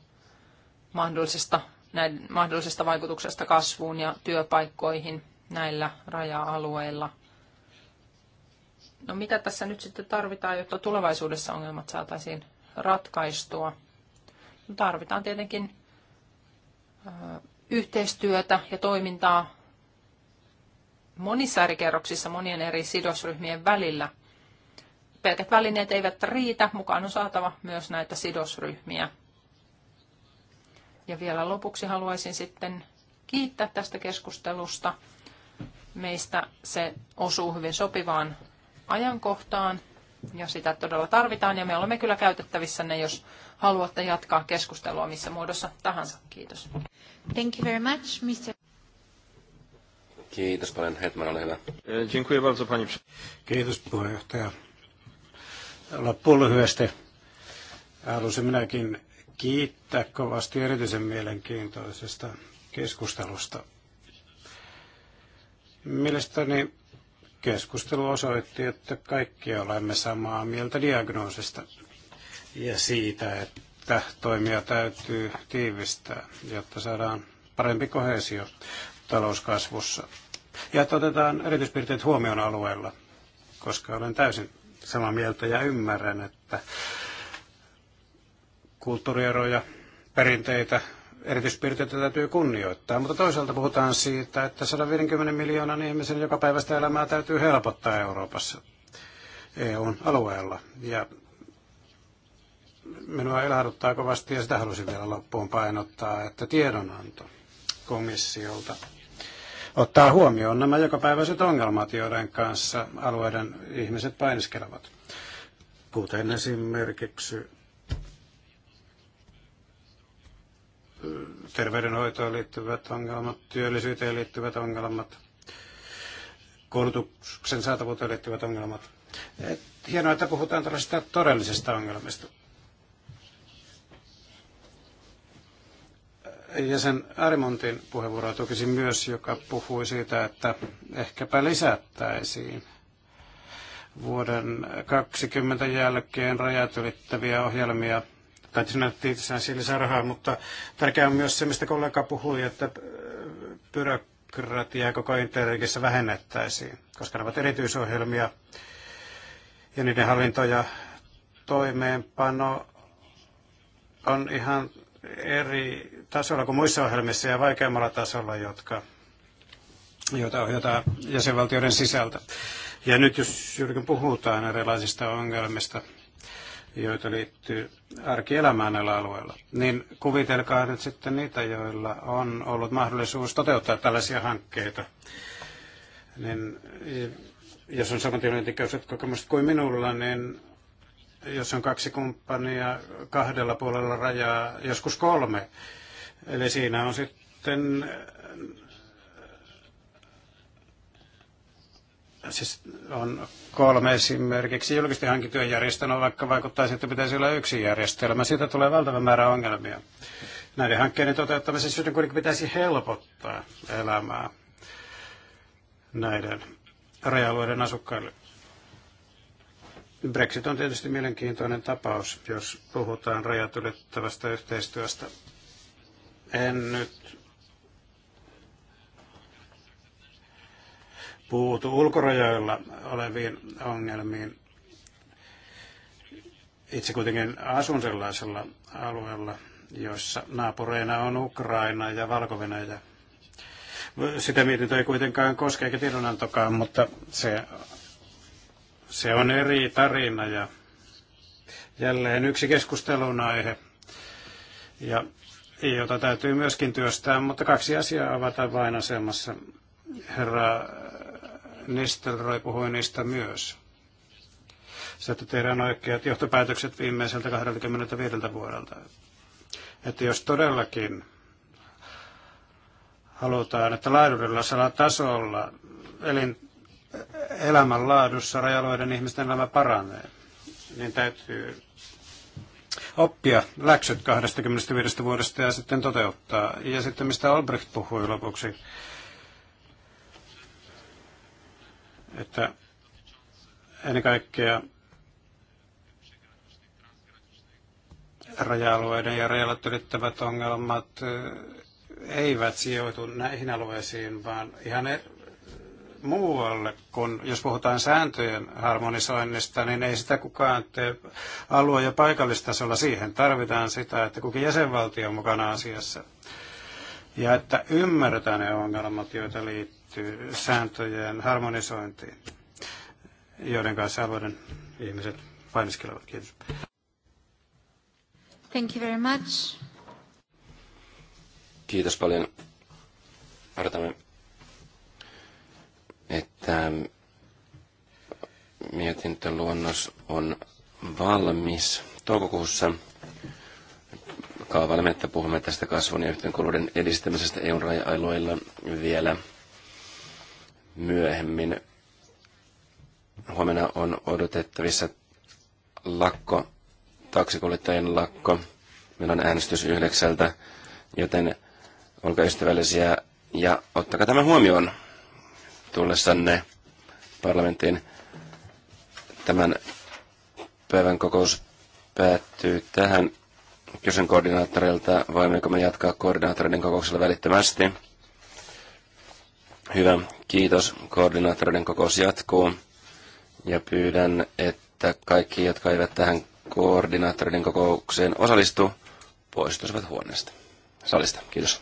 mahdollisesta, näiden, mahdollisesta vaikutuksesta kasvuun ja työpaikkoihin näillä raja-alueilla. No mitä tässä nyt sitten tarvitaan, jotta tulevaisuudessa ongelmat saataisiin ratkaistua? No, tarvitaan tietenkin yhteistyötä ja toimintaa monissa eri kerroksissa monien eri sidosryhmien välillä. Pelkät välineet eivät riitä, mukaan on saatava myös näitä sidosryhmiä. Ja vielä lopuksi haluaisin sitten kiittää tästä keskustelusta. Meistä se osuu hyvin sopivaan ajankohtaan ja sitä todella tarvitaan ja me olemme kyllä käytettävissä ne, jos haluatte jatkaa keskustelua missä muodossa tahansa. Kiitos. Thank you very much, Mr. Kiitos paljon. Hetman, ole hyvä. E, dziękuję bardzo, pani. Kiitos puheenjohtaja. Loppuun lyhyesti. Haluaisin minäkin kiittää kovasti erityisen mielenkiintoisesta keskustelusta. Mielestäni keskustelu osoitti, että kaikki olemme samaa mieltä diagnoosista ja siitä, että toimia täytyy tiivistää, jotta saadaan parempi kohesio talouskasvussa. Ja että otetaan erityispiirteet huomioon alueella, koska olen täysin samaa mieltä ja ymmärrän, että kulttuurieroja, perinteitä, erityispiirteitä täytyy kunnioittaa, mutta toisaalta puhutaan siitä, että 150 miljoonan ihmisen joka päivästä elämää täytyy helpottaa Euroopassa, EUn alueella. Ja minua ilahduttaa kovasti, ja sitä halusin vielä loppuun painottaa, että tiedonanto komissiolta ottaa huomioon nämä jokapäiväiset ongelmat, joiden kanssa alueiden ihmiset painiskelevat. Kuten esimerkiksi terveydenhoitoon liittyvät ongelmat, työllisyyteen liittyvät ongelmat, koulutuksen saatavuuteen liittyvät ongelmat. Hienoa, että puhutaan tällaisista todellisista ongelmista. jäsen Arimontin puheenvuoroa tukisin myös, joka puhui siitä, että ehkäpä lisättäisiin vuoden 20 jälkeen rajat ylittäviä ohjelmia tai sinällään sillä rahaa, mutta tärkeää on myös se, mistä kollega puhui, että byrokratiaa koko Interregissä vähennettäisiin, koska ne ovat erityisohjelmia ja niiden hallinto ja toimeenpano on ihan eri tasolla kuin muissa ohjelmissa ja vaikeammalla tasolla, jotka, joita ohjataan jäsenvaltioiden sisältä. Ja nyt jos juurikin puhutaan erilaisista ongelmista, joita liittyy arkielämään näillä alueilla, niin kuvitelkaa nyt sitten niitä, joilla on ollut mahdollisuus toteuttaa tällaisia hankkeita. Niin, jos on tilanteen kokemusta kuin minulla, niin jos on kaksi kumppania kahdella puolella rajaa, joskus kolme, Eli siinä on sitten siis on kolme esimerkiksi julkisten hankintojen järjestelmä, vaikka vaikuttaisi, että pitäisi olla yksi järjestelmä. Siitä tulee valtava määrä ongelmia. Näiden hankkeiden toteuttamisessa kuitenkin pitäisi helpottaa elämää näiden raja-alueiden asukkaille. Brexit on tietysti mielenkiintoinen tapaus, jos puhutaan rajat ylittävästä yhteistyöstä. En nyt puutu ulkorajoilla oleviin ongelmiin. Itse kuitenkin asun sellaisella alueella, jossa naapureina on Ukraina ja valko -Venäjä. Sitä mietintö ei kuitenkaan koske eikä tiedonantokaan, mutta se, se on eri tarina ja jälleen yksi keskustelun aihe. Ja jota täytyy myöskin työstää, mutta kaksi asiaa ovat asemassa. Herra Nistelroi puhui niistä myös. Se, että tehdään oikeat johtopäätökset viimeiseltä 25 vuodelta. Että jos todellakin halutaan, että laadullisella tasolla elin, elämänlaadussa rajaloiden ihmisten elämä paranee, niin täytyy oppia läksyt 25 vuodesta ja sitten toteuttaa. Ja sitten mistä Albrecht puhui lopuksi, että ennen kaikkea raja-alueiden ja rajalat ylittävät ongelmat eh, eivät sijoitu näihin alueisiin, vaan ihan e- muualle, kun jos puhutaan sääntöjen harmonisoinnista, niin ei sitä kukaan tee alue- ja paikallistasolla. Siihen tarvitaan sitä, että kukin jäsenvaltio on mukana asiassa. Ja että ymmärretään ne ongelmat, joita liittyy sääntöjen harmonisointiin, joiden kanssa alueiden ihmiset painiskelevat. Kiitos. Thank you very much. Kiitos paljon. Odotamme että mietintöluonnos on valmis toukokuussa. Kaavailemme, että puhumme tästä kasvun ja yhteenkuuluuden edistämisestä eu raja vielä myöhemmin. Huomenna on odotettavissa lakko, taksikuljettajien lakko. Meillä on äänestys yhdeksältä, joten olkaa ystävällisiä ja ottakaa tämä huomioon tullessanne parlamenttiin. Tämän päivän kokous päättyy tähän. Kysyn koordinaattorilta, voimmeko me jatkaa koordinaattoreiden kokouksella välittömästi. Hyvä, kiitos. Koordinaattoreiden kokous jatkuu. Ja pyydän, että kaikki, jotka eivät tähän koordinaattoreiden kokoukseen osallistu, poistuisivat huoneesta. Salista, kiitos.